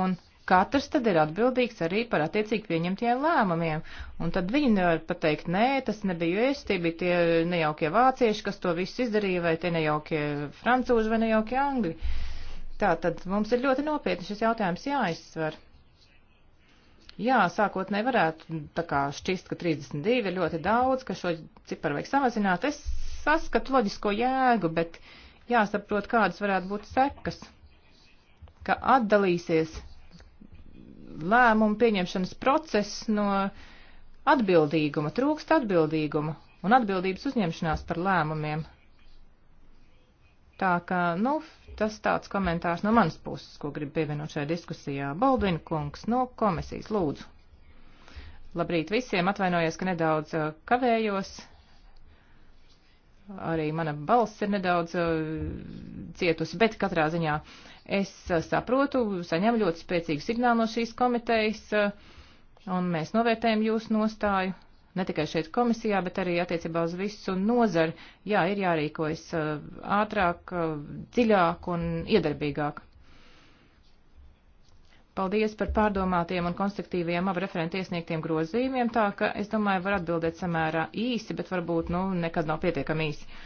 Speaker 3: un katrs tad ir atbildīgs arī par attiecīgi pieņemtajiem lēmumiem. Un tad viņi nevar pateikt, nē, tas nebija es, tie bija tie nejaukie vācieši, kas to visu izdarīja, vai tie nejaukie francūži vai nejaukie angļi. Tā tad mums ir ļoti nopietni šis jautājums jāizsver. Jā, sākot nevarētu tā kā šķist, ka 32 ir ļoti daudz, ka šo ciparu vajag samazināt. Es saskatu loģisko jēgu, bet jāsaprot, kādas varētu būt sekas, ka atdalīsies lēmumu pieņemšanas process no atbildīguma, trūkst atbildīguma un atbildības uzņemšanās par lēmumiem. Tā kā, nu, tas tāds komentārs no manas puses, ko gribu pievienot šajā diskusijā. Baldvin kungs no komisijas, lūdzu. Labrīt visiem, atvainojos, ka nedaudz kavējos arī mana balss ir nedaudz uh, cietusi, bet katrā ziņā es uh, saprotu, saņem ļoti spēcīgu signālu no šīs komitejas, uh, un mēs novērtējam jūsu nostāju. Ne tikai šeit komisijā, bet arī attiecībā uz visu nozari, jā, ir jārīkojas ātrāk, dziļāk un iedarbīgāk. Paldies par pārdomātiem un konstruktīviem abu referentu iesniegtiem grozījumiem, tā ka es domāju, var atbildēt samērā īsi, bet varbūt nu, nekad nav pietiekami īsi.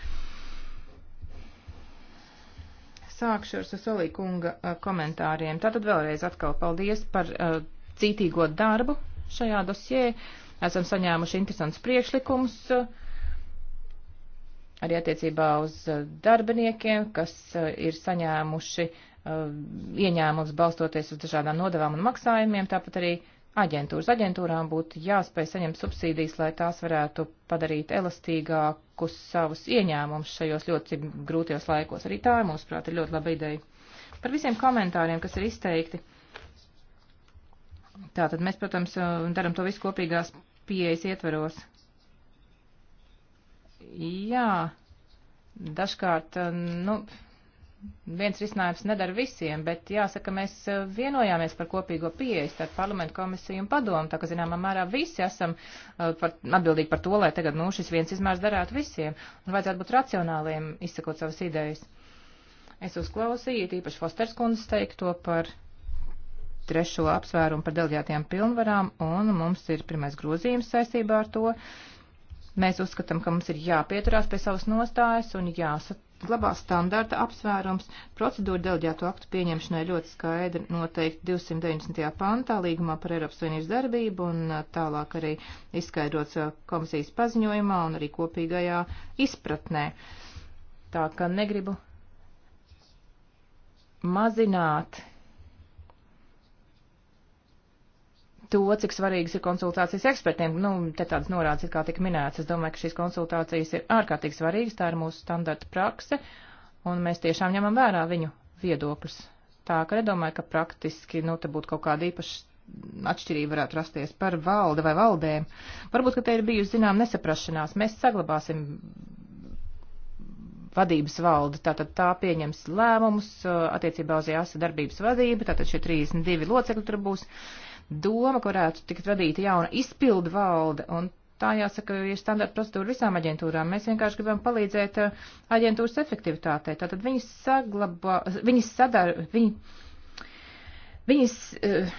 Speaker 3: Sākšu ar Sasolī kunga uh, komentāriem. Tātad vēlreiz atkal paldies par uh, cītīgo darbu šajā dosjē. Esam saņēmuši interesants priekšlikums. Uh, arī attiecībā uz uh, darbiniekiem, kas uh, ir saņēmuši Uh, ieņēmums balstoties uz dažādām nodavām un maksājumiem, tāpat arī aģentūras. Aģentūrām būtu jāspēj saņemt subsīdijas, lai tās varētu padarīt elastīgākus savus ieņēmumus šajos ļoti grūtajos laikos. Arī tā, mūsuprāt, ir ļoti laba ideja. Par visiem komentāriem, kas ir izteikti. Tātad mēs, protams, uh, daram to visu kopīgās pieejas ietveros. Jā, dažkārt, uh, nu, viens risinājums nedara visiem, bet jāsaka, mēs e, vienojāmies par kopīgo pieeju starp parlamentu komisiju un padomu, tā ka zināmā mērā visi esam e, par, atbildīgi par to, lai tagad nu, šis viens izmērs darētu visiem un vajadzētu būt racionāliem, izsakot savas idejas. Es uzklausīju īpaši Fosters kundzes teikto par trešo apsvērumu par delģētajām pilnvarām, un mums ir pirmais grozījums saistībā ar to. Mēs uzskatām, ka mums ir jāpieturās pie savas nostājas un jāsat glabā standarta apsvērums, procedūra deleģēto aktu pieņemšanai ļoti skaidri noteikti 290. pantā līgumā par Eiropas Savienības darbību un tālāk arī izskaidrots komisijas paziņojumā un arī kopīgajā izpratnē. Tā ka negribu mazināt to, cik svarīgas ir konsultācijas ekspertiem. Nu, te tādas norādes ir kā tik minētas. Es domāju, ka šīs konsultācijas ir ārkārtīgi svarīgas, tā ir mūsu standarta prakse, un mēs tiešām ņemam vērā viņu viedokļus. Tā, ka nedomāju, ka praktiski, nu, te būtu kaut kāda īpaša atšķirība varētu rasties par valde vai valdēm. Varbūt, ka te ir bijusi, zinām, nesaprašanās. Mēs saglabāsim vadības valde, tātad tā pieņems lēmumus uh, attiecībā uz jāsa darbības vadību, tātad šie 32 locekļi tur būs. Uh, doma, ka varētu tikt radīta jauna izpildu valde, un tā jāsaka, ir standarta procedūra visām aģentūrām. Mēs vienkārši gribam palīdzēt uh, aģentūras efektivitātei. Tātad viņi saglabā, viņi sadar, viņi, viņi uh,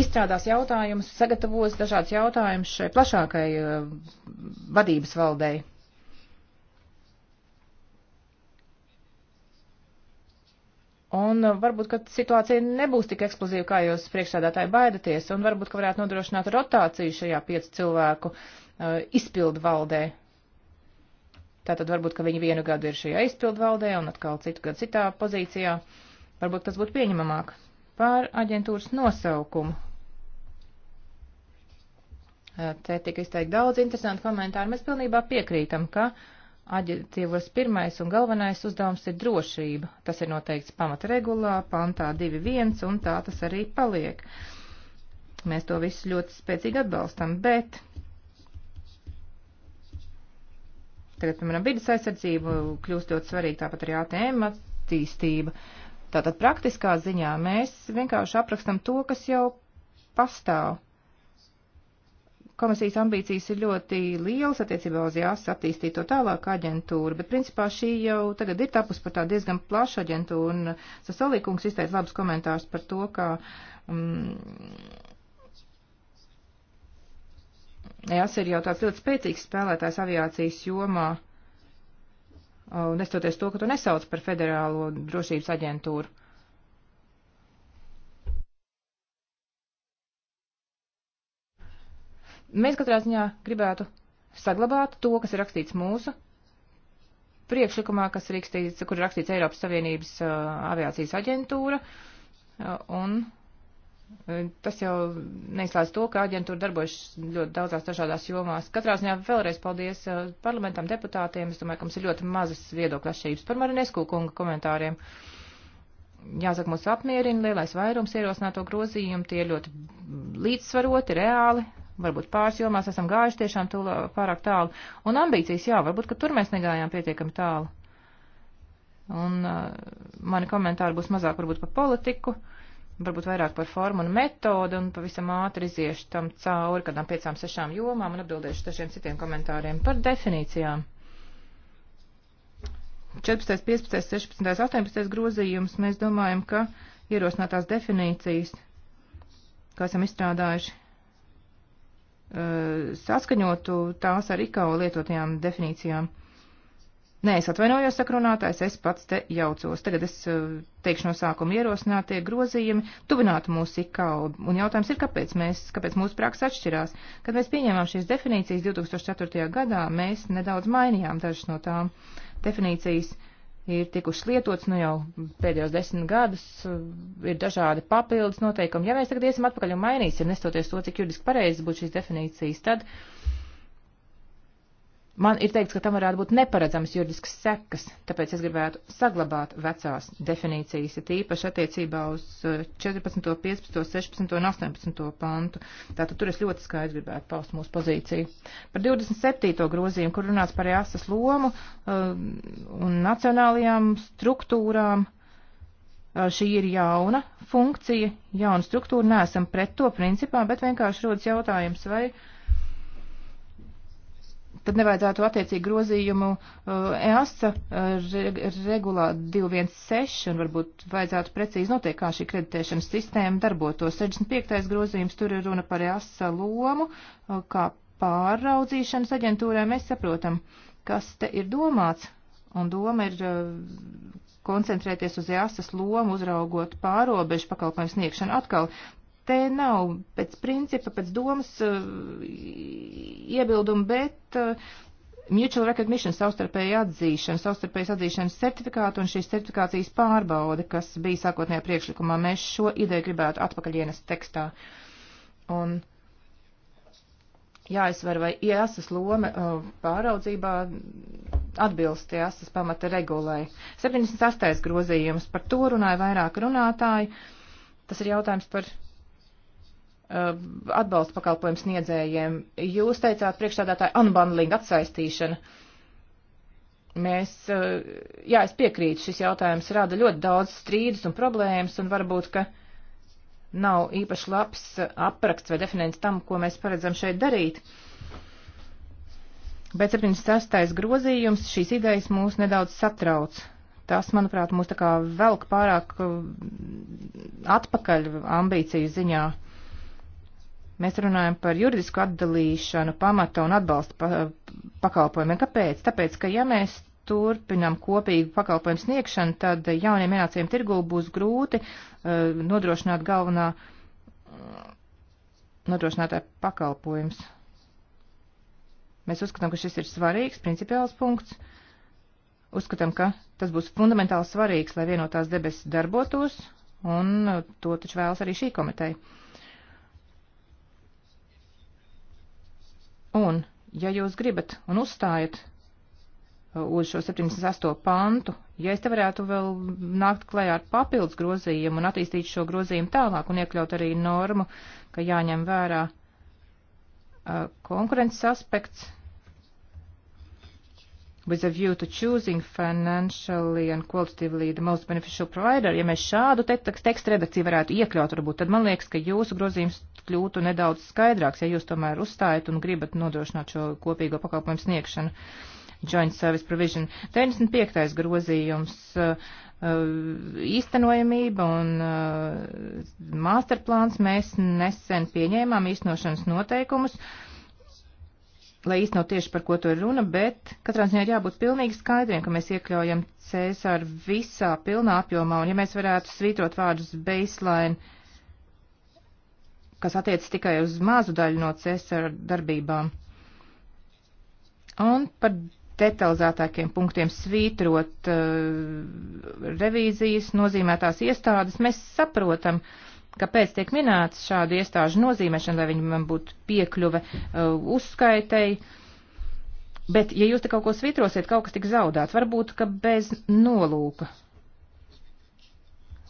Speaker 3: izstrādās jautājumus, sagatavos dažādas jautājumus šai plašākai uh, vadības valdei. Un varbūt, ka situācija nebūs tik eksplozīva, kā jūs priekšsēdētāji baidaties, un varbūt, ka varētu nodrošināt rotāciju šajā piecu cilvēku uh, izpildu valdē. Tātad varbūt, ka viņi vienu gadu ir šajā izpildu valdē un atkal citu gadu citā pozīcijā. Varbūt tas būtu pieņemamāk. Pār aģentūras nosaukumu. Uh, te tika izteikti daudz interesanti komentāri. Mēs pilnībā piekrītam, ka uh, Aģitīvas pirmais un galvenais uzdevums ir drošība. Tas ir noteikts pamatregulā, pantā 2.1, un tā tas arī paliek. Mēs to visu ļoti spēcīgi atbalstam, bet tagad, piemēram, vidas aizsardzība kļūst ļoti svarīga, tāpat arī ATM attīstība. Tātad praktiskā ziņā mēs vienkārši aprakstam to, kas jau pastāv. Komisijas ambīcijas ir ļoti lielas attiecībā uz JAS attīstīt to tālāk aģentūru, bet principā šī jau tagad ir tapus par tā diezgan plašu aģentūru, un Sasalīkungs izteica labus komentārus par to, ka mm, JAS ir jau tāds ļoti spēcīgs spēlētājs aviācijas jomā, nestoties to, ka to nesauc par federālo drošības aģentūru. Mēs katrā ziņā gribētu saglabāt to, kas ir rakstīts mūsu priekšlikumā, kas rakstīts, kur ir rakstīts Eiropas Savienības uh, aviācijas aģentūra, uh, un uh, Tas jau neizslēdz to, ka aģentūra darbojas ļoti daudzās dažādās jomās. Katrā ziņā vēlreiz paldies uh, parlamentam, deputātiem. Es domāju, ka mums ir ļoti mazas viedokļu atšķirības par Marinesku kunga komentāriem. Jāsaka, mūs apmierina lielais vairums ierosināto grozījumu. Tie ļoti līdzsvaroti, reāli, varbūt pāris jomās esam gājuši tiešām tūlā, pārāk tālu, un ambīcijas, jā, varbūt, ka tur mēs negājām pietiekami tālu. Un uh, mani komentāri būs mazāk varbūt par politiku, varbūt vairāk par formu un metodu, un pavisam ātri iziešu tam cauri kādām piecām, sešām jomām un atbildēšu dažiem citiem komentāriem par definīcijām. 14, 15, 16, 18 grozījums mēs domājam, ka ierosinātās definīcijas, kā esam izstrādājuši, Eh, saskaņotu tās ar IKO lietotajām definīcijām. Nē, es atvainojos, saka runātājs, es pats te jaucos. Tagad es eh, teikšu no sākuma ierosinātie grozījumi, tuvinātu mūsu IKO. Un jautājums ir, kāpēc, mēs, kāpēc mūsu prāks atšķirās. Kad mēs pieņēmām šīs definīcijas 2004. gadā, mēs nedaudz mainījām dažas no tām definīcijas. Uh, ir tikušas lietotas nu jau pēdējos desmit gadus, uh, ir dažādi papildus noteikumi. Ja mēs tagad iesim atpakaļ un mainīsim, nestoties to, cik juridiski pareizi būtu šīs definīcijas, tad uh, Man ir teikts, ka tam varētu būt neparedzamas juridiskas sekas, tāpēc es gribētu saglabāt vecās definīcijas, ir tīpaši attiecībā uz 14, 15, 16 un 18 pantu. Tātad tur es ļoti skaidri gribētu paust mūsu pozīciju. Par 27. grozījumu, kur runāts par jāsas lomu eh, un nacionālajām struktūrām, eh, šī ir jauna funkcija, jauna struktūra, neesam pret to principā, bet vienkārši rodas jautājums, vai tad nevajadzētu attiecīgi grozījumu eh, EASA eh, regulā 216 un varbūt vajadzētu precīzi noteikt, kā šī kreditēšanas sistēma darbotos. 65. grozījums tur ir runa par EASA lomu, eh, kā pārraudzīšanas aģentūrē mēs saprotam, kas te ir domāts. Un doma ir koncentrēties uz jāsas lomu, uzraugot pārobežu pakalpojumu sniegšanu. Atkal te nav pēc principa, pēc domas uh, iebildumu, bet uh, mutual recognition, savstarpēja atzīšana, savstarpējas atzīšanas certifikāta un šīs certifikācijas pārbaude, kas bija sākotnējā priekšlikumā, mēs šo ideju gribētu atpakaļienes tekstā. Un jāizsver, vai iesas loma uh, pāraudzībā atbilst iesas pamata regulai. 78. grozījums par to runāja vairāk runātāji. Tas ir jautājums par Uh, atbalsta pakalpojumu sniedzējiem. Jūs teicāt priekšstādātāju unbundling atsaistīšana. Mēs, uh, jā, es piekrītu, šis jautājums rada ļoti daudz strīdus un problēmas, un varbūt, ka nav īpaši labs apraksts vai definējums tam, ko mēs paredzam šeit darīt. Bet 76. grozījums šīs idejas mūs nedaudz satrauc. Tas, manuprāt, mūs tā kā velk pārāk uh, atpakaļ ambīciju ziņā. Uh, Mēs runājam par juridisku atdalīšanu pamata un atbalsta pa, pakalpojumiem. Kāpēc? Tāpēc, ka ja mēs turpinam kopīgu pakalpojumu sniegšanu, tad jauniem ienācējiem tirgū būs grūti uh, nodrošināt galvenā uh, nodrošinātāja pakalpojums. Mēs uzskatām, ka šis ir svarīgs, principiāls punkts. Uzskatām, ka tas būs fundamentāli svarīgs, lai vienotās debesis darbotos, un uh, to taču vēlas arī šī komiteja. Un, ja jūs gribat un uzstājat uh, uz šo 78. pantu, ja es te varētu vēl nākt klajā ar papildus grozījumu un attīstīt šo grozījumu tālāk un iekļaut arī normu, ka jāņem vērā uh, konkurences aspekts with a view to choosing financially and qualitatively the most beneficial provider, ja mēs šādu te tekstu redakciju varētu iekļaut, varbūt, tad man liekas, ka jūsu grozījums kļūtu nedaudz skaidrāks, ja jūs tomēr uzstājat un gribat nodrošināt šo kopīgo pakalpojumu sniegšanu. Joint Service Provision. 95. grozījums uh, uh, īstenojamība un uh, masterplāns mēs nesen pieņēmām īstenošanas noteikumus. Uh, lai īstenot tieši par ko tur runa, bet katrā ziņā ir jābūt pilnīgi skaidriem, ka mēs iekļaujam Cēsāru visā pilnā apjomā, un ja mēs varētu svītrot vārdus baseline, kas attiec tikai uz mazu daļu no Cēsāra darbībām. Un par detalizētākiem punktiem svītrot uh, revīzijas nozīmētās iestādes, mēs saprotam, uh, kāpēc tiek minēts šādu iestāžu nozīmēšana, lai viņam būtu piekļuve uh, uzskaitei. Bet, ja jūs te kaut ko svitrosiet, kaut kas tik zaudēts, varbūt, ka bez nolūka.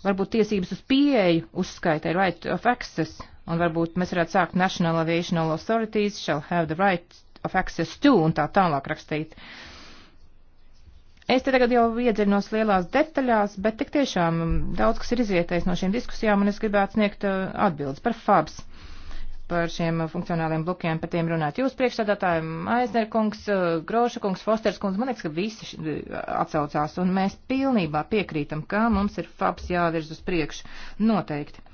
Speaker 3: Varbūt tiesības uz pieeju uzskaitai, right of access, un varbūt mēs varētu sākt National Aviation Authorities shall have the right of access to, un tā tālāk rakstīt. Uh, Es te tagad jau iedziļinos lielās detaļās, bet tik tiešām um, daudz kas ir izvietējis no šīm diskusijām, un es gribētu sniegt uh, atbildes par FABS, par šiem uh, funkcionāliem blokiem, par tiem runāt. Jūs priekšstādātājiem Aizner kungs, uh, Groša kungs, Fosters kungs, man liekas, ka visi atsaucās, un mēs pilnībā piekrītam, kā mums ir FABS jāvirz uz priekšu. Noteikti.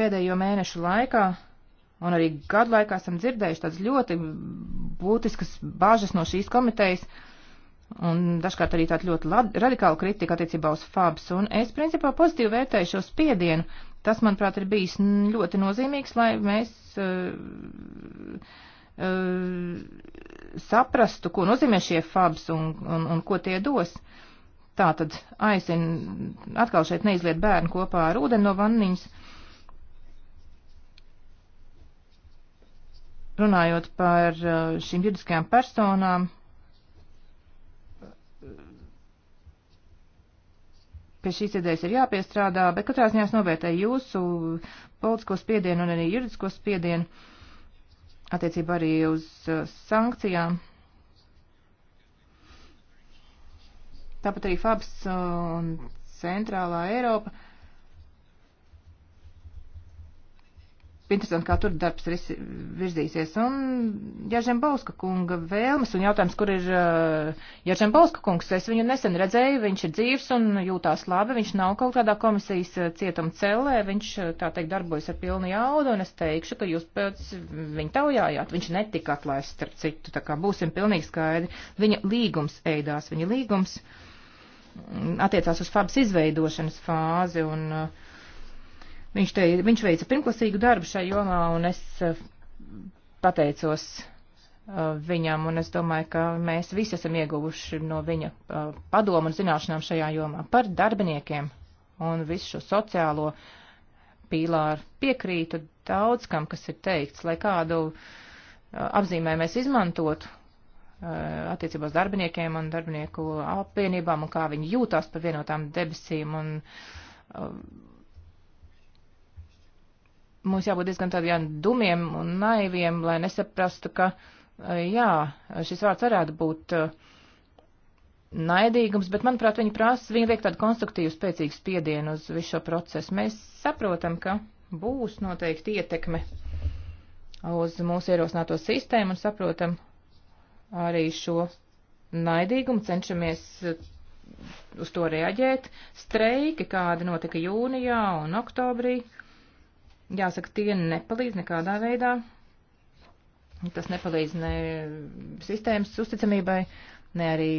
Speaker 3: Pēdējo mēnešu laikā Un arī gadu laikā esam dzirdējuši tādas ļoti būtiskas bāžas no šīs komitejas. Un dažkārt arī tāda ļoti lad, radikāla kritika attiecībā uz FABS. Un es principā pozitīvi vērtēju šo spiedienu. Tas, manuprāt, ir bijis ļoti nozīmīgs, lai mēs uh, uh, saprastu, ko nozīmē šie FABS un, un, un ko tie dos. Tā tad aicinu atkal šeit neizliet bērnu kopā ar ūdeni no vanniņas. Uh, Runājot par uh, šīm juridiskajām personām, pie šīs idejas ir jāpiestrādā, bet katrā ziņā es novērtēju jūsu politisko spiedienu un arī juridisko spiedienu attiecībā arī uz uh, sankcijām. Tāpat arī FABS uh, un Centrālā Eiropa. Uh, interesanti, kā tur darbs risi, virzīsies. Un Jaržembauska kunga vēlmes un jautājums, kur ir uh, Jaržembauska kungs, es viņu nesen redzēju, viņš ir dzīvs un jūtās labi, viņš nav kaut kādā komisijas uh, cietuma cellē, viņš uh, tā teikt darbojas ar pilnu jaudu, un es teikšu, ka jūs pēc viņa taujājāt, viņš netika atlaists starp citu, tā kā būsim pilnīgi skaidri, viņa līgums eidās, viņa līgums mm, attiecās uz fabs izveidošanas fāzi, un uh, Viņš, te, viņš veica pirmklasīgu darbu šai jomā, un es eh, pateicos eh, viņam, un es domāju, ka mēs visi esam ieguvuši no viņa eh, padomu un zināšanām šajā jomā par darbiniekiem un visu šo sociālo pīlāru. Piekrītu daudz kam, kas ir teikts, lai kādu apzīmē mēs izmantotu attiecībos darbiniekiem un darbinieku apvienībām un kā viņi jūtās par vienotām debesīm. Un, mums jābūt diezgan tādiem dumiem un naiviem, lai nesaprastu, ka, jā, šis vārds varētu būt naidīgums, bet, manuprāt, viņi prasa, viņi liek tādu konstruktīvu spēcīgu spiedienu uz visu šo procesu. Mēs saprotam, ka būs noteikti ietekme uz mūsu ierosināto sistēmu un saprotam arī šo naidīgumu, cenšamies uz to reaģēt. Streiki, kādi notika jūnijā un oktobrī, uh, Jāsaka, tie nepalīdz nekādā veidā. Tas nepalīdz ne sistēmas uzticamībai, ne arī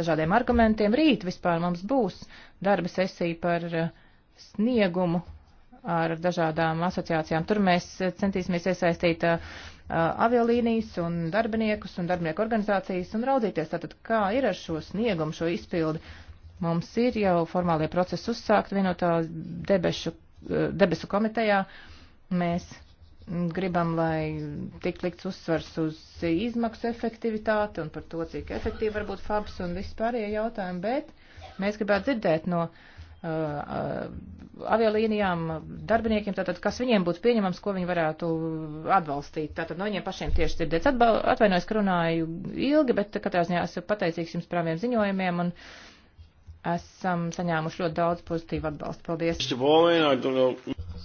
Speaker 3: dažādiem argumentiem. Rīt vispār mums būs darba sesija par eh, sniegumu ar dažādām asociācijām. Tur mēs centīsimies iesaistīt uh, aviolīnijas un darbiniekus un darbinieku organizācijas un raudzīties tātad, kā ir ar šo sniegumu, šo izpildi. Mums ir jau formālie procesi uzsākt vienotā debešu debesu komitejā mēs gribam, lai tik likts uzsvars uz izmaksu efektivitāti un par to, cik efektīvi var būt FABS un vispārējie jautājumi, bet mēs gribētu dzirdēt no uh, uh, aviolīnijām darbiniekiem, tātad kas viņiem būtu pieņemams, ko viņi varētu atbalstīt. Tātad no viņiem pašiem tieši dzirdēt. Atvainojos, ka runāju ilgi, bet katrā ziņā esmu pateicīgs jums par abiem ziņojumiem. Un, uh,
Speaker 1: esam saņēmuši
Speaker 3: ļoti daudz pozitīvu
Speaker 1: atbalstu.
Speaker 2: Paldies!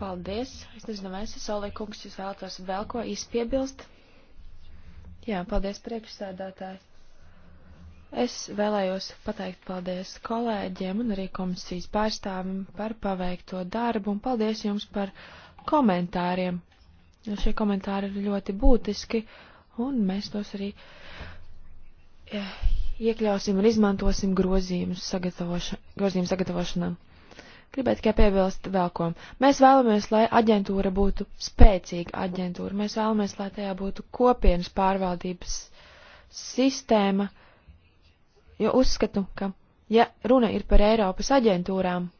Speaker 1: Paldies! Es nezinu, vai es esmu Olīkungs, jūs vēlatos vēl ko izpiebilst? Jā, paldies priekšsēdētāji. Es vēlējos pateikt paldies kolēģiem un arī komisijas pārstāvim par paveikto darbu un paldies jums par komentāriem. Jo šie komentāri ir ļoti būtiski un mēs tos arī eh, iekļausim un izmantosim grozījumus sagatavoša, grozījumu sagatavošanā. Gribētu tikai piebilst vēl ko. Mēs vēlamies, lai aģentūra būtu spēcīga aģentūra. Mēs vēlamies, lai tajā būtu kopienas pārvaldības sistēma, jo uzskatu, ka, ja runa ir par Eiropas aģentūrām,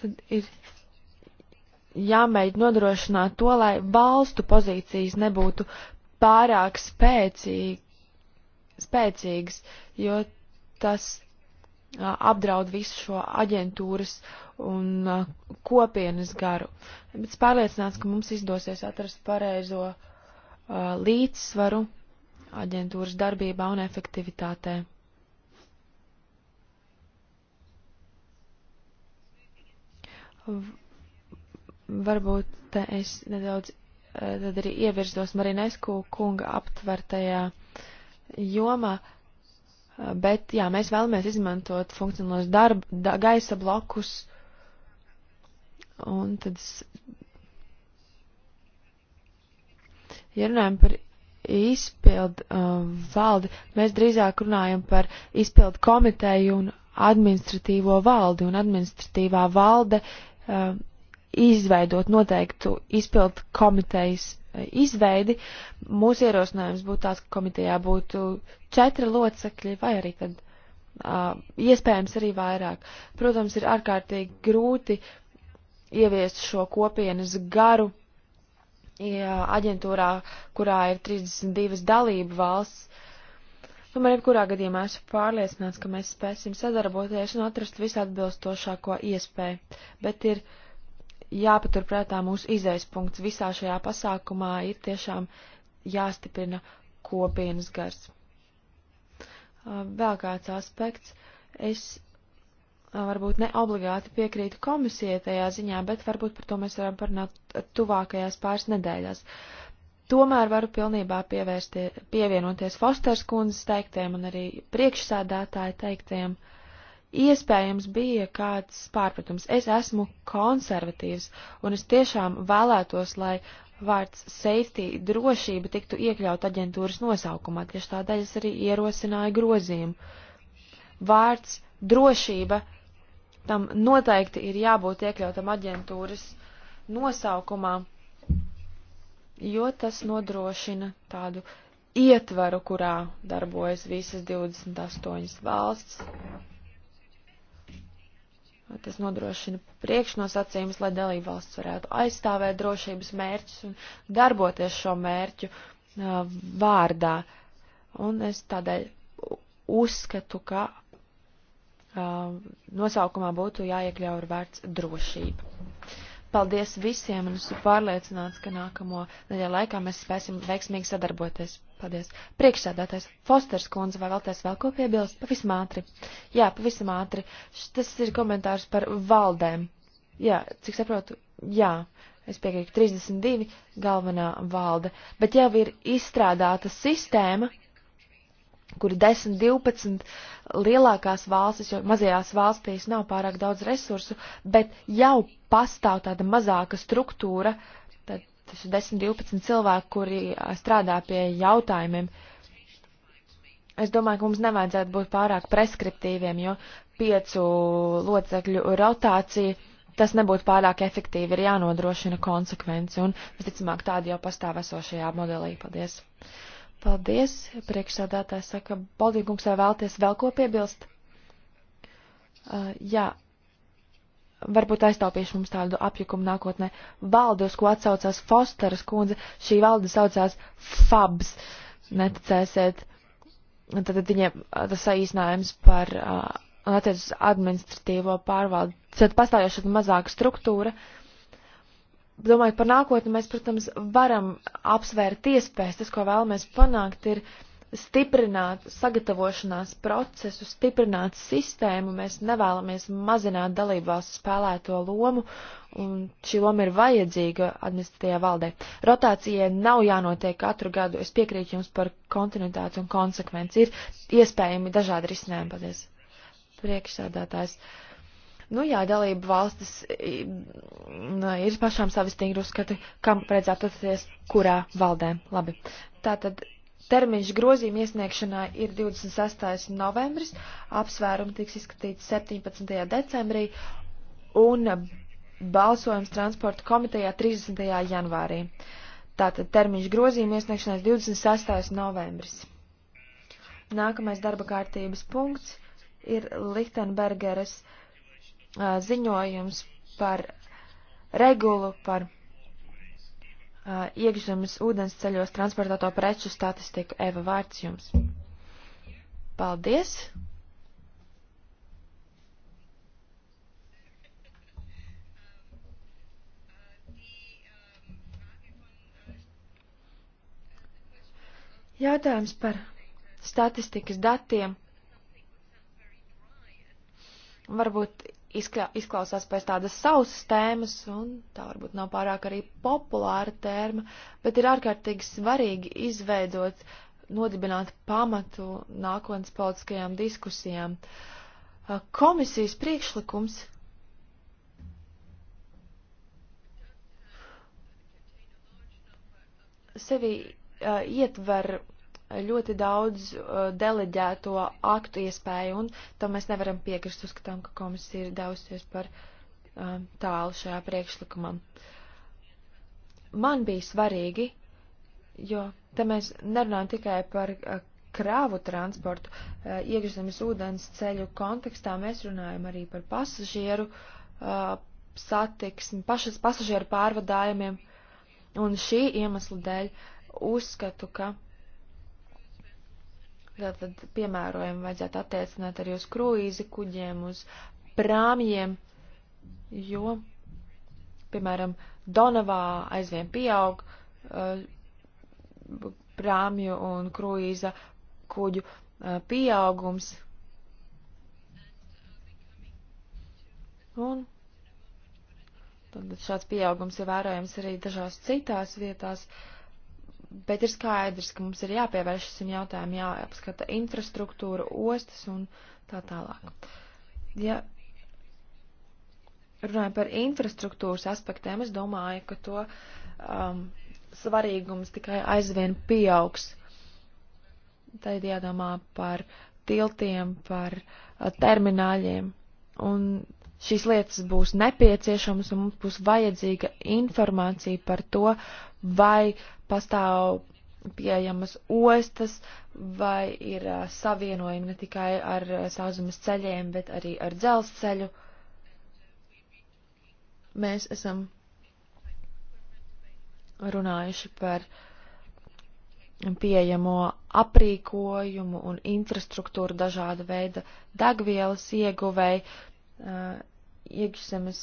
Speaker 1: tad ir jāmēģina nodrošināt to, lai valstu pozīcijas nebūtu pārāk spēcīgi, spēcīgas, jo tas a, apdraud visu šo aģentūras un a, kopienas garu. Bet es pārliecināts, ka mums izdosies atrast pareizo a, līdzsvaru aģentūras darbībā un efektivitātē. V varbūt te es nedaudz eh, tad arī ievirzos Marinesku kunga aptvertajā jomā, eh, bet jā, mēs vēlamies izmantot funkcionālos darba, da, gaisa blokus, un tad, ja runājam par izpildu uh, valdi, mēs drīzāk runājam par izpildu komiteju un administratīvo valdi, un administratīvā valde uh, izveidot noteiktu izpildu komitejas e, izveidi. Mūsu ierosinājums būtu tāds, ka komitejā būtu četri locekļi vai arī tad uh, iespējams arī vairāk. Protams, ir ārkārtīgi grūti ieviest šo kopienas garu ja, aģentūrā, kurā ir 32 dalību valsts. Tomēr, jebkurā gadījumā esmu pārliecināts, ka mēs spēsim sadarboties un atrast visatbilstošāko iespēju, bet ir uh, jāpaturprātā mūsu izējas punkts visā šajā pasākumā ir tiešām jāstiprina kopienas gars. Uh, vēl kāds aspekts. Es uh, varbūt ne obligāti piekrītu komisijai tajā ziņā, bet varbūt par to mēs varam parunāt tuvākajās pāris nedēļās. Tomēr varu pilnībā pievienoties Fosters kundzes teiktiem un arī priekšsādātāju teiktiem. Uh, iespējams bija kāds pārpratums. Es esmu konservatīvs, un es tiešām vēlētos, lai vārds safety drošība tiktu iekļaut aģentūras nosaukumā. Tieši tādēļ es arī ierosināju grozījumu. Vārds drošība tam noteikti ir jābūt iekļautam aģentūras nosaukumā, jo tas nodrošina tādu ietvaru, kurā darbojas visas 28 valsts. Tas nodrošina priekšnosacījumus, lai dalībvalsts varētu aizstāvēt drošības mērķus un darboties šo mērķu uh, vārdā. Un es tādēļ uzskatu, ka uh, nosaukumā būtu jāiekļauj vārds drošība. Paldies visiem, un esmu pārliecināts, ka nākamo nedēļu laikā mēs spēsim veiksmīgi sadarboties. Paldies. Priekšsēdētājs Fosters kundze, vai vēlties vēl ko piebilst? Pavisam ātri. Jā, pavisam ātri. Tas ir komentārs par valdēm. Jā, cik saprotu, jā, es piekrītu, 32 galvenā valde, bet jau ir izstrādāta sistēma, kur ir 10, 12 lielākās valstis, jo mazajās valstīs nav pārāk daudz resursu, bet jau pastāv tāda mazāka struktūra, tad tas ir 10, 12 cilvēki, kuri strādā pie jautājumiem. Es domāju, ka mums nevajadzētu būt pārāk preskriptīviem, jo piecu locekļu rotācija tas nebūtu pārāk efektīvi, ir jānodrošina konsekvence, un, visticamāk, tāda jau pastāv esošajā modelī. Paldies! Paldies, priekšsādātājs saka, Baldīgums, vai vēlties vēl ko piebilst? Uh, jā, varbūt aiztaupīšu mums tādu apjukumu nākotnē. Valde, uz ko atsaucās Fosteras kundze, šī valde saucās FABS, neticēsiet. Tad viņai tas saīsinājums par uh, attiecas administratīvo pārvaldu. Tad pastāvēšana mazāka struktūra. Uh, domājot par nākotni, mēs, protams, varam apsvērt iespējas. Tas, ko vēlamies panākt, ir stiprināt sagatavošanās procesu, stiprināt sistēmu. Mēs nevēlamies mazināt dalību valsts spēlēto lomu, un šī loma ir vajadzīga administratīvajā valdē. Rotācijai nav jānotiek katru gadu. Es piekrītu jums par kontinuitāti un konsekvenci. Ir iespējami dažādi risinājumi. Paldies. Priekšsēdētājs. Uh, Nu jā, dalību valstis mm, nu, ir pašām savi stingri uzskati, kam vajadzētu atrasties kurā valdē. Labi. Tātad termiņš grozījuma iesniegšanai ir 26. novembris, apsvērumi tiks izskatīti 17. decembrī un balsojums transporta komitejā 30. janvārī. Tātad termiņš grozījuma iesniegšanai 26. novembris. Nākamais darba kārtības punkts ir Lichtenbergeres ziņojums par regulu par iekšzemes ūdens ceļos transportēto preču statistiku. Eva, vārds jums. Paldies! Jautājums par statistikas datiem varbūt izkla, izklausās pēc tādas sausas tēmas, un tā varbūt nav pārāk arī populāra tēma, bet ir ārkārtīgi svarīgi izveidot, nodibināt pamatu nākotnes politiskajām diskusijām. Komisijas priekšlikums sevi uh, ietver ļoti daudz uh, deleģēto aktu iespēju, un tam mēs nevaram piekrist uzskatām, ka komisija ir devusies par uh, tālu šajā priekšlikumam. Man bija svarīgi, jo te mēs nerunājam tikai par uh, krāvu transportu, uh, iekšzemes ūdens ceļu kontekstā, mēs runājam arī par pasažieru uh, satiksmi, pašas pasažieru pārvadājumiem, un šī iemesla dēļ uzskatu, ka Tātad piemērojumu vajadzētu attiecināt arī uz kruīzi kuģiem, uz prāmjiem, jo, piemēram, Donavā aizvien pieaug uh, prāmju un kruīza kuģu uh, pieaugums. Un tad šāds pieaugums ir vērojams arī dažās citās vietās. Uh, bet ir skaidrs, ka mums ir jāpievērš šim jautājumam, jāapskata infrastruktūra, ostas un tā tālāk. Ja runājam par infrastruktūras aspektiem, es domāju, ka to um, svarīgums tikai aizvien pieaugs. Tad ir jādomā par tiltiem, par uh, termināļiem. Un šīs lietas būs nepieciešamas un mums būs vajadzīga informācija par to, vai pastāv pieejamas ostas, vai ir uh, savienojumi ne tikai ar uh, sauzemes ceļiem, bet arī ar dzelzceļu. Mēs esam runājuši par pieejamo aprīkojumu un infrastruktūru dažāda veida degvielas ieguvēju Uh, iekšzemes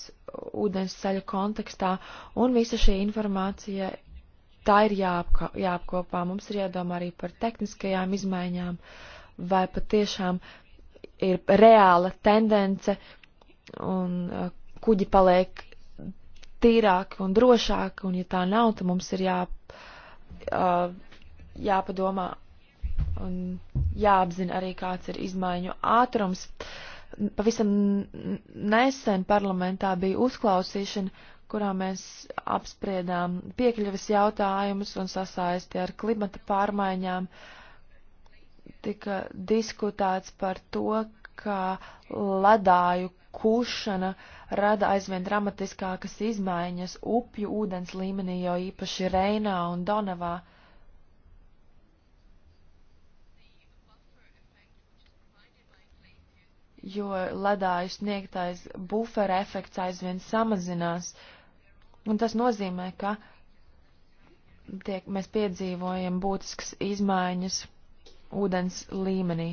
Speaker 1: ūdens ceļu kontekstā, un visa šī informācija, tā ir jāapko, jāapkopā. Mums ir jādomā arī par tehniskajām izmaiņām, vai patiešām ir reāla tendence, un uh, kuģi paliek tīrāki un drošāki, un ja tā nav, tad mums ir jā, uh, jāpadomā un jāapzina arī, kāds ir izmaiņu ātrums. Uh, Pavisam nesen parlamentā bija uzklausīšana, kurā mēs apspriedām piekļuves jautājumus un sasaisti ar klimata pārmaiņām. Tika diskutēts par to, ka ledāju kušana rada aizvien dramatiskākas izmaiņas upju ūdens līmenī, jo īpaši Reinā un Donavā. jo ledāju sniegtais bufera efekts aizvien samazinās. Un tas nozīmē, ka tiek, mēs piedzīvojam būtiskas izmaiņas ūdens līmenī.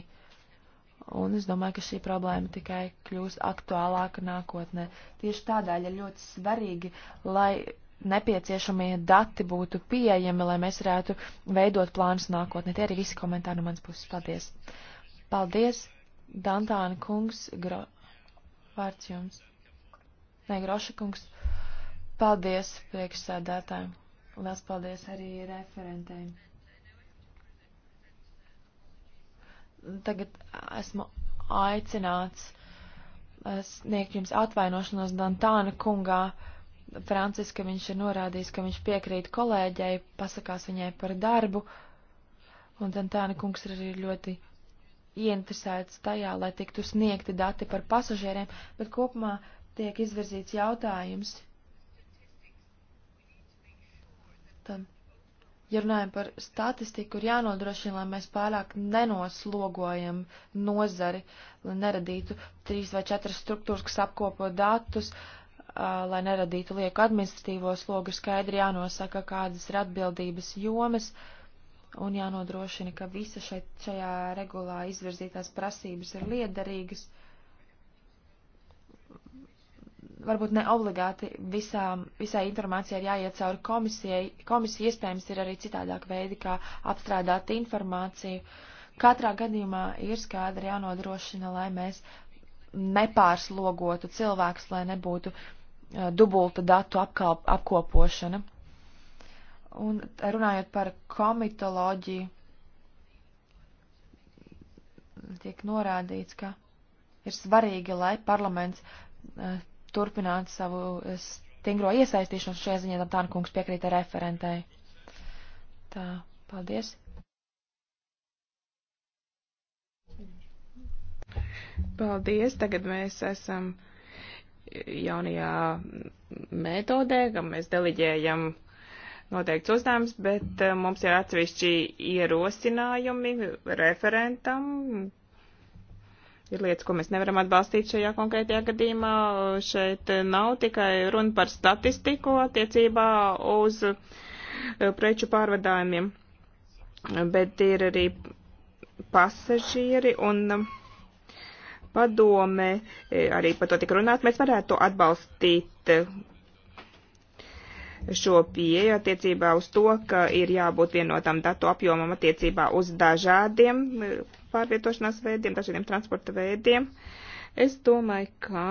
Speaker 1: Un es domāju, ka šī problēma tikai kļūs aktuālāka nākotnē. Tieši tādēļ ir ļoti svarīgi, lai nepieciešamie dati būtu pieejami, lai mēs varētu veidot plānus nākotnē. Tie ir visi komentāri no manas puses. Paldies! Paldies! Dantāna kungs, gro... vārds jums. Nē, Groša kungs, paldies priekšsēdētājiem. Lielas paldies arī referentēm. Tagad esmu aicināts eh, sniegt jums atvainošanos Dantāna kungā. Franciska viņš ir norādījis, ka viņš piekrīt kolēģei, pasakās viņai par darbu, un Dantāna kungs ir arī ļoti ieinteresēts tajā, lai tiktu sniegti dati par pasažieriem, bet kopumā tiek izvirzīts jautājums. Tad, ja runājam par statistiku, ir jānodrošina, lai mēs pārāk nenoslogojam nozari, lai neradītu trīs vai četras struktūras, kas apkopo datus, lai neradītu lieku administratīvo slogu, skaidri jānosaka, kādas ir atbildības jomas. Uh, un jānodrošina, ka visa šeit, šajā regulā izvirzītās prasības ir liederīgas. Varbūt ne obligāti visām, visai informācijai ir jāiet cauri komisijai. Komisija iespējams ir arī citādāk veidi, kā apstrādāt informāciju. Katrā gadījumā ir skaidri jānodrošina, lai mēs nepārslogotu cilvēkus, lai nebūtu uh, dubulta datu apkalp, apkopošana. Un runājot par komitoloģiju, tiek norādīts, ka ir svarīgi, lai parlaments uh, turpinātu savu eh, stingro iesaistīšanos šajā ziņā, tam tāna kungs piekrīta referentai. Tā, paldies. Paldies, tagad mēs esam
Speaker 2: jaunajā metodē, kam mēs deliģējam noteikts uzdevums, bet eh, mums ir atsevišķi ierosinājumi referentam. Ir lietas, ko mēs nevaram atbalstīt šajā konkrētajā gadījumā. Šeit nav tikai runa par statistiku attiecībā uz eh, preču pārvadājumiem, bet ir arī pasažieri un padome, eh, arī par to tika runāts, mēs varētu atbalstīt šo pieeju attiecībā uz to, ka ir jābūt vienotam datu apjomam attiecībā uz dažādiem eh, pārvietošanās veidiem, dažādiem transporta veidiem. Es domāju, ka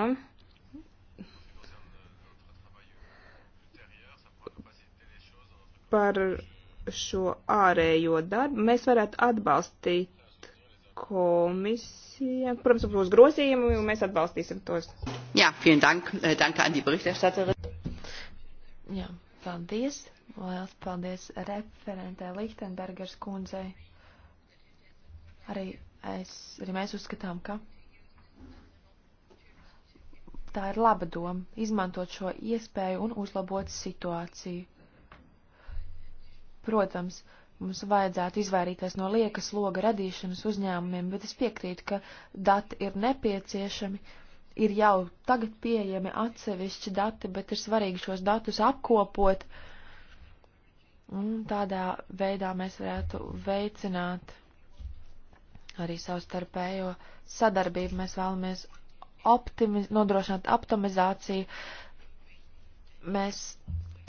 Speaker 2: par šo ārējo darbu mēs varētu atbalstīt komisija. Protams, būs grozījumi, un mēs atbalstīsim tos.
Speaker 1: Jā, vielen dank. Äh, danke an die Berichterstatterin. Jā, paldies! Liels paldies referentē Lichtenbergers kundzei. Arī, es, arī mēs uzskatām, ka tā ir laba doma izmantot šo iespēju un uzlabot situāciju. Protams, mums vajadzētu izvairīties no liekas loga radīšanas uzņēmumiem, bet es piekrītu, ka dati ir nepieciešami, ir jau tagad pieejami atsevišķi dati, bet ir svarīgi šos datus apkopot. Un tādā veidā mēs varētu veicināt arī savstarpējo sadarbību. Mēs vēlamies optimiz, nodrošināt optimizāciju. Mēs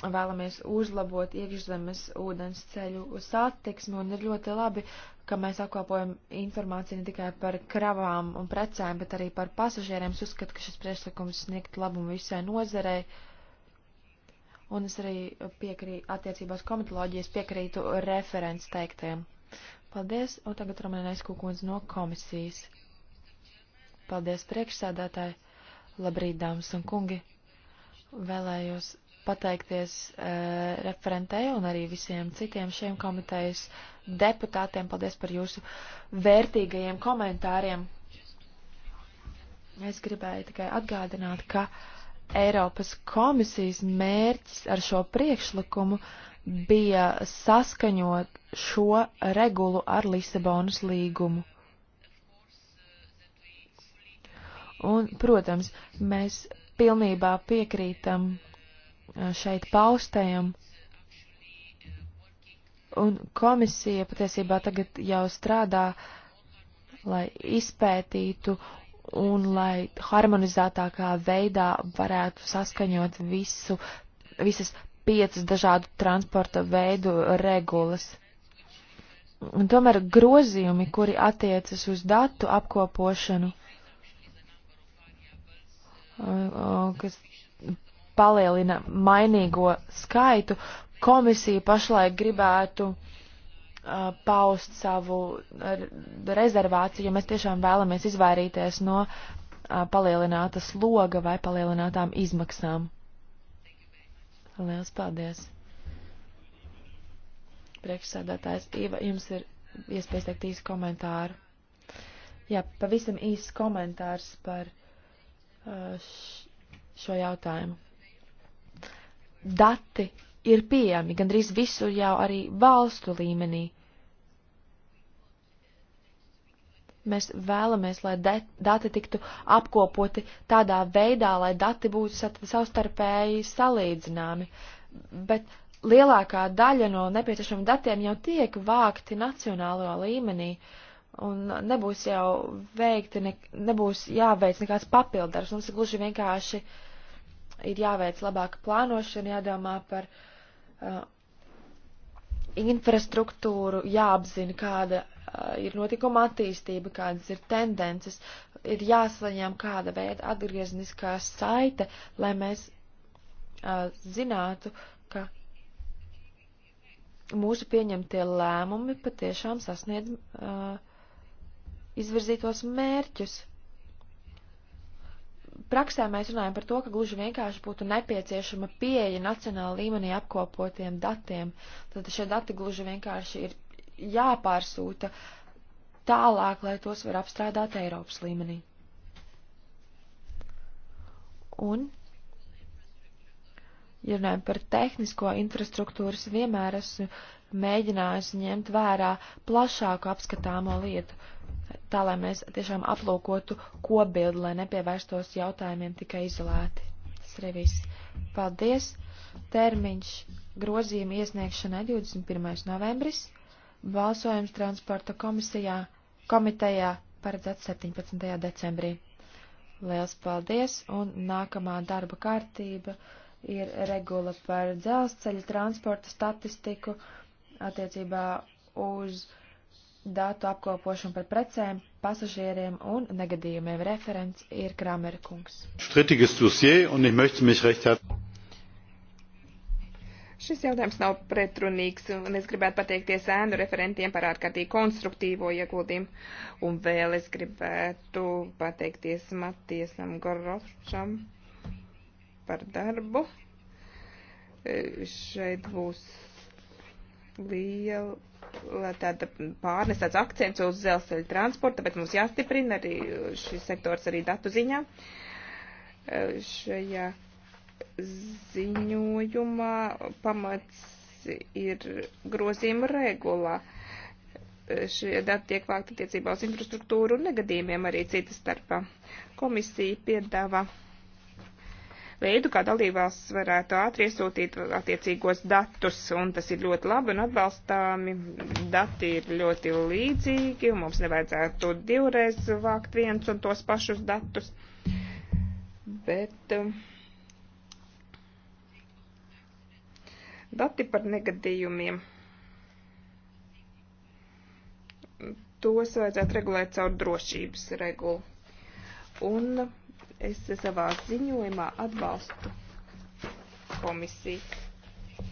Speaker 1: vēlamies uzlabot iekšzemes ūdens ceļu satiksmi, un ir ļoti labi, ka mēs apkopojam informāciju ne tikai par kravām un precēm, bet arī par pasažieriem. Es uzskatu, ka šis priekšlikums sniegt labumu visai nozarei. Un es arī piekrītu attiecībās komitoloģijas piekrītu referents teiktiem. Paldies, un tagad Romanais Kukundze no komisijas. Paldies priekšsēdētāji, labrīt, dāmas un kungi. Vēlējos pateikties uh, referentei un arī visiem citiem šiem komitejas deputātiem. Paldies par jūsu vērtīgajiem komentāriem. Es gribēju tikai atgādināt, ka Eiropas komisijas mērķis ar šo priekšlikumu bija saskaņot šo regulu ar Lisabonas līgumu. Un, protams, mēs pilnībā piekrītam Eh, šeit paustajam. Un komisija patiesībā tagad jau strādā, lai izpētītu un lai harmonizētākā veidā varētu saskaņot visu, visas piecas dažādu transporta veidu regulas. Un tomēr grozījumi, kuri attiecas uz datu apkopošanu, eh, kas palielina mainīgo skaitu, komisija pašlaik gribētu uh, paust savu rezervāciju, ja mēs tiešām vēlamies izvairīties no uh, palielināta sloga vai palielinātām izmaksām. Liels paldies! Priekšsēdētājs Iva, jums ir iespējas teikt īsu komentāru. Jā, pavisam īsts komentārs par uh, šo jautājumu dati ir pieejami gandrīz visur jau arī valstu līmenī. Mēs vēlamies, lai dati tiktu apkopoti tādā veidā, lai dati būtu savstarpēji salīdzināmi, bet lielākā daļa no nepieciešamiem datiem jau tiek vākti nacionālajā līmenī, un nebūs jau veikti, ne, nebūs jāveic nekāds papildars, mums ir gluži vienkārši uh, ir jāveic labāka plānošana, jādomā par uh, infrastruktūru, jāapzina, kāda uh, ir notikuma attīstība, kādas ir tendences, ir jāsaņem kāda veida atgriezniskā saite, lai mēs uh, zinātu, ka mūsu pieņemtie lēmumi patiešām sasniedz uh, izvirzītos mērķus. Praksē mēs runājam par to, ka gluži vienkārši būtu nepieciešama pieeja nacionāla līmenī apkopotiem datiem. Tad šie dati gluži vienkārši ir jāpārsūta tālāk, lai tos var apstrādāt Eiropas līmenī. Un, ja runājam par tehnisko infrastruktūru, es vienmēr esmu mēģinājis ņemt vērā plašāku apskatāmo lietu tā lai mēs tiešām aplūkotu kopbildi, lai nepievērstos jautājumiem tikai izolēti. Tas arī viss. Paldies! Termiņš grozījuma iesniegšanai 21. novembris, balsojums transporta komisijā, komitejā paredzēts 17. decembrī. Liels paldies! Un nākamā darba kārtība ir regula par dzelzceļa transporta statistiku attiecībā uz datu apkopošanu par precēm, pasažieriem un negadījumiem. Referents ir Kramerkungs. Šis jautājums
Speaker 2: nav pretrunīgs, un es gribētu pateikties ēnu referentiem par ārkārtīgi konstruktīvo ieguldījumu. Un vēl es gribētu pateikties Matiesam Gorofšam par darbu. E, šeit būs liela tāda pārnes tāds akcents uz dzelzceļa transportu, bet mums jāstiprina arī šis sektors arī datu ziņā. Šajā ziņojumā pamats ir grozījuma regulā. Šie dati tiek vākti attiecībā uz infrastruktūru un negadījumiem arī citas starpā. Komisija piedāvā veidu, kā dalībās varētu ātri iesūtīt attiecīgos datus, un tas ir ļoti labi un atbalstāmi. Dati ir ļoti līdzīgi, mums nevajadzētu divreiz vākt viens un tos pašus datus. Bet, um, dati par negadījumiem. Tos vajadzētu regulēt caur drošības regulu. Un Es savā ziņojumā atbalstu komisiju.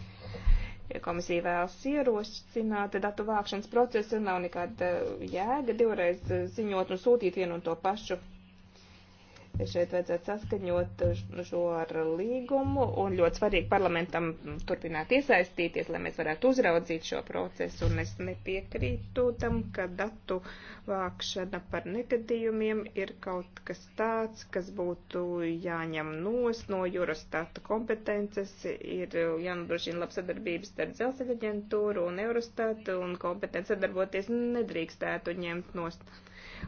Speaker 2: Komisija vēlas ierosināt datu vākšanas procesu, nav nekāda eh, jēga divreiz eh, ziņot un sūtīt vienu un to pašu Šeit vajadzētu saskaņot šo ar līgumu un ļoti svarīgi parlamentam turpināt iesaistīties, lai mēs varētu uzraudzīt šo procesu. Un es nepiekrītu tam, ka datu vākšana par negadījumiem ir kaut kas tāds, kas būtu jāņem nos no Eurostata kompetences, ir jānodrošina labs sadarbības starp dzelzceļa aģentūru un Eurostatu un kompetences sadarboties nedrīkstētu ņemt nost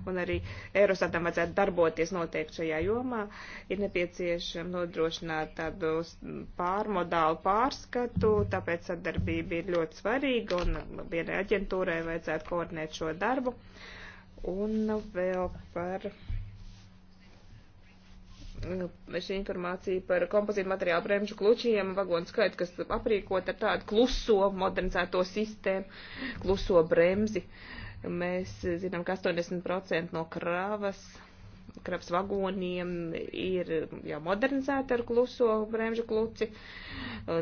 Speaker 2: un arī Eurostatam vajadzētu darboties noteikti šajā jomā, ir nepieciešama nodrošināt tādu pārmodālu pārskatu, tāpēc sadarbība ir ļoti svarīga, un vienai aģentūrai vajadzētu koordinēt šo darbu. Un vēl par mm, šī informācija par kompozītu materiālu bremžu klučiem, vagonu skaitu, kas aprīkot ar tādu kluso modernizēto sistēmu, kluso bremzi. Uh, Mēs zinām, ka 80% no kravas, kravas vagoniem ir jau modernizēta ar kluso bremžu kluci.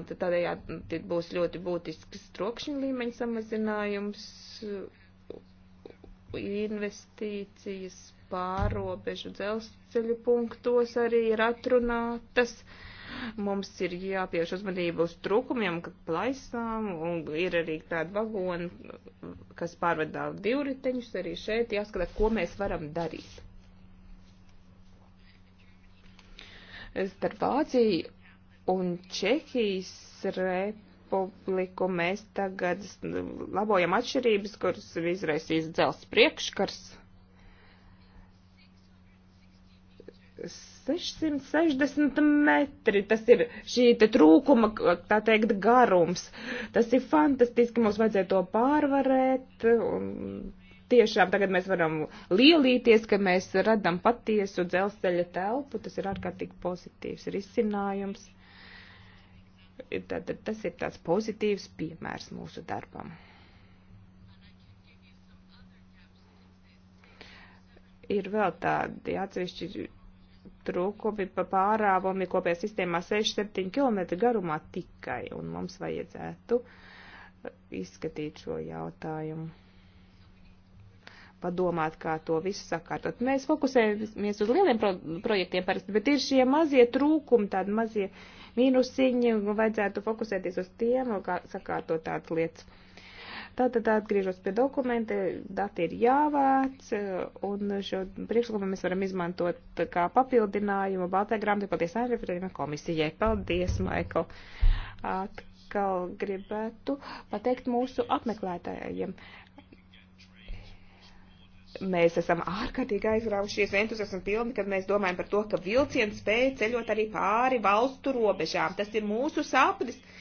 Speaker 2: Tādējādi būs ļoti būtisks trokšņa līmeņa samazinājums, investīcijas pārobežu dzelzceļu punktos arī ir atrunātas. Uh, Mums ir jāpievērš uzmanību uz trūkumiem, plaisām, un ir arī tāda vagona, kas pārvedā divriteņus, arī šeit jāskatā, ko mēs varam darīt. Starp Vāciju un Čehijas republiku mēs tagad labojam atšķirības, kuras izraisīs dzels priekškars. 660 metri. Tas ir šī te trūkuma, tā teikt, garums. Tas ir fantastiski, mums vajadzēja to pārvarēt. Un tiešām tagad mēs varam lielīties, ka mēs radam patiesu dzelzceļa telpu. Tas ir ārkārtīgi pozitīvs risinājums. Tad, tas ir tāds pozitīvs piemērs mūsu darbam. ir vēl tādi atsevišķi trūkumi, pārāvumi kopējā sistēmā 6-7 km garumā tikai, un mums vajadzētu izskatīt šo jautājumu. Padomāt, kā to visu sakārtot. Mēs fokusējamies uz lieliem pro projektiem parasti, bet ir šie mazie trūkumi, tādi mazie mīnusiņi, un vajadzētu fokusēties uz tiem un kā sakārtot tādas lietas. Tātad atgriežos pie dokumenta, dati ir jāvēc, un šo priekšlikumu mēs varam izmantot kā papildinājumu Baltajai grāmatai. Paldies, Airefrēma komisijai. Paldies, Maikl. Atkal gribētu pateikt mūsu apmeklētājiem. Mēs esam ārkārtīgi aizraujušies entuziasmu pilni, kad mēs domājam par to, ka vilciens spēja ceļot arī pāri valstu robežām. Tas ir mūsu sapnis. Uh,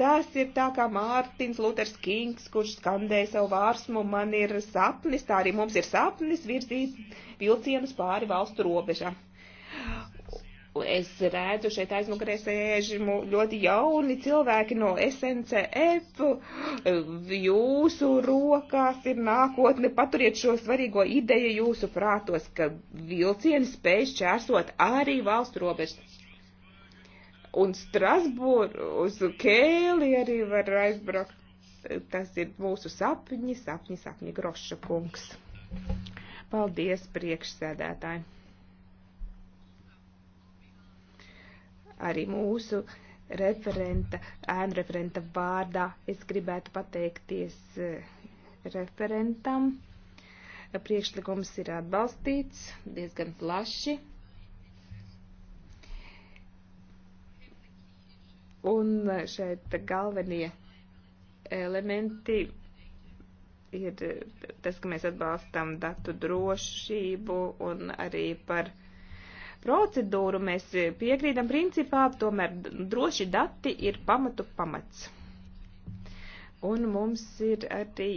Speaker 2: Tas ir tā kā Mārtiņš Luters Kings, kurš skandēja savu vārsmu, man ir sapnis, tā arī mums ir sapnis virzīt vilcienus pāri valstu robežām. Es redzu šeit aizmugurē sēžamu ļoti jauni cilvēki no SNCF. Jūsu rokās ir nākotne. Paturiet šo svarīgo ideju jūsu prātos, ka vilcieni spēj šķērsot arī valstu robežas un Strasbūru, uz Kēli arī var aizbraukt. Tas ir mūsu sapņi, sapņi, sapņi Groša kungs. Paldies priekšsēdētāji. Arī mūsu referenta, ēnu referenta vārdā es gribētu pateikties eh, referentam. Priekšlikums ir atbalstīts diezgan plaši Un eh, šeit galvenie elementi ir eh, tas, ka mēs atbalstam datu drošību un arī par procedūru mēs piekrītam principā, tomēr droši dati ir pamatu pamats. Un mums ir arī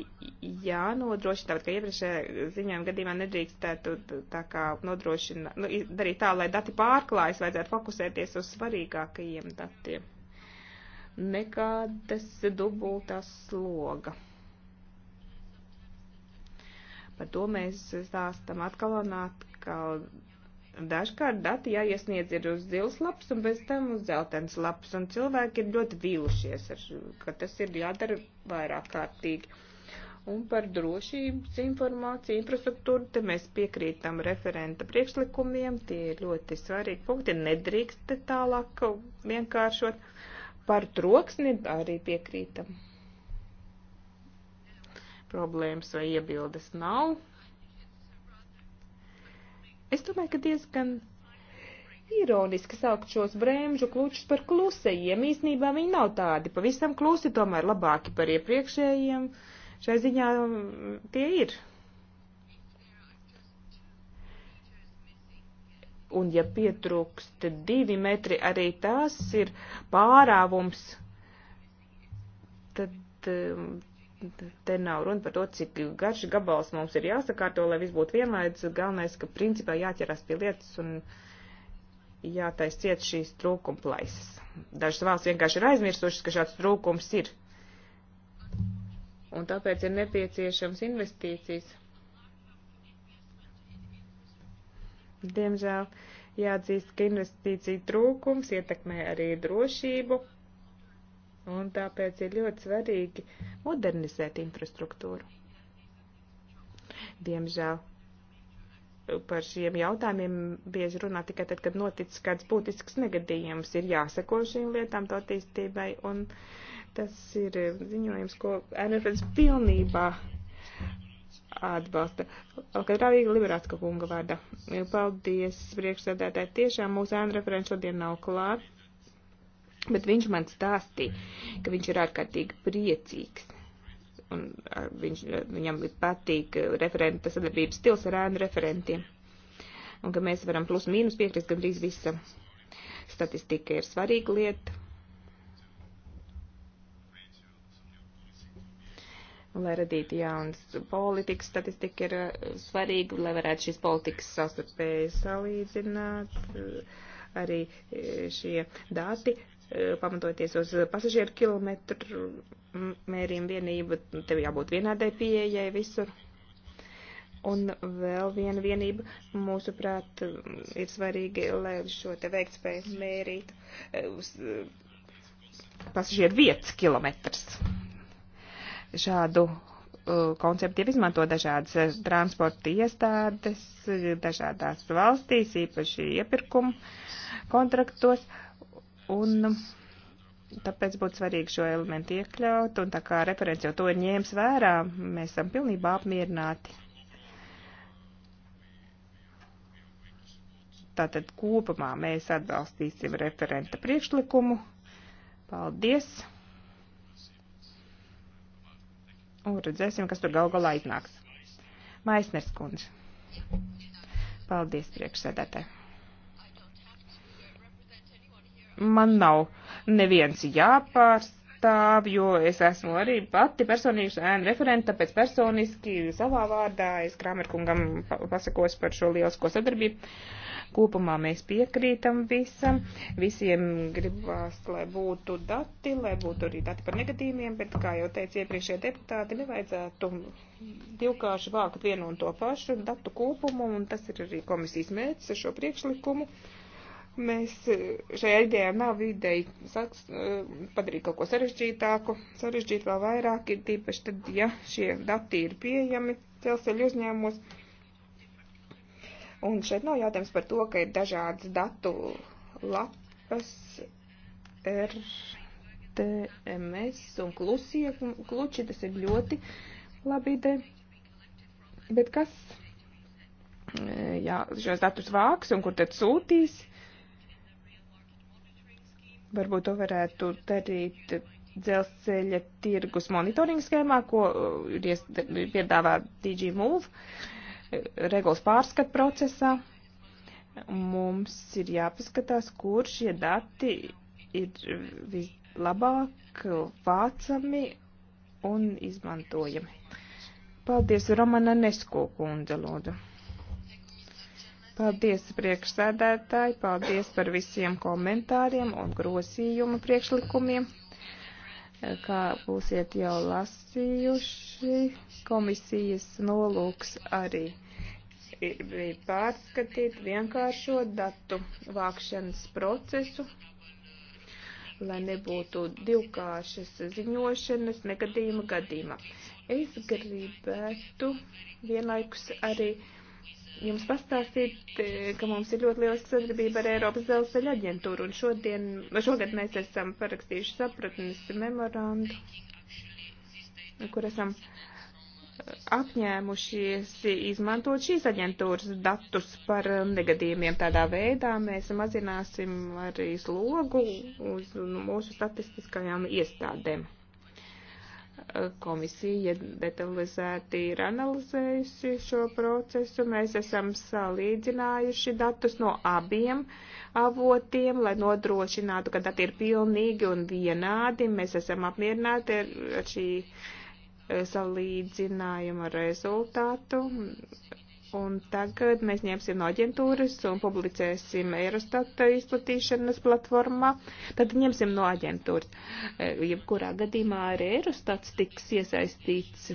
Speaker 2: jānodrošina, tāpat kā iepriekšējā ziņojuma gadījumā nedrīkstētu tā kā nodrošina, nu, darīt tā, lai dati pārklājas, vajadzētu fokusēties uz svarīgākajiem datiem nekādas dubultās sloga. Par to mēs stāstam atkal un atkal. Dažkārt dati jāiesniedz ir uz zils laps un pēc tam uz zeltens laps, un cilvēki ir ļoti vīlušies, ar, ka tas ir jādara vairāk kārtīgi. Un par drošības informāciju, infrastruktūru, te mēs piekrītam referenta priekšlikumiem, tie ir ļoti svarīgi punkti, nedrīkst tālāk vienkāršot. Uh, Par troksni arī piekrītam. Problēmas vai iebildes nav. Es domāju, ka diezgan ironiski saukt šos brēmžu klučus par klusējiem. Īsnībā viņi nav tādi pavisam klusi, tomēr labāki par iepriekšējiem. Šai ziņā mm, tie ir un ja pietrūkst divi metri, arī tās ir pārāvums, tad um, te nav runa par to, cik garš gabals mums ir jāsakārto, lai viss būtu vienlaids. Galvenais, ka principā jāķerās pie lietas un jātais ciet šīs trūkuma plaisas. Dažas valsts vienkārši ir aizmirsušas, ka šāds trūkums ir. Un tāpēc ir nepieciešams investīcijas Diemžēl jāatzīst, ka investīcija trūkums ietekmē arī drošību, un tāpēc ir ļoti svarīgi modernizēt infrastruktūru. Diemžēl par šiem jautājumiem bieži runā tikai tad, kad noticis kāds būtisks negadījums. Ir jāseko šīm lietām, to attīstībai, un tas ir ziņojums, ko Ernefreds pilnībā atbalsta. Katrāvīgi Liberātska kunga vārda. Paldies, priekšsēdētāji. Tiešām mūsu ēna referents šodien nav klāt, bet viņš man stāstīja, ka viņš ir ārkārtīgi priecīgs. Un viņš, viņam patīk referenta sadarbības stils ar ēnu referentiem. Un ka mēs varam plus mīnus piekrist gandrīz visam. Statistika ir svarīga lieta lai radītu jaunas politikas, statistika ir eh, svarīga, lai varētu šīs politikas savstarpēji salīdzināt. Eh, arī eh, šie dati, pamatoties uz pasažieru kilometru mērījumu vienību, tev jābūt vienādai pieejai visur. Un vēl viena vienība, mūsuprāt, ir svarīga, lai šo te veiktspēju mērītu pasažieru vietas kilometrs šādu uh, konceptu jau izmanto dažādas uh, transporta iestādes, uh, dažādās valstīs, īpaši iepirkumu kontraktos, un um, tāpēc būtu svarīgi šo elementu iekļaut, un tā kā referents jau to ir ņēmis vērā, mēs esam pilnībā apmierināti. Tātad kopumā mēs atbalstīsim referenta priekšlikumu. Paldies! Un redzēsim, kas tur gal galā iznāks. Maisners kundze. Paldies priekšsēdētāji. Man nav neviens jāpārstāv, jo es esmu arī pati personīgi ēnu referenta, tāpēc personiski savā vārdā es Kramerkungam pasakos par šo lielisko sadarbību. Uh, Kopumā mēs piekrītam visam. Visiem gribās, lai būtu dati, lai būtu arī dati par negadījumiem, bet, kā jau teica iepriekšējie deputāti, nevajadzētu divkārši vākt vienu un to pašu datu kopumu, un tas ir arī komisijas mērķis ar šo priekšlikumu mēs šajā idejā nav ideja saks, eh, padarīt kaut ko sarežģītāku, sarežģīt vēl vairāk, ir tīpaši tad, ja šie dati ir pieejami celseļu uzņēmumos. Un šeit nav jautājums par to, ka ir dažādas datu lapas, RTMS un klusie, kluči, tas ir ļoti labi ideja. Bet kas, jā, šos datus vāks un kur tad sūtīs? Varbūt to varētu darīt dzelzceļa tirgus monitoringa schēmā, ko uh, piedāvā DG Move. Uh, regulas pārskat procesā mums ir jāpaskatās, kur šie dati ir vislabāk vācami un izmantojami. Paldies, Romana Nesko kundze, lūdzu. Paldies priekšsēdētāji, paldies par visiem komentāriem un grozījumu priekšlikumiem. Kā būsiet jau lasījuši, komisijas nolūks arī bija pārskatīt vienkāršo datu vākšanas procesu, lai nebūtu divkāršas ziņošanas negadījuma gadījumā. Es gribētu vienlaikus arī uh, jums pastāstīt, ka mums ir ļoti lieliska sadarbība ar Eiropas dzelzceļa aģentūru, un šodien, šogad mēs esam parakstījuši sapratnes memorandu, kur esam eh, apņēmušies izmantot šīs aģentūras datus par eh, negadījumiem. Tādā veidā mēs mazināsim arī slogu uz mūsu statistiskajām iestādēm. Komisija detalizēti ir analizējusi šo procesu. Mēs esam salīdzinājuši datus no abiem avotiem, lai nodrošinātu, ka dati ir pilnīgi un vienādi. Mēs esam apmierināti ar šī eh, salīdzinājuma rezultātu Un tagad mēs ņemsim no aģentūras un publicēsim Eurostata izplatīšanas platformā. Tad ņemsim no aģentūras. E, jebkurā gadījumā arī Eurostats tiks iesaistīts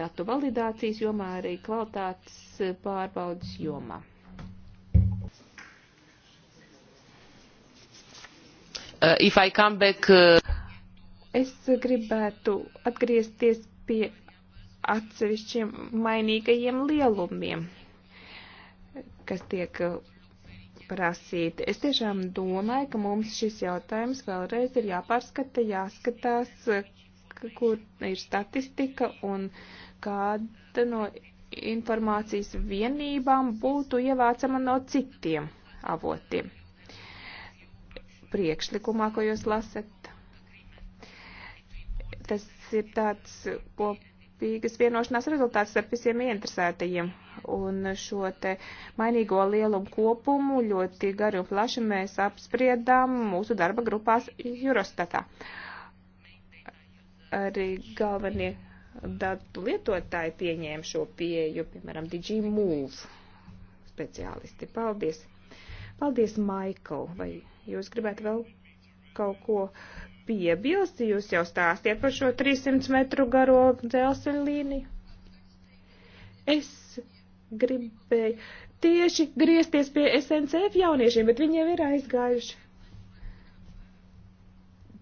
Speaker 2: datu validācijas jomā, arī kvalitātes pārbaudas jomā.
Speaker 3: Uh, if I come back, uh...
Speaker 2: Es gribētu atgriezties pie atsevišķiem mainīgajiem lielumiem kas tiek uh, prasīti. Es tiešām domāju, ka mums šis jautājums vēlreiz ir jāpārskata, jāskatās, uh, kur ir statistika un kāda no informācijas vienībām būtu ievācama no citiem avotiem. Priekšlikumā, ko jūs lasat, tas ir tāds, ko kopīgas vienošanās rezultāts ar visiem ieinteresētajiem. Un šo te mainīgo lielumu kopumu ļoti gari un plaši mēs apspriedām mūsu darba grupās Jurostatā. Arī galvenie datu lietotāji pieņēma šo pieju, piemēram, DigiMove speciālisti. Paldies! Paldies, Maikl! Vai jūs gribētu vēl kaut ko piebilst, jūs jau stāstiet par šo 300 metru garo dzelzceļa līniju. Es gribēju tieši griezties pie SNCF jauniešiem, bet viņiem ir aizgājuši.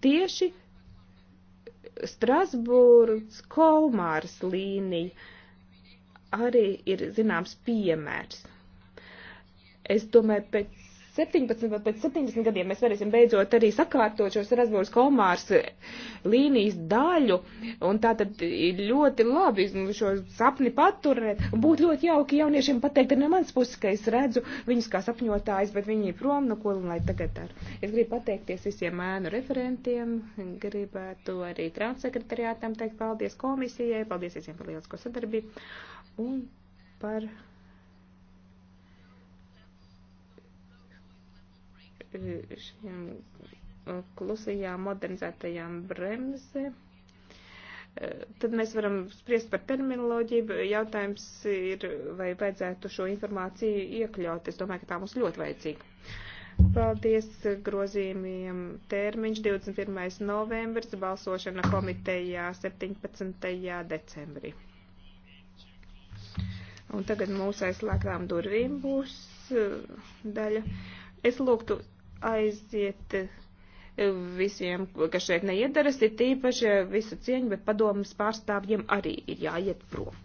Speaker 2: Tieši Strasbūrds Kolmāras līnija arī ir zināms piemērs. Es domāju, pēc 17, pēc 17 gadiem mēs varēsim beidzot arī sakārtot šo Strasbūras komārs eh, līnijas daļu, un tā tad ir ļoti labi šo sapni paturēt. Būtu ļoti jauki jauniešiem pateikt, ne mans puses, ka es redzu viņus kā sapņotājs, bet viņi ir prom, nu ko lai tagad dara. Es gribu pateikties visiem ēnu referentiem, gribētu arī transsekretariātam teikt paldies komisijai, paldies visiem par lielisko sadarbību un par šiem eh, klusajām modernizētajām bremzēm eh, tad mēs varam spriest par terminoloģiju. Jautājums ir, vai vajadzētu šo informāciju iekļaut. Es domāju, ka tā mums ļoti vajadzīga. Paldies grozījumiem. Termiņš 21. novembris, balsošana komitejā 17. decembrī. Un tagad mūsu aizslēgtām durvīm būs eh, daļa. Es lūgtu aiziet e, visiem, kas šeit neiedaras, ir tīpaši visu cieņu, bet padomas pārstāvjiem arī ir jāiet prom.